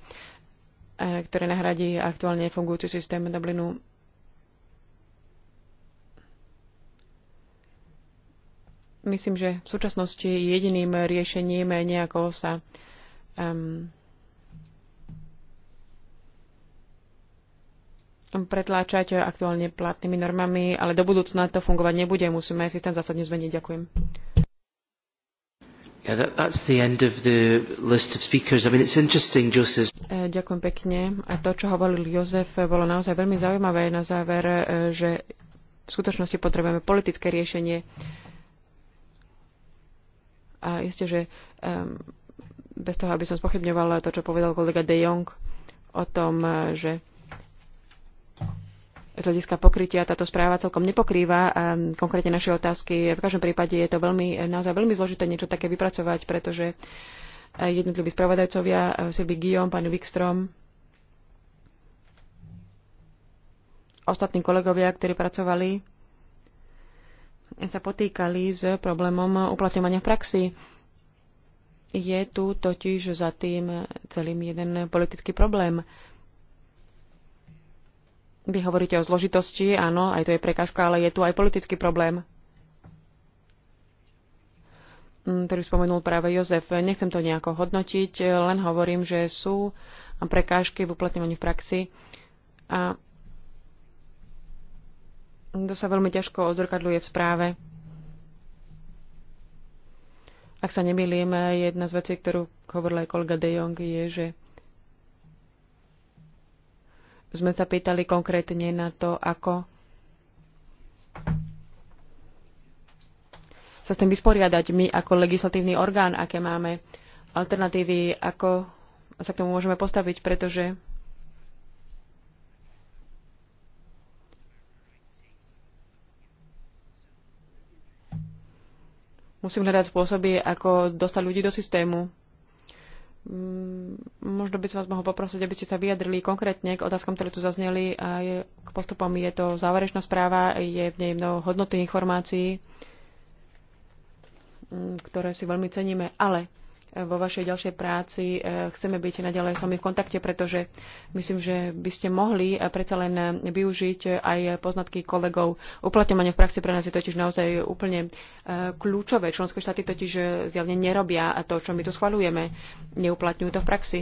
ktoré nahradí aktuálne fungujúci systém Dublinu. Myslím, že v súčasnosti jediným riešením nejako sa um, pretláčať aktuálne platnými normami, ale do budúcna to fungovať nebude. Musíme systém zásadne zmeniť. Ďakujem. E, ďakujem pekne. A to, čo hovoril Jozef, bolo naozaj veľmi zaujímavé na záver, e, že v skutočnosti potrebujeme politické riešenie. A isté, že um, bez toho, aby som spochybňovala to, čo povedal kolega De Jong o tom, e, že z hľadiska pokrytia táto správa celkom nepokrýva konkrétne naše otázky. V každom prípade je to veľmi, naozaj veľmi zložité niečo také vypracovať, pretože e, jednotliví spravodajcovia, e, Silvi Guillaume, pán Wikstrom, ostatní kolegovia, ktorí pracovali, sa potýkali s problémom uplatňovania v praxi. Je tu totiž za tým celým jeden politický problém vy hovoríte o zložitosti, áno, aj to je prekažka, ale je tu aj politický problém, mm, ktorý spomenul práve Jozef. Nechcem to nejako hodnotiť, len hovorím, že sú prekážky v uplatňovaní v praxi a to sa veľmi ťažko odzrkadľuje v správe. Ak sa nemýlim, jedna z vecí, ktorú hovorila aj kolega De Jong, je, že sme sa pýtali konkrétne na to, ako sa s tým vysporiadať my ako legislatívny orgán, aké máme alternatívy, ako sa k tomu môžeme postaviť, pretože musím hľadať spôsoby, ako dostať ľudí do systému. Mm, možno by som vás mohol poprosiť, aby ste sa vyjadrili konkrétne k otázkam, ktoré tu zazneli a je, k postupom je to záverečná správa, je v nej mnoho hodnoty informácií, mm, ktoré si veľmi ceníme, ale vo vašej ďalšej práci. E, chceme byť naďalej s vami v kontakte, pretože myslím, že by ste mohli e, predsa len e, využiť aj poznatky kolegov. Uplatňovanie v praxi pre nás je totiž naozaj úplne kľúčové. Členské štáty totiž zjavne nerobia a to, čo my tu schvalujeme. Neuplatňujú to v praxi.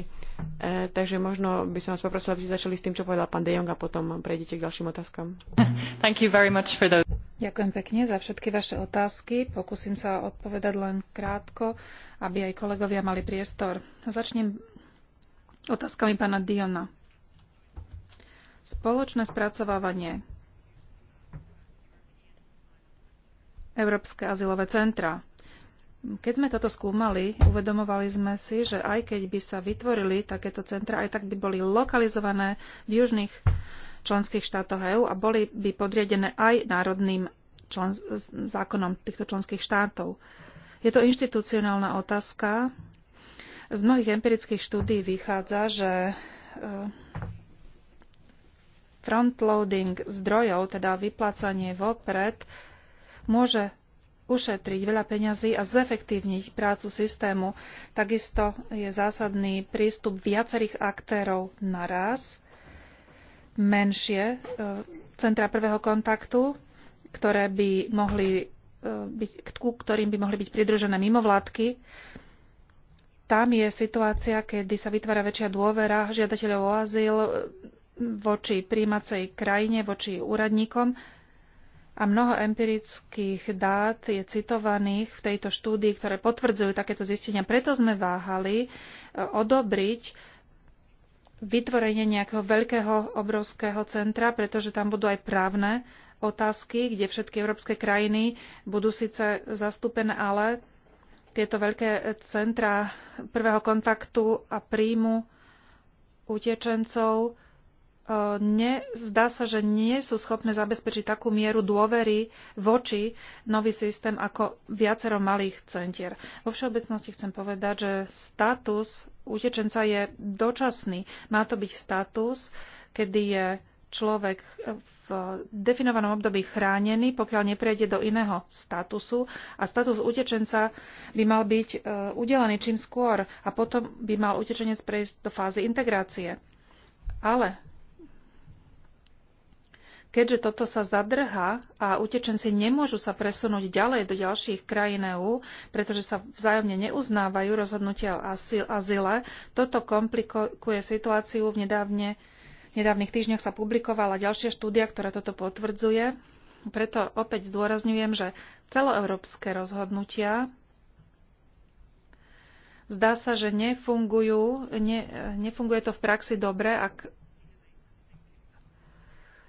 Takže možno by som vás poprosila, aby ste začali s tým, čo povedal pán De Jong a potom prejdete k ďalším otázkam. Thank you very much for those. Ďakujem pekne za všetky vaše otázky. Pokúsim sa odpovedať len krátko, aby aj kolegovia mali priestor. Začnem otázkami pána Diona. Spoločné spracovávanie. Európske azylové centra. Keď sme toto skúmali, uvedomovali sme si, že aj keď by sa vytvorili takéto centra, aj tak by boli lokalizované v južných členských štátoch EÚ a boli by podriadené aj národným člen, zákonom týchto členských štátov. Je to inštitucionálna otázka. Z mnohých empirických štúdí vychádza, že eh, frontloading zdrojov, teda vyplácanie vopred, môže ušetriť veľa peňazí a zefektívniť prácu systému. Takisto je zásadný prístup viacerých aktérov naraz menšie e, centra prvého kontaktu, ktoré by mohli e, byť, ku ktorým by mohli byť pridružené mimovládky. Tam je situácia, kedy sa vytvára väčšia dôvera žiadateľov o azyl e, voči príjmacej krajine, voči úradníkom. A mnoho empirických dát je citovaných v tejto štúdii, ktoré potvrdzujú takéto zistenia. Preto sme váhali odobriť vytvorenie nejakého veľkého, obrovského centra, pretože tam budú aj právne otázky, kde všetky európske krajiny budú síce zastúpené, ale tieto veľké centra prvého kontaktu a príjmu utečencov ne, zdá sa, že nie sú schopné zabezpečiť takú mieru dôvery voči nový systém ako viacero malých centier. Vo všeobecnosti chcem povedať, že status utečenca je dočasný. Má to byť status, kedy je človek v definovanom období chránený, pokiaľ neprejde do iného statusu. A status utečenca by mal byť e, udelený čím skôr a potom by mal utečenec prejsť do fázy integrácie. Ale Keďže toto sa zadrha a utečenci nemôžu sa presunúť ďalej do ďalších krajín EÚ, pretože sa vzájomne neuznávajú rozhodnutia o azyle, toto komplikuje situáciu. V nedávne, nedávnych týždňoch sa publikovala ďalšia štúdia, ktorá toto potvrdzuje. Preto opäť zdôrazňujem, že celoeurópske rozhodnutia zdá sa, že nefungujú, ne, nefunguje to v praxi dobre, ak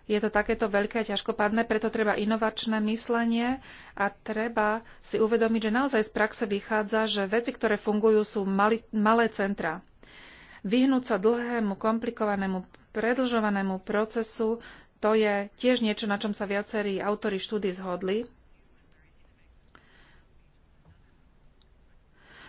je to takéto veľké a ťažkopádne, preto treba inovačné myslenie a treba si uvedomiť, že naozaj z praxe vychádza, že veci, ktoré fungujú, sú mali, malé centra. Vyhnúť sa dlhému, komplikovanému, predlžovanému procesu, to je tiež niečo, na čom sa viacerí autory štúdy zhodli.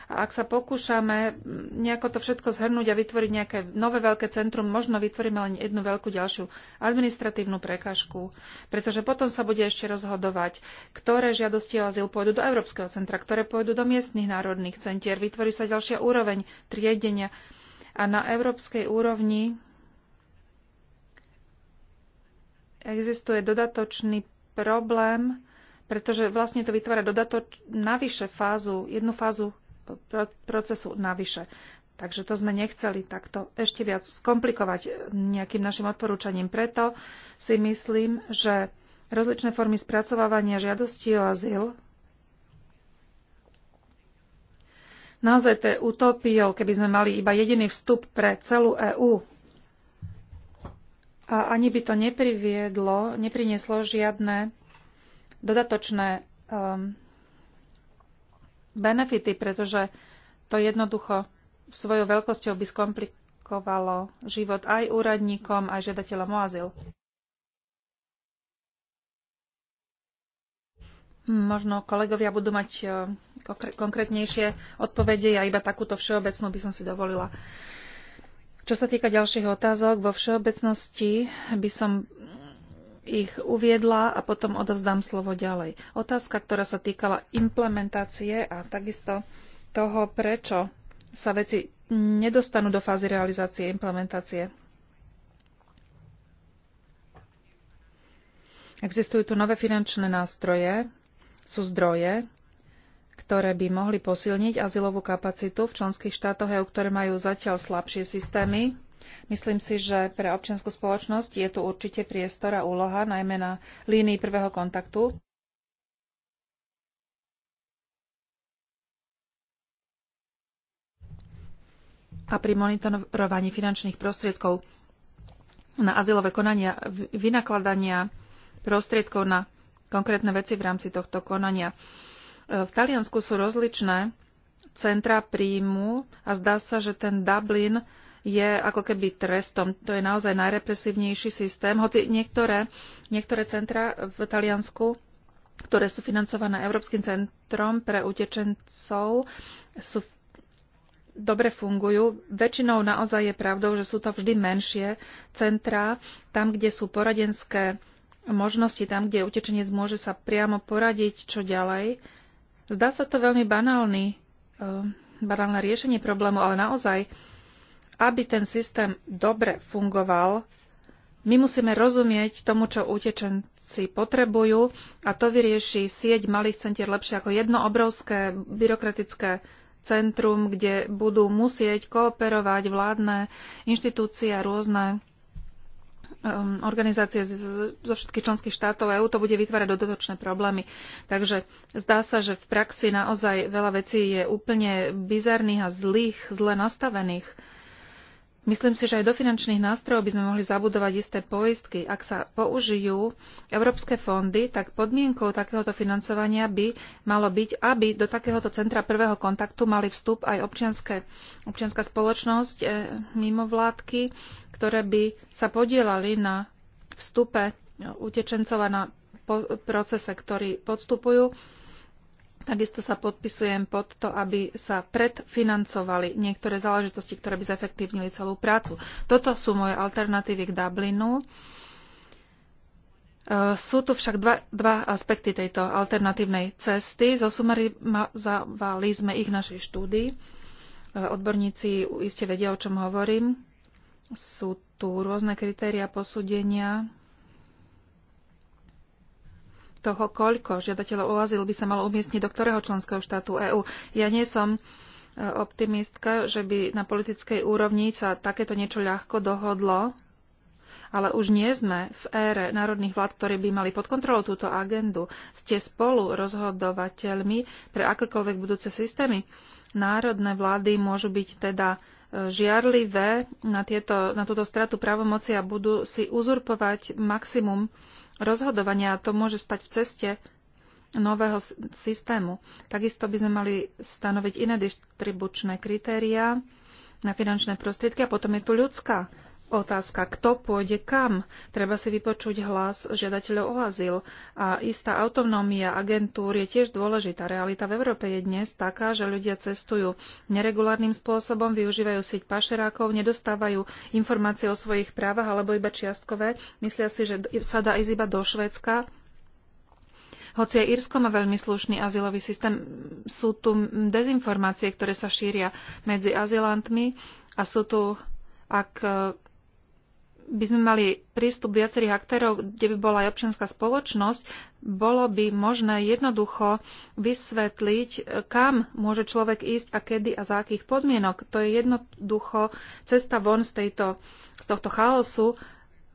A ak sa pokúšame nejako to všetko zhrnúť a vytvoriť nejaké nové veľké centrum, možno vytvoríme len jednu veľkú ďalšiu administratívnu prekažku, pretože potom sa bude ešte rozhodovať, ktoré žiadosti o azyl pôjdu do Európskeho centra, ktoré pôjdu do miestnych národných centier, vytvorí sa ďalšia úroveň triedenia a na európskej úrovni existuje dodatočný problém, pretože vlastne to vytvára dodato navyše fázu, jednu fázu procesu navyše. Takže to sme nechceli takto ešte viac skomplikovať nejakým našim odporúčaním. Preto si myslím, že rozličné formy spracovávania žiadosti o azyl Naozaj to je utopiou, keby sme mali iba jediný vstup pre celú EÚ. A ani by to nepriviedlo, neprinieslo žiadne dodatočné um, benefity, pretože to jednoducho svojou veľkosťou by skomplikovalo život aj úradníkom, aj žiadateľom o azyl. Možno kolegovia budú mať e, konkrétnejšie odpovede, ja iba takúto všeobecnú by som si dovolila. Čo sa týka ďalších otázok, vo všeobecnosti by som ich uviedla a potom odozdám slovo ďalej. Otázka, ktorá sa týkala implementácie a takisto toho, prečo sa veci nedostanú do fázy realizácie implementácie. Existujú tu nové finančné nástroje, sú zdroje, ktoré by mohli posilniť azylovú kapacitu v členských štátoch EU, ktoré majú zatiaľ slabšie systémy Myslím si, že pre občianskú spoločnosť je tu určite priestor a úloha, najmä na línii prvého kontaktu. a pri monitorovaní finančných prostriedkov na azylové konania, vynakladania prostriedkov na konkrétne veci v rámci tohto konania. E, v Taliansku sú rozličné centra príjmu a zdá sa, že ten Dublin je ako keby trestom. To je naozaj najrepresívnejší systém, hoci niektoré, niektoré centra v Taliansku, ktoré sú financované Európskym centrom pre utečencov, sú dobre fungujú. Väčšinou naozaj je pravdou, že sú to vždy menšie centrá, tam, kde sú poradenské možnosti, tam, kde utečenec môže sa priamo poradiť, čo ďalej. Zdá sa to veľmi banálny, eh, banálne riešenie problému, ale naozaj aby ten systém dobre fungoval, my musíme rozumieť tomu, čo utečenci potrebujú a to vyrieši sieť malých centier lepšie ako jedno obrovské byrokratické centrum, kde budú musieť kooperovať vládne inštitúcie a rôzne um, organizácie z, zo všetkých členských štátov EÚ, to bude vytvárať dodatočné problémy. Takže zdá sa, že v praxi naozaj veľa vecí je úplne bizarných a zlých, zle nastavených. Myslím si, že aj do finančných nástrojov by sme mohli zabudovať isté poistky. Ak sa použijú európske fondy, tak podmienkou takéhoto financovania by malo byť, aby do takéhoto centra prvého kontaktu mali vstup aj občianske, občianská spoločnosť, e, mimovládky, ktoré by sa podielali na vstupe eh, utečencov a na po, procese, ktorý podstupujú Takisto sa podpisujem pod to, aby sa predfinancovali niektoré záležitosti, ktoré by zefektívnili celú prácu. Toto sú moje alternatívy k Dublinu. E, sú tu však dva, dva aspekty tejto alternatívnej cesty. Zosumarizovali sme ich v našej štúdii. E, odborníci iste vedia, o čom hovorím. Sú tu rôzne kritéria posúdenia toho, koľko žiadateľov o azyl by sa malo umiestniť do ktorého členského štátu EÚ. Ja nie som e, optimistka, že by na politickej úrovni sa takéto niečo ľahko dohodlo, ale už nie sme v ére národných vlád, ktorí by mali pod kontrolou túto agendu. Ste spolu rozhodovateľmi pre akékoľvek budúce systémy. Národné vlády môžu byť teda e, žiarlivé na, tieto, na túto stratu právomoci a budú si uzurpovať maximum rozhodovania a to môže stať v ceste nového systému. Takisto by sme mali stanoviť iné distribučné kritériá na finančné prostriedky a potom je tu ľudská Otázka, kto pôjde kam? Treba si vypočuť hlas žiadateľov o azyl. A istá autonómia agentúr je tiež dôležitá. Realita v Európe je dnes taká, že ľudia cestujú neregulárnym spôsobom, využívajú sieť pašerákov, nedostávajú informácie o svojich právach alebo iba čiastkové. Myslia si, že sa dá ísť iba do Švédska. Hoci aj Írsko má veľmi slušný azylový systém, sú tu dezinformácie, ktoré sa šíria medzi azylantmi a sú tu, ak by sme mali prístup viacerých aktérov, kde by bola aj občianská spoločnosť, bolo by možné jednoducho vysvetliť, kam môže človek ísť a kedy a za akých podmienok. To je jednoducho cesta von z, tejto, z tohto chaosu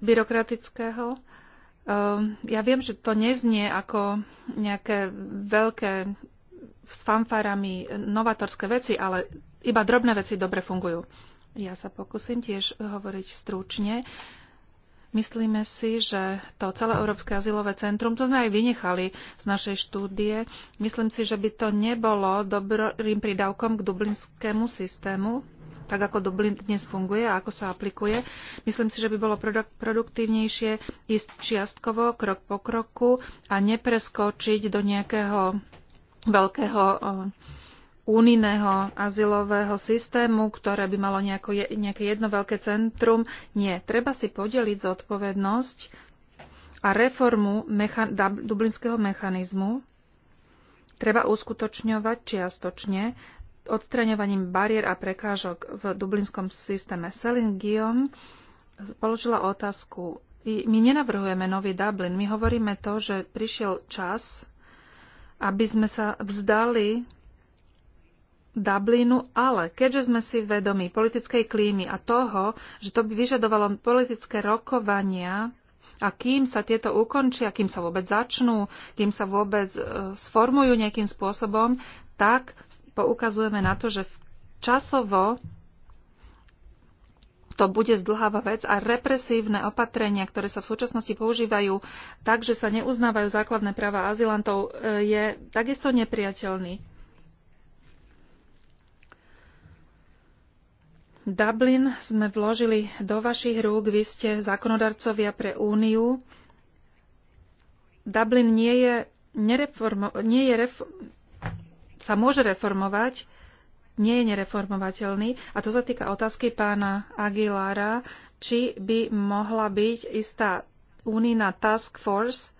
byrokratického. Ehm, ja viem, že to neznie ako nejaké veľké s fanfárami novatorské veci, ale iba drobné veci dobre fungujú. Ja sa pokúsim tiež hovoriť stručne. Myslíme si, že to celé Európske azylové centrum, to sme aj vynechali z našej štúdie, myslím si, že by to nebolo dobrým prídavkom k dublinskému systému, tak ako Dublin dnes funguje a ako sa aplikuje. Myslím si, že by bolo produktívnejšie ísť čiastkovo, krok po kroku a nepreskočiť do nejakého veľkého eh, únijného azylového systému, ktoré by malo nejako, nejaké jedno veľké centrum. Nie, treba si podeliť zodpovednosť a reformu mecha- dublinského mechanizmu treba uskutočňovať čiastočne odstraňovaním bariér a prekážok v dublinskom systéme. Selin Guillaume položila otázku. My nenavrhujeme nový Dublin, my hovoríme to, že prišiel čas, aby sme sa vzdali Dublinu, ale keďže sme si vedomi politickej klímy a toho, že to by vyžadovalo politické rokovania a kým sa tieto ukončia, kým sa vôbec začnú, kým sa vôbec e, sformujú nejakým spôsobom, tak poukazujeme na to, že časovo to bude zdlháva vec a represívne opatrenia, ktoré sa v súčasnosti používajú tak, že sa neuznávajú základné práva azylantov, e, je takisto nepriateľný. Dublin sme vložili do vašich rúk, vy ste zákonodarcovia pre Úniu. Dublin nie je, nereformo, nie je ref, sa môže reformovať, nie je nereformovateľný. A to sa týka otázky pána Aguilára, či by mohla byť istá únina task force,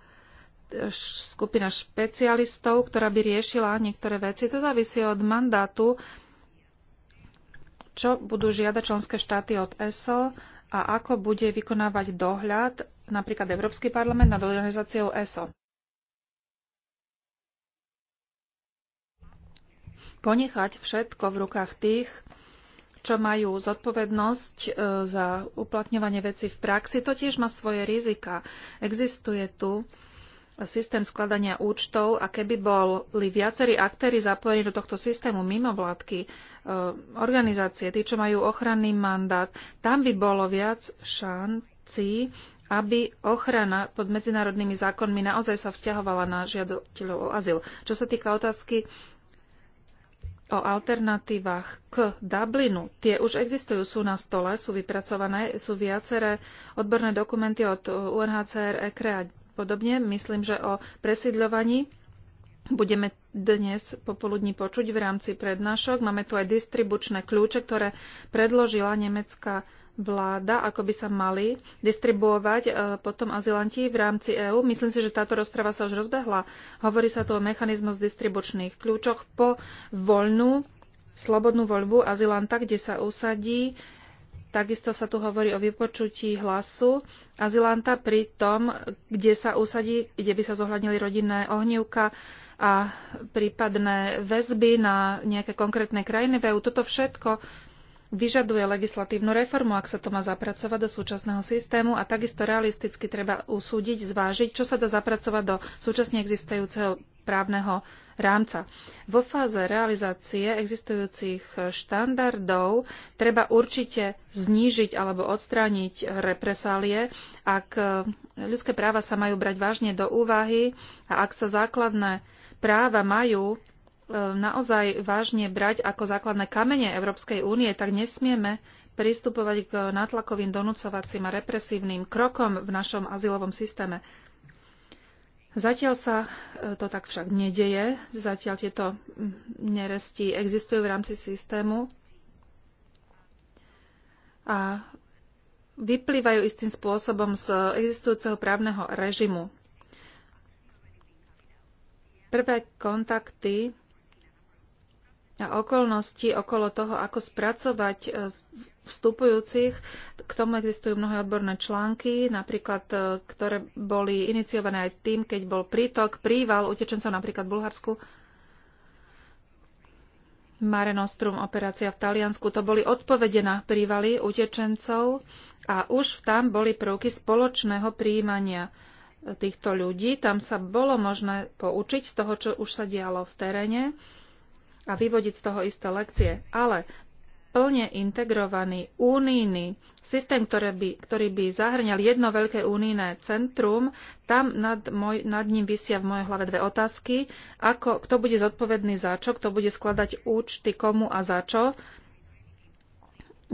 e, skupina špecialistov, ktorá by riešila niektoré veci. To závisí od mandátu čo budú žiadať členské štáty od ESO a ako bude vykonávať dohľad napríklad Európsky parlament nad organizáciou ESO. Ponechať všetko v rukách tých, čo majú zodpovednosť e, za uplatňovanie veci v praxi, to tiež má svoje rizika. Existuje tu systém skladania účtov a keby boli viacerí aktéry zapojení do tohto systému, mimovládky, e, organizácie, tí, čo majú ochranný mandát, tam by bolo viac šancí, aby ochrana pod medzinárodnými zákonmi naozaj sa vzťahovala na žiadateľov o azyl. Čo sa týka otázky o alternatívach k Dublinu. Tie už existujú, sú na stole, sú vypracované, sú viaceré odborné dokumenty od UNHCR, ECRE a podobne. Myslím, že o presídľovaní budeme dnes popoludní počuť v rámci prednášok. Máme tu aj distribučné kľúče, ktoré predložila nemecká vláda, ako by sa mali distribuovať e, potom azylanti v rámci EÚ. Myslím si, že táto rozprava sa už rozbehla. Hovorí sa tu o mechanizmus distribučných kľúčoch po voľnú, slobodnú voľbu azylanta, kde sa usadí Takisto sa tu hovorí o vypočutí hlasu azylanta pri tom, kde sa usadí, kde by sa zohľadnili rodinné ohnívka a prípadné väzby na nejaké konkrétne krajiny v EU. Toto všetko vyžaduje legislatívnu reformu, ak sa to má zapracovať do súčasného systému a takisto realisticky treba usúdiť, zvážiť, čo sa dá zapracovať do súčasne existujúceho právneho rámca. Vo fáze realizácie existujúcich štandardov treba určite znížiť alebo odstrániť represálie, ak eh, ľudské práva sa majú brať vážne do úvahy a ak sa základné práva majú E, naozaj vážne brať ako základné kamene Európskej únie, tak nesmieme pristupovať k nátlakovým donúcovacím a represívnym krokom v našom azylovom systéme. Zatiaľ sa e, to tak však nedeje, zatiaľ tieto neresti existujú v rámci systému a vyplývajú istým spôsobom z existujúceho právneho režimu. Prvé kontakty a okolnosti okolo toho, ako spracovať e, vstupujúcich. K tomu existujú mnohé odborné články, napríklad, e, ktoré boli iniciované aj tým, keď bol prítok, príval utečencov napríklad v Bulharsku. Mare Nostrum operácia v Taliansku. To boli odpovede na prívaly utečencov a už tam boli prvky spoločného príjmania e, týchto ľudí. Tam sa bolo možné poučiť z toho, čo už sa dialo v teréne a vyvodiť z toho isté lekcie. Ale plne integrovaný únijný systém, ktorý by, ktorý by zahrňal jedno veľké únijné centrum, tam nad, môj, nad ním vysia v mojej hlave dve otázky. Ako, kto bude zodpovedný za čo, kto bude skladať účty komu a za čo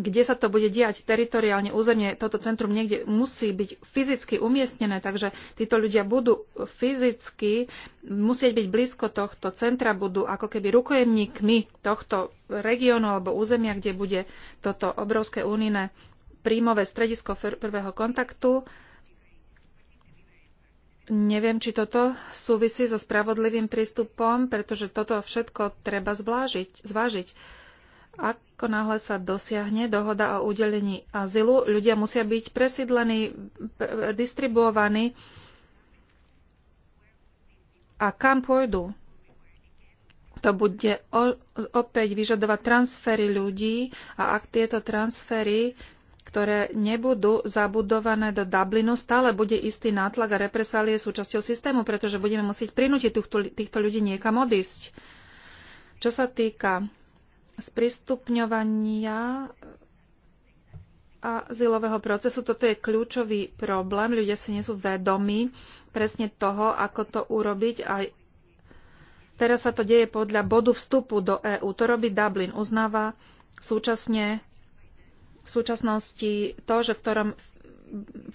kde sa to bude diať teritoriálne, územne, toto centrum niekde musí byť fyzicky umiestnené, takže títo ľudia budú fyzicky musieť byť blízko tohto centra, budú ako keby rukojemníkmi tohto regiónu alebo územia, kde bude toto obrovské únijné príjmové stredisko prvého kontaktu. Neviem, či toto súvisí so spravodlivým prístupom, pretože toto všetko treba zvážiť. zvážiť ako náhle sa dosiahne dohoda o udelení azylu, ľudia musia byť presídlení, distribuovaní a kam pôjdu. To bude opäť vyžadovať transfery ľudí a ak tieto transfery ktoré nebudú zabudované do Dublinu, stále bude istý nátlak a represálie súčasťou systému, pretože budeme musieť prinútiť týchto, týchto ľudí niekam odísť. Čo sa týka sprístupňovania azylového procesu. Toto je kľúčový problém. Ľudia si nie sú vedomi presne toho, ako to urobiť. A teraz sa to deje podľa bodu vstupu do EÚ. To robí Dublin. Uznáva súčasne v súčasnosti to, že v ktorom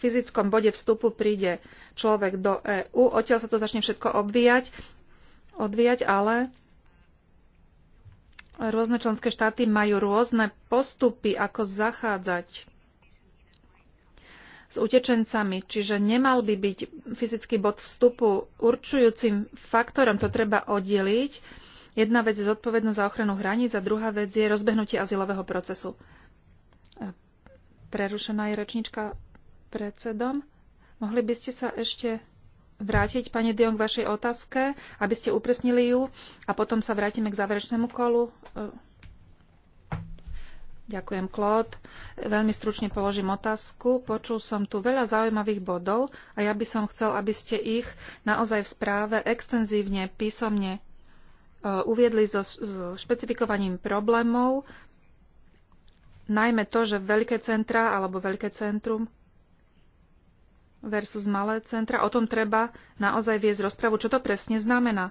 fyzickom bode vstupu príde človek do EÚ. Odtiaľ sa to začne všetko obvíjať, odvíjať, ale Rôzne členské štáty majú rôzne postupy, ako zachádzať s utečencami, čiže nemal by byť fyzický bod vstupu určujúcim faktorom, to treba oddeliť. Jedna vec je zodpovednosť za ochranu hraníc a druhá vec je rozbehnutie azylového procesu. E, prerušená je rečnička predsedom. Mohli by ste sa ešte vrátiť, pani Dion, k vašej otázke, aby ste upresnili ju a potom sa vrátime k záverečnému kolu. E, ďakujem, Klód. Veľmi stručne položím otázku. Počul som tu veľa zaujímavých bodov a ja by som chcel, aby ste ich naozaj v správe extenzívne, písomne e, uviedli so, so špecifikovaním problémov, najmä to, že veľké centra alebo veľké centrum versus malé centra. O tom treba naozaj viesť rozpravu, čo to presne znamená.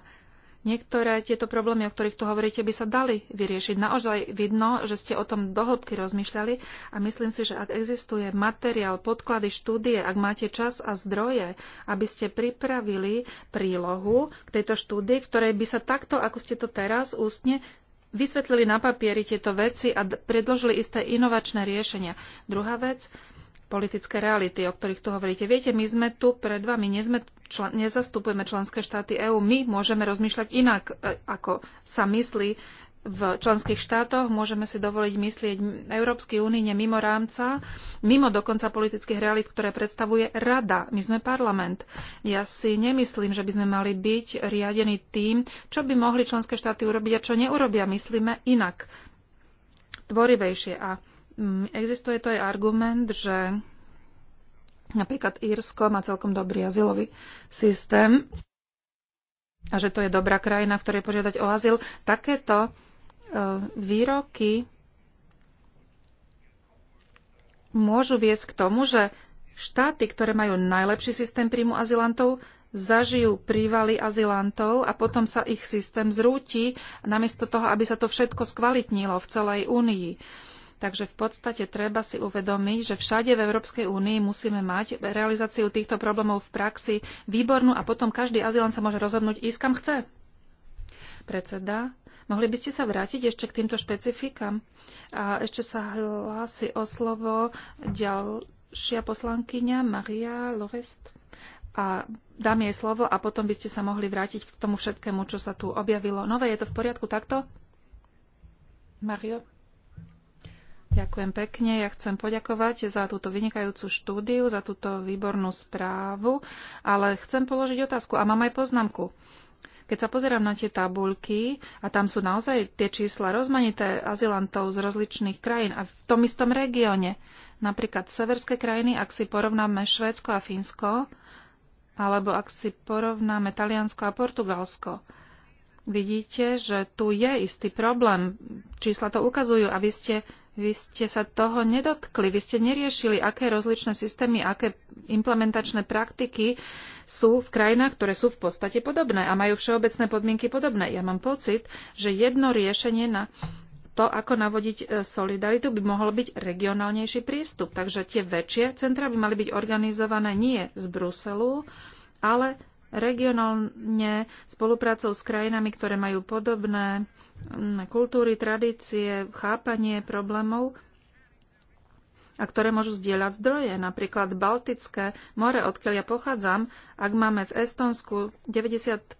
Niektoré tieto problémy, o ktorých tu hovoríte, by sa dali vyriešiť. Naozaj vidno, že ste o tom dohlbky rozmýšľali a myslím si, že ak existuje materiál, podklady, štúdie, ak máte čas a zdroje, aby ste pripravili prílohu k tejto štúdii, ktorej by sa takto, ako ste to teraz ústne vysvetlili na papieri tieto veci a predložili isté inovačné riešenia. Druhá vec, politické reality, o ktorých tu hovoríte. Viete, my sme tu pred vami, nie sme, člen, nezastupujeme členské štáty EÚ. My môžeme rozmýšľať inak, e, ako sa myslí v členských štátoch. Môžeme si dovoliť myslieť Európskej únie mimo rámca, mimo dokonca politických realít, ktoré predstavuje Rada. My sme parlament. Ja si nemyslím, že by sme mali byť riadení tým, čo by mohli členské štáty urobiť a čo neurobia. Myslíme inak, tvorivejšie. A Mm, existuje to aj argument, že napríklad Írsko má celkom dobrý azylový systém a že to je dobrá krajina, v ktorej požiadať o azyl. Takéto e, výroky môžu viesť k tomu, že štáty, ktoré majú najlepší systém príjmu azylantov, zažijú prívaly azylantov a potom sa ich systém zrúti, namiesto toho, aby sa to všetko skvalitnilo v celej únii. Takže v podstate treba si uvedomiť, že všade v Európskej únii musíme mať realizáciu týchto problémov v praxi výbornú a potom každý azylant sa môže rozhodnúť ísť kam chce. Predseda, mohli by ste sa vrátiť ešte k týmto špecifikám? A ešte sa hlási o slovo ďalšia poslankyňa Maria Lorest a dám jej slovo a potom by ste sa mohli vrátiť k tomu všetkému, čo sa tu objavilo. Nové je to v poriadku takto? Mario? Ďakujem pekne. Ja chcem poďakovať za túto vynikajúcu štúdiu, za túto výbornú správu, ale chcem položiť otázku a mám aj poznámku. Keď sa pozerám na tie tabuľky a tam sú naozaj tie čísla rozmanité azylantov z rozličných krajín a v tom istom regióne, napríklad severské krajiny, ak si porovnáme Švédsko a Fínsko, alebo ak si porovnáme Taliansko a Portugalsko, vidíte, že tu je istý problém. Čísla to ukazujú a vy ste vy ste sa toho nedotkli, vy ste neriešili, aké rozličné systémy, aké implementačné praktiky sú v krajinách, ktoré sú v podstate podobné a majú všeobecné podmienky podobné. Ja mám pocit, že jedno riešenie na to, ako navodiť e, solidaritu, by mohol byť regionálnejší prístup. Takže tie väčšie centra by mali byť organizované nie z Bruselu, ale regionálne spoluprácou s krajinami, ktoré majú podobné kultúry, tradície, chápanie problémov a ktoré môžu zdieľať zdroje. Napríklad Baltické more, odkiaľ ja pochádzam, ak máme v Estonsku 95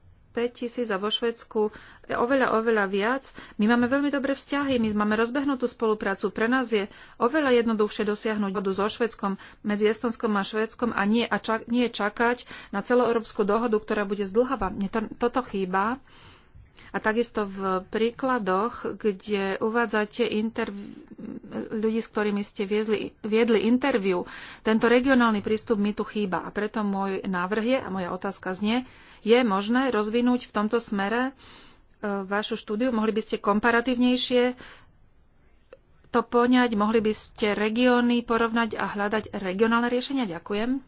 tisíc a vo Švedsku oveľa, oveľa viac, my máme veľmi dobré vzťahy, my máme rozbehnutú spoluprácu. Pre nás je oveľa jednoduchšie dosiahnuť vodu so Švedskom medzi Estonskom a Švedskom a nie, a čak, nie čakať na celoeurópsku dohodu, ktorá bude zdlhavá. Mne to, toto chýba. A takisto v príkladoch, kde uvádzate interv- ľudí, s ktorými ste viezli, viedli interviu, tento regionálny prístup mi tu chýba. A preto môj návrh je, a moja otázka znie, je možné rozvinúť v tomto smere e, vašu štúdiu? Mohli by ste komparatívnejšie to poňať? Mohli by ste regióny porovnať a hľadať regionálne riešenia? Ďakujem.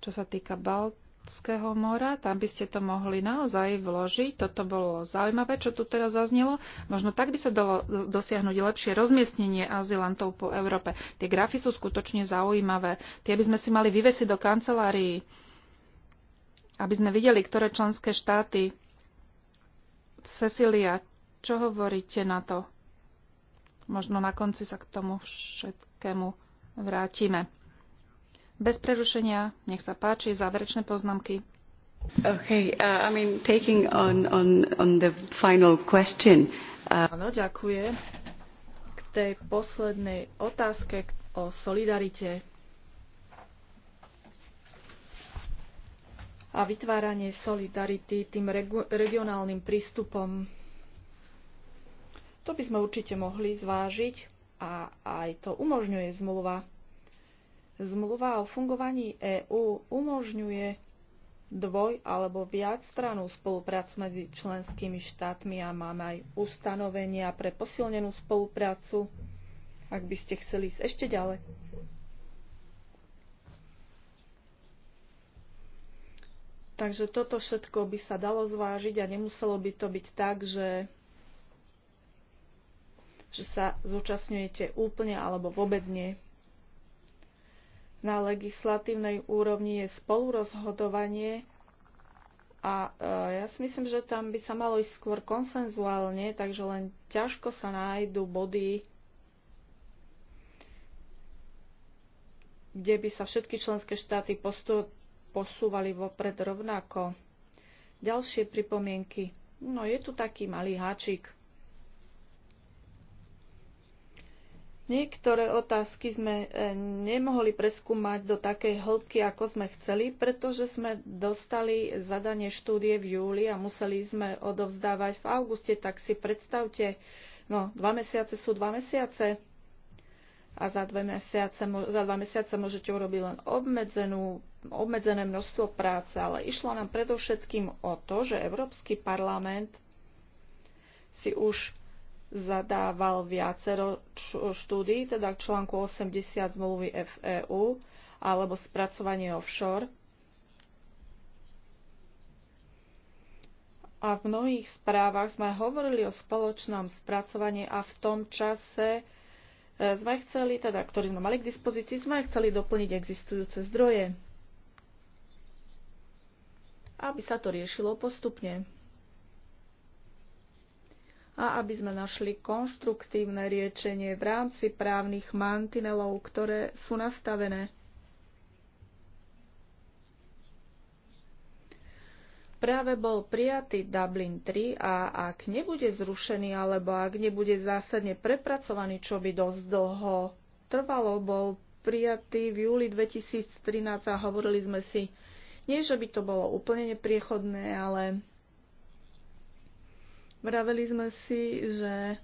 Čo sa týka Balt Baltského mora, tam by ste to mohli naozaj vložiť. Toto bolo zaujímavé, čo tu teraz zaznelo. Možno tak by sa dalo dosiahnuť lepšie rozmiestnenie azylantov po Európe. Tie grafy sú skutočne zaujímavé. Tie by sme si mali vyvesiť do kancelárií, aby sme videli, ktoré členské štáty. Cecilia, čo hovoríte na to? Možno na konci sa k tomu všetkému vrátime. Bez prerušenia, nech sa páči, záverečné poznámky. Okay, uh, I mean, taking on, on, on the final question. Uh... Áno, ďakujem. K tej poslednej otázke o solidarite a vytváranie solidarity tým regu- regionálnym prístupom. To by sme určite mohli zvážiť a aj to umožňuje zmluva Zmluva o fungovaní EÚ umožňuje dvoj alebo stranú spoluprácu medzi členskými štátmi a máme aj ustanovenia pre posilnenú spoluprácu, ak by ste chceli ísť ešte ďalej. Takže toto všetko by sa dalo zvážiť a nemuselo by to byť tak, že, že sa zúčastňujete úplne alebo vôbec nie na legislatívnej úrovni je spolurozhodovanie a e, ja si myslím, že tam by sa malo ísť skôr konsenzuálne, takže len ťažko sa nájdu body, kde by sa všetky členské štáty posúvali vopred rovnako. Ďalšie pripomienky. No je tu taký malý háčik. Niektoré otázky sme e, nemohli preskúmať do takej hĺbky, ako sme chceli, pretože sme dostali zadanie štúdie v júli a museli sme odovzdávať v auguste, tak si predstavte, no dva mesiace sú dva mesiace a za, dve mesiace, za dva mesiace môžete urobiť len obmedzenú, obmedzené množstvo práce, ale išlo nám predovšetkým o to, že Európsky parlament si už zadával viacero štúdií, teda k článku 80 zmluvy FEU alebo spracovanie offshore. A v mnohých správach sme hovorili o spoločnom spracovaní a v tom čase e, sme chceli, teda, ktorý sme mali k dispozícii, sme chceli doplniť existujúce zdroje, aby sa to riešilo postupne a aby sme našli konštruktívne riečenie v rámci právnych mantinelov, ktoré sú nastavené. Práve bol prijatý Dublin 3 a ak nebude zrušený alebo ak nebude zásadne prepracovaný, čo by dosť dlho trvalo, bol prijatý v júli 2013 a hovorili sme si, nie, že by to bolo úplne nepriechodné, ale Vraveli sme si, že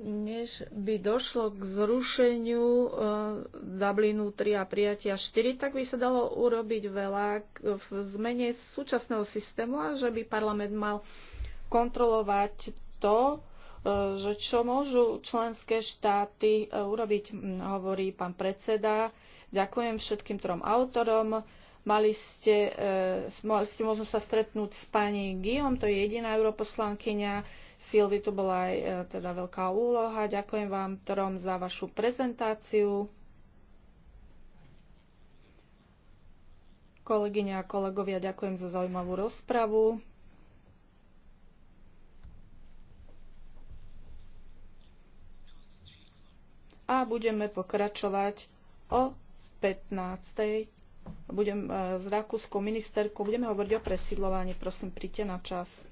než by došlo k zrušeniu eh, Dublinu 3 a prijatia 4, tak by sa dalo urobiť veľa v zmene súčasného systému a že by parlament mal kontrolovať to, eh, že čo môžu členské štáty eh, urobiť, hm, hovorí pán predseda. Ďakujem všetkým trom autorom Mali ste, eh, mali ste možnosť sa stretnúť s pani Guillaume, to je jediná europoslankyňa. Silvi, to bola aj eh, teda veľká úloha. Ďakujem vám trom za vašu prezentáciu. Kolegyne a kolegovia, ďakujem za zaujímavú rozpravu. A budeme pokračovať o 15 budem eh, s rakúskou ministerkou, budeme hovoriť o presídľovaní Prosím, príďte na čas.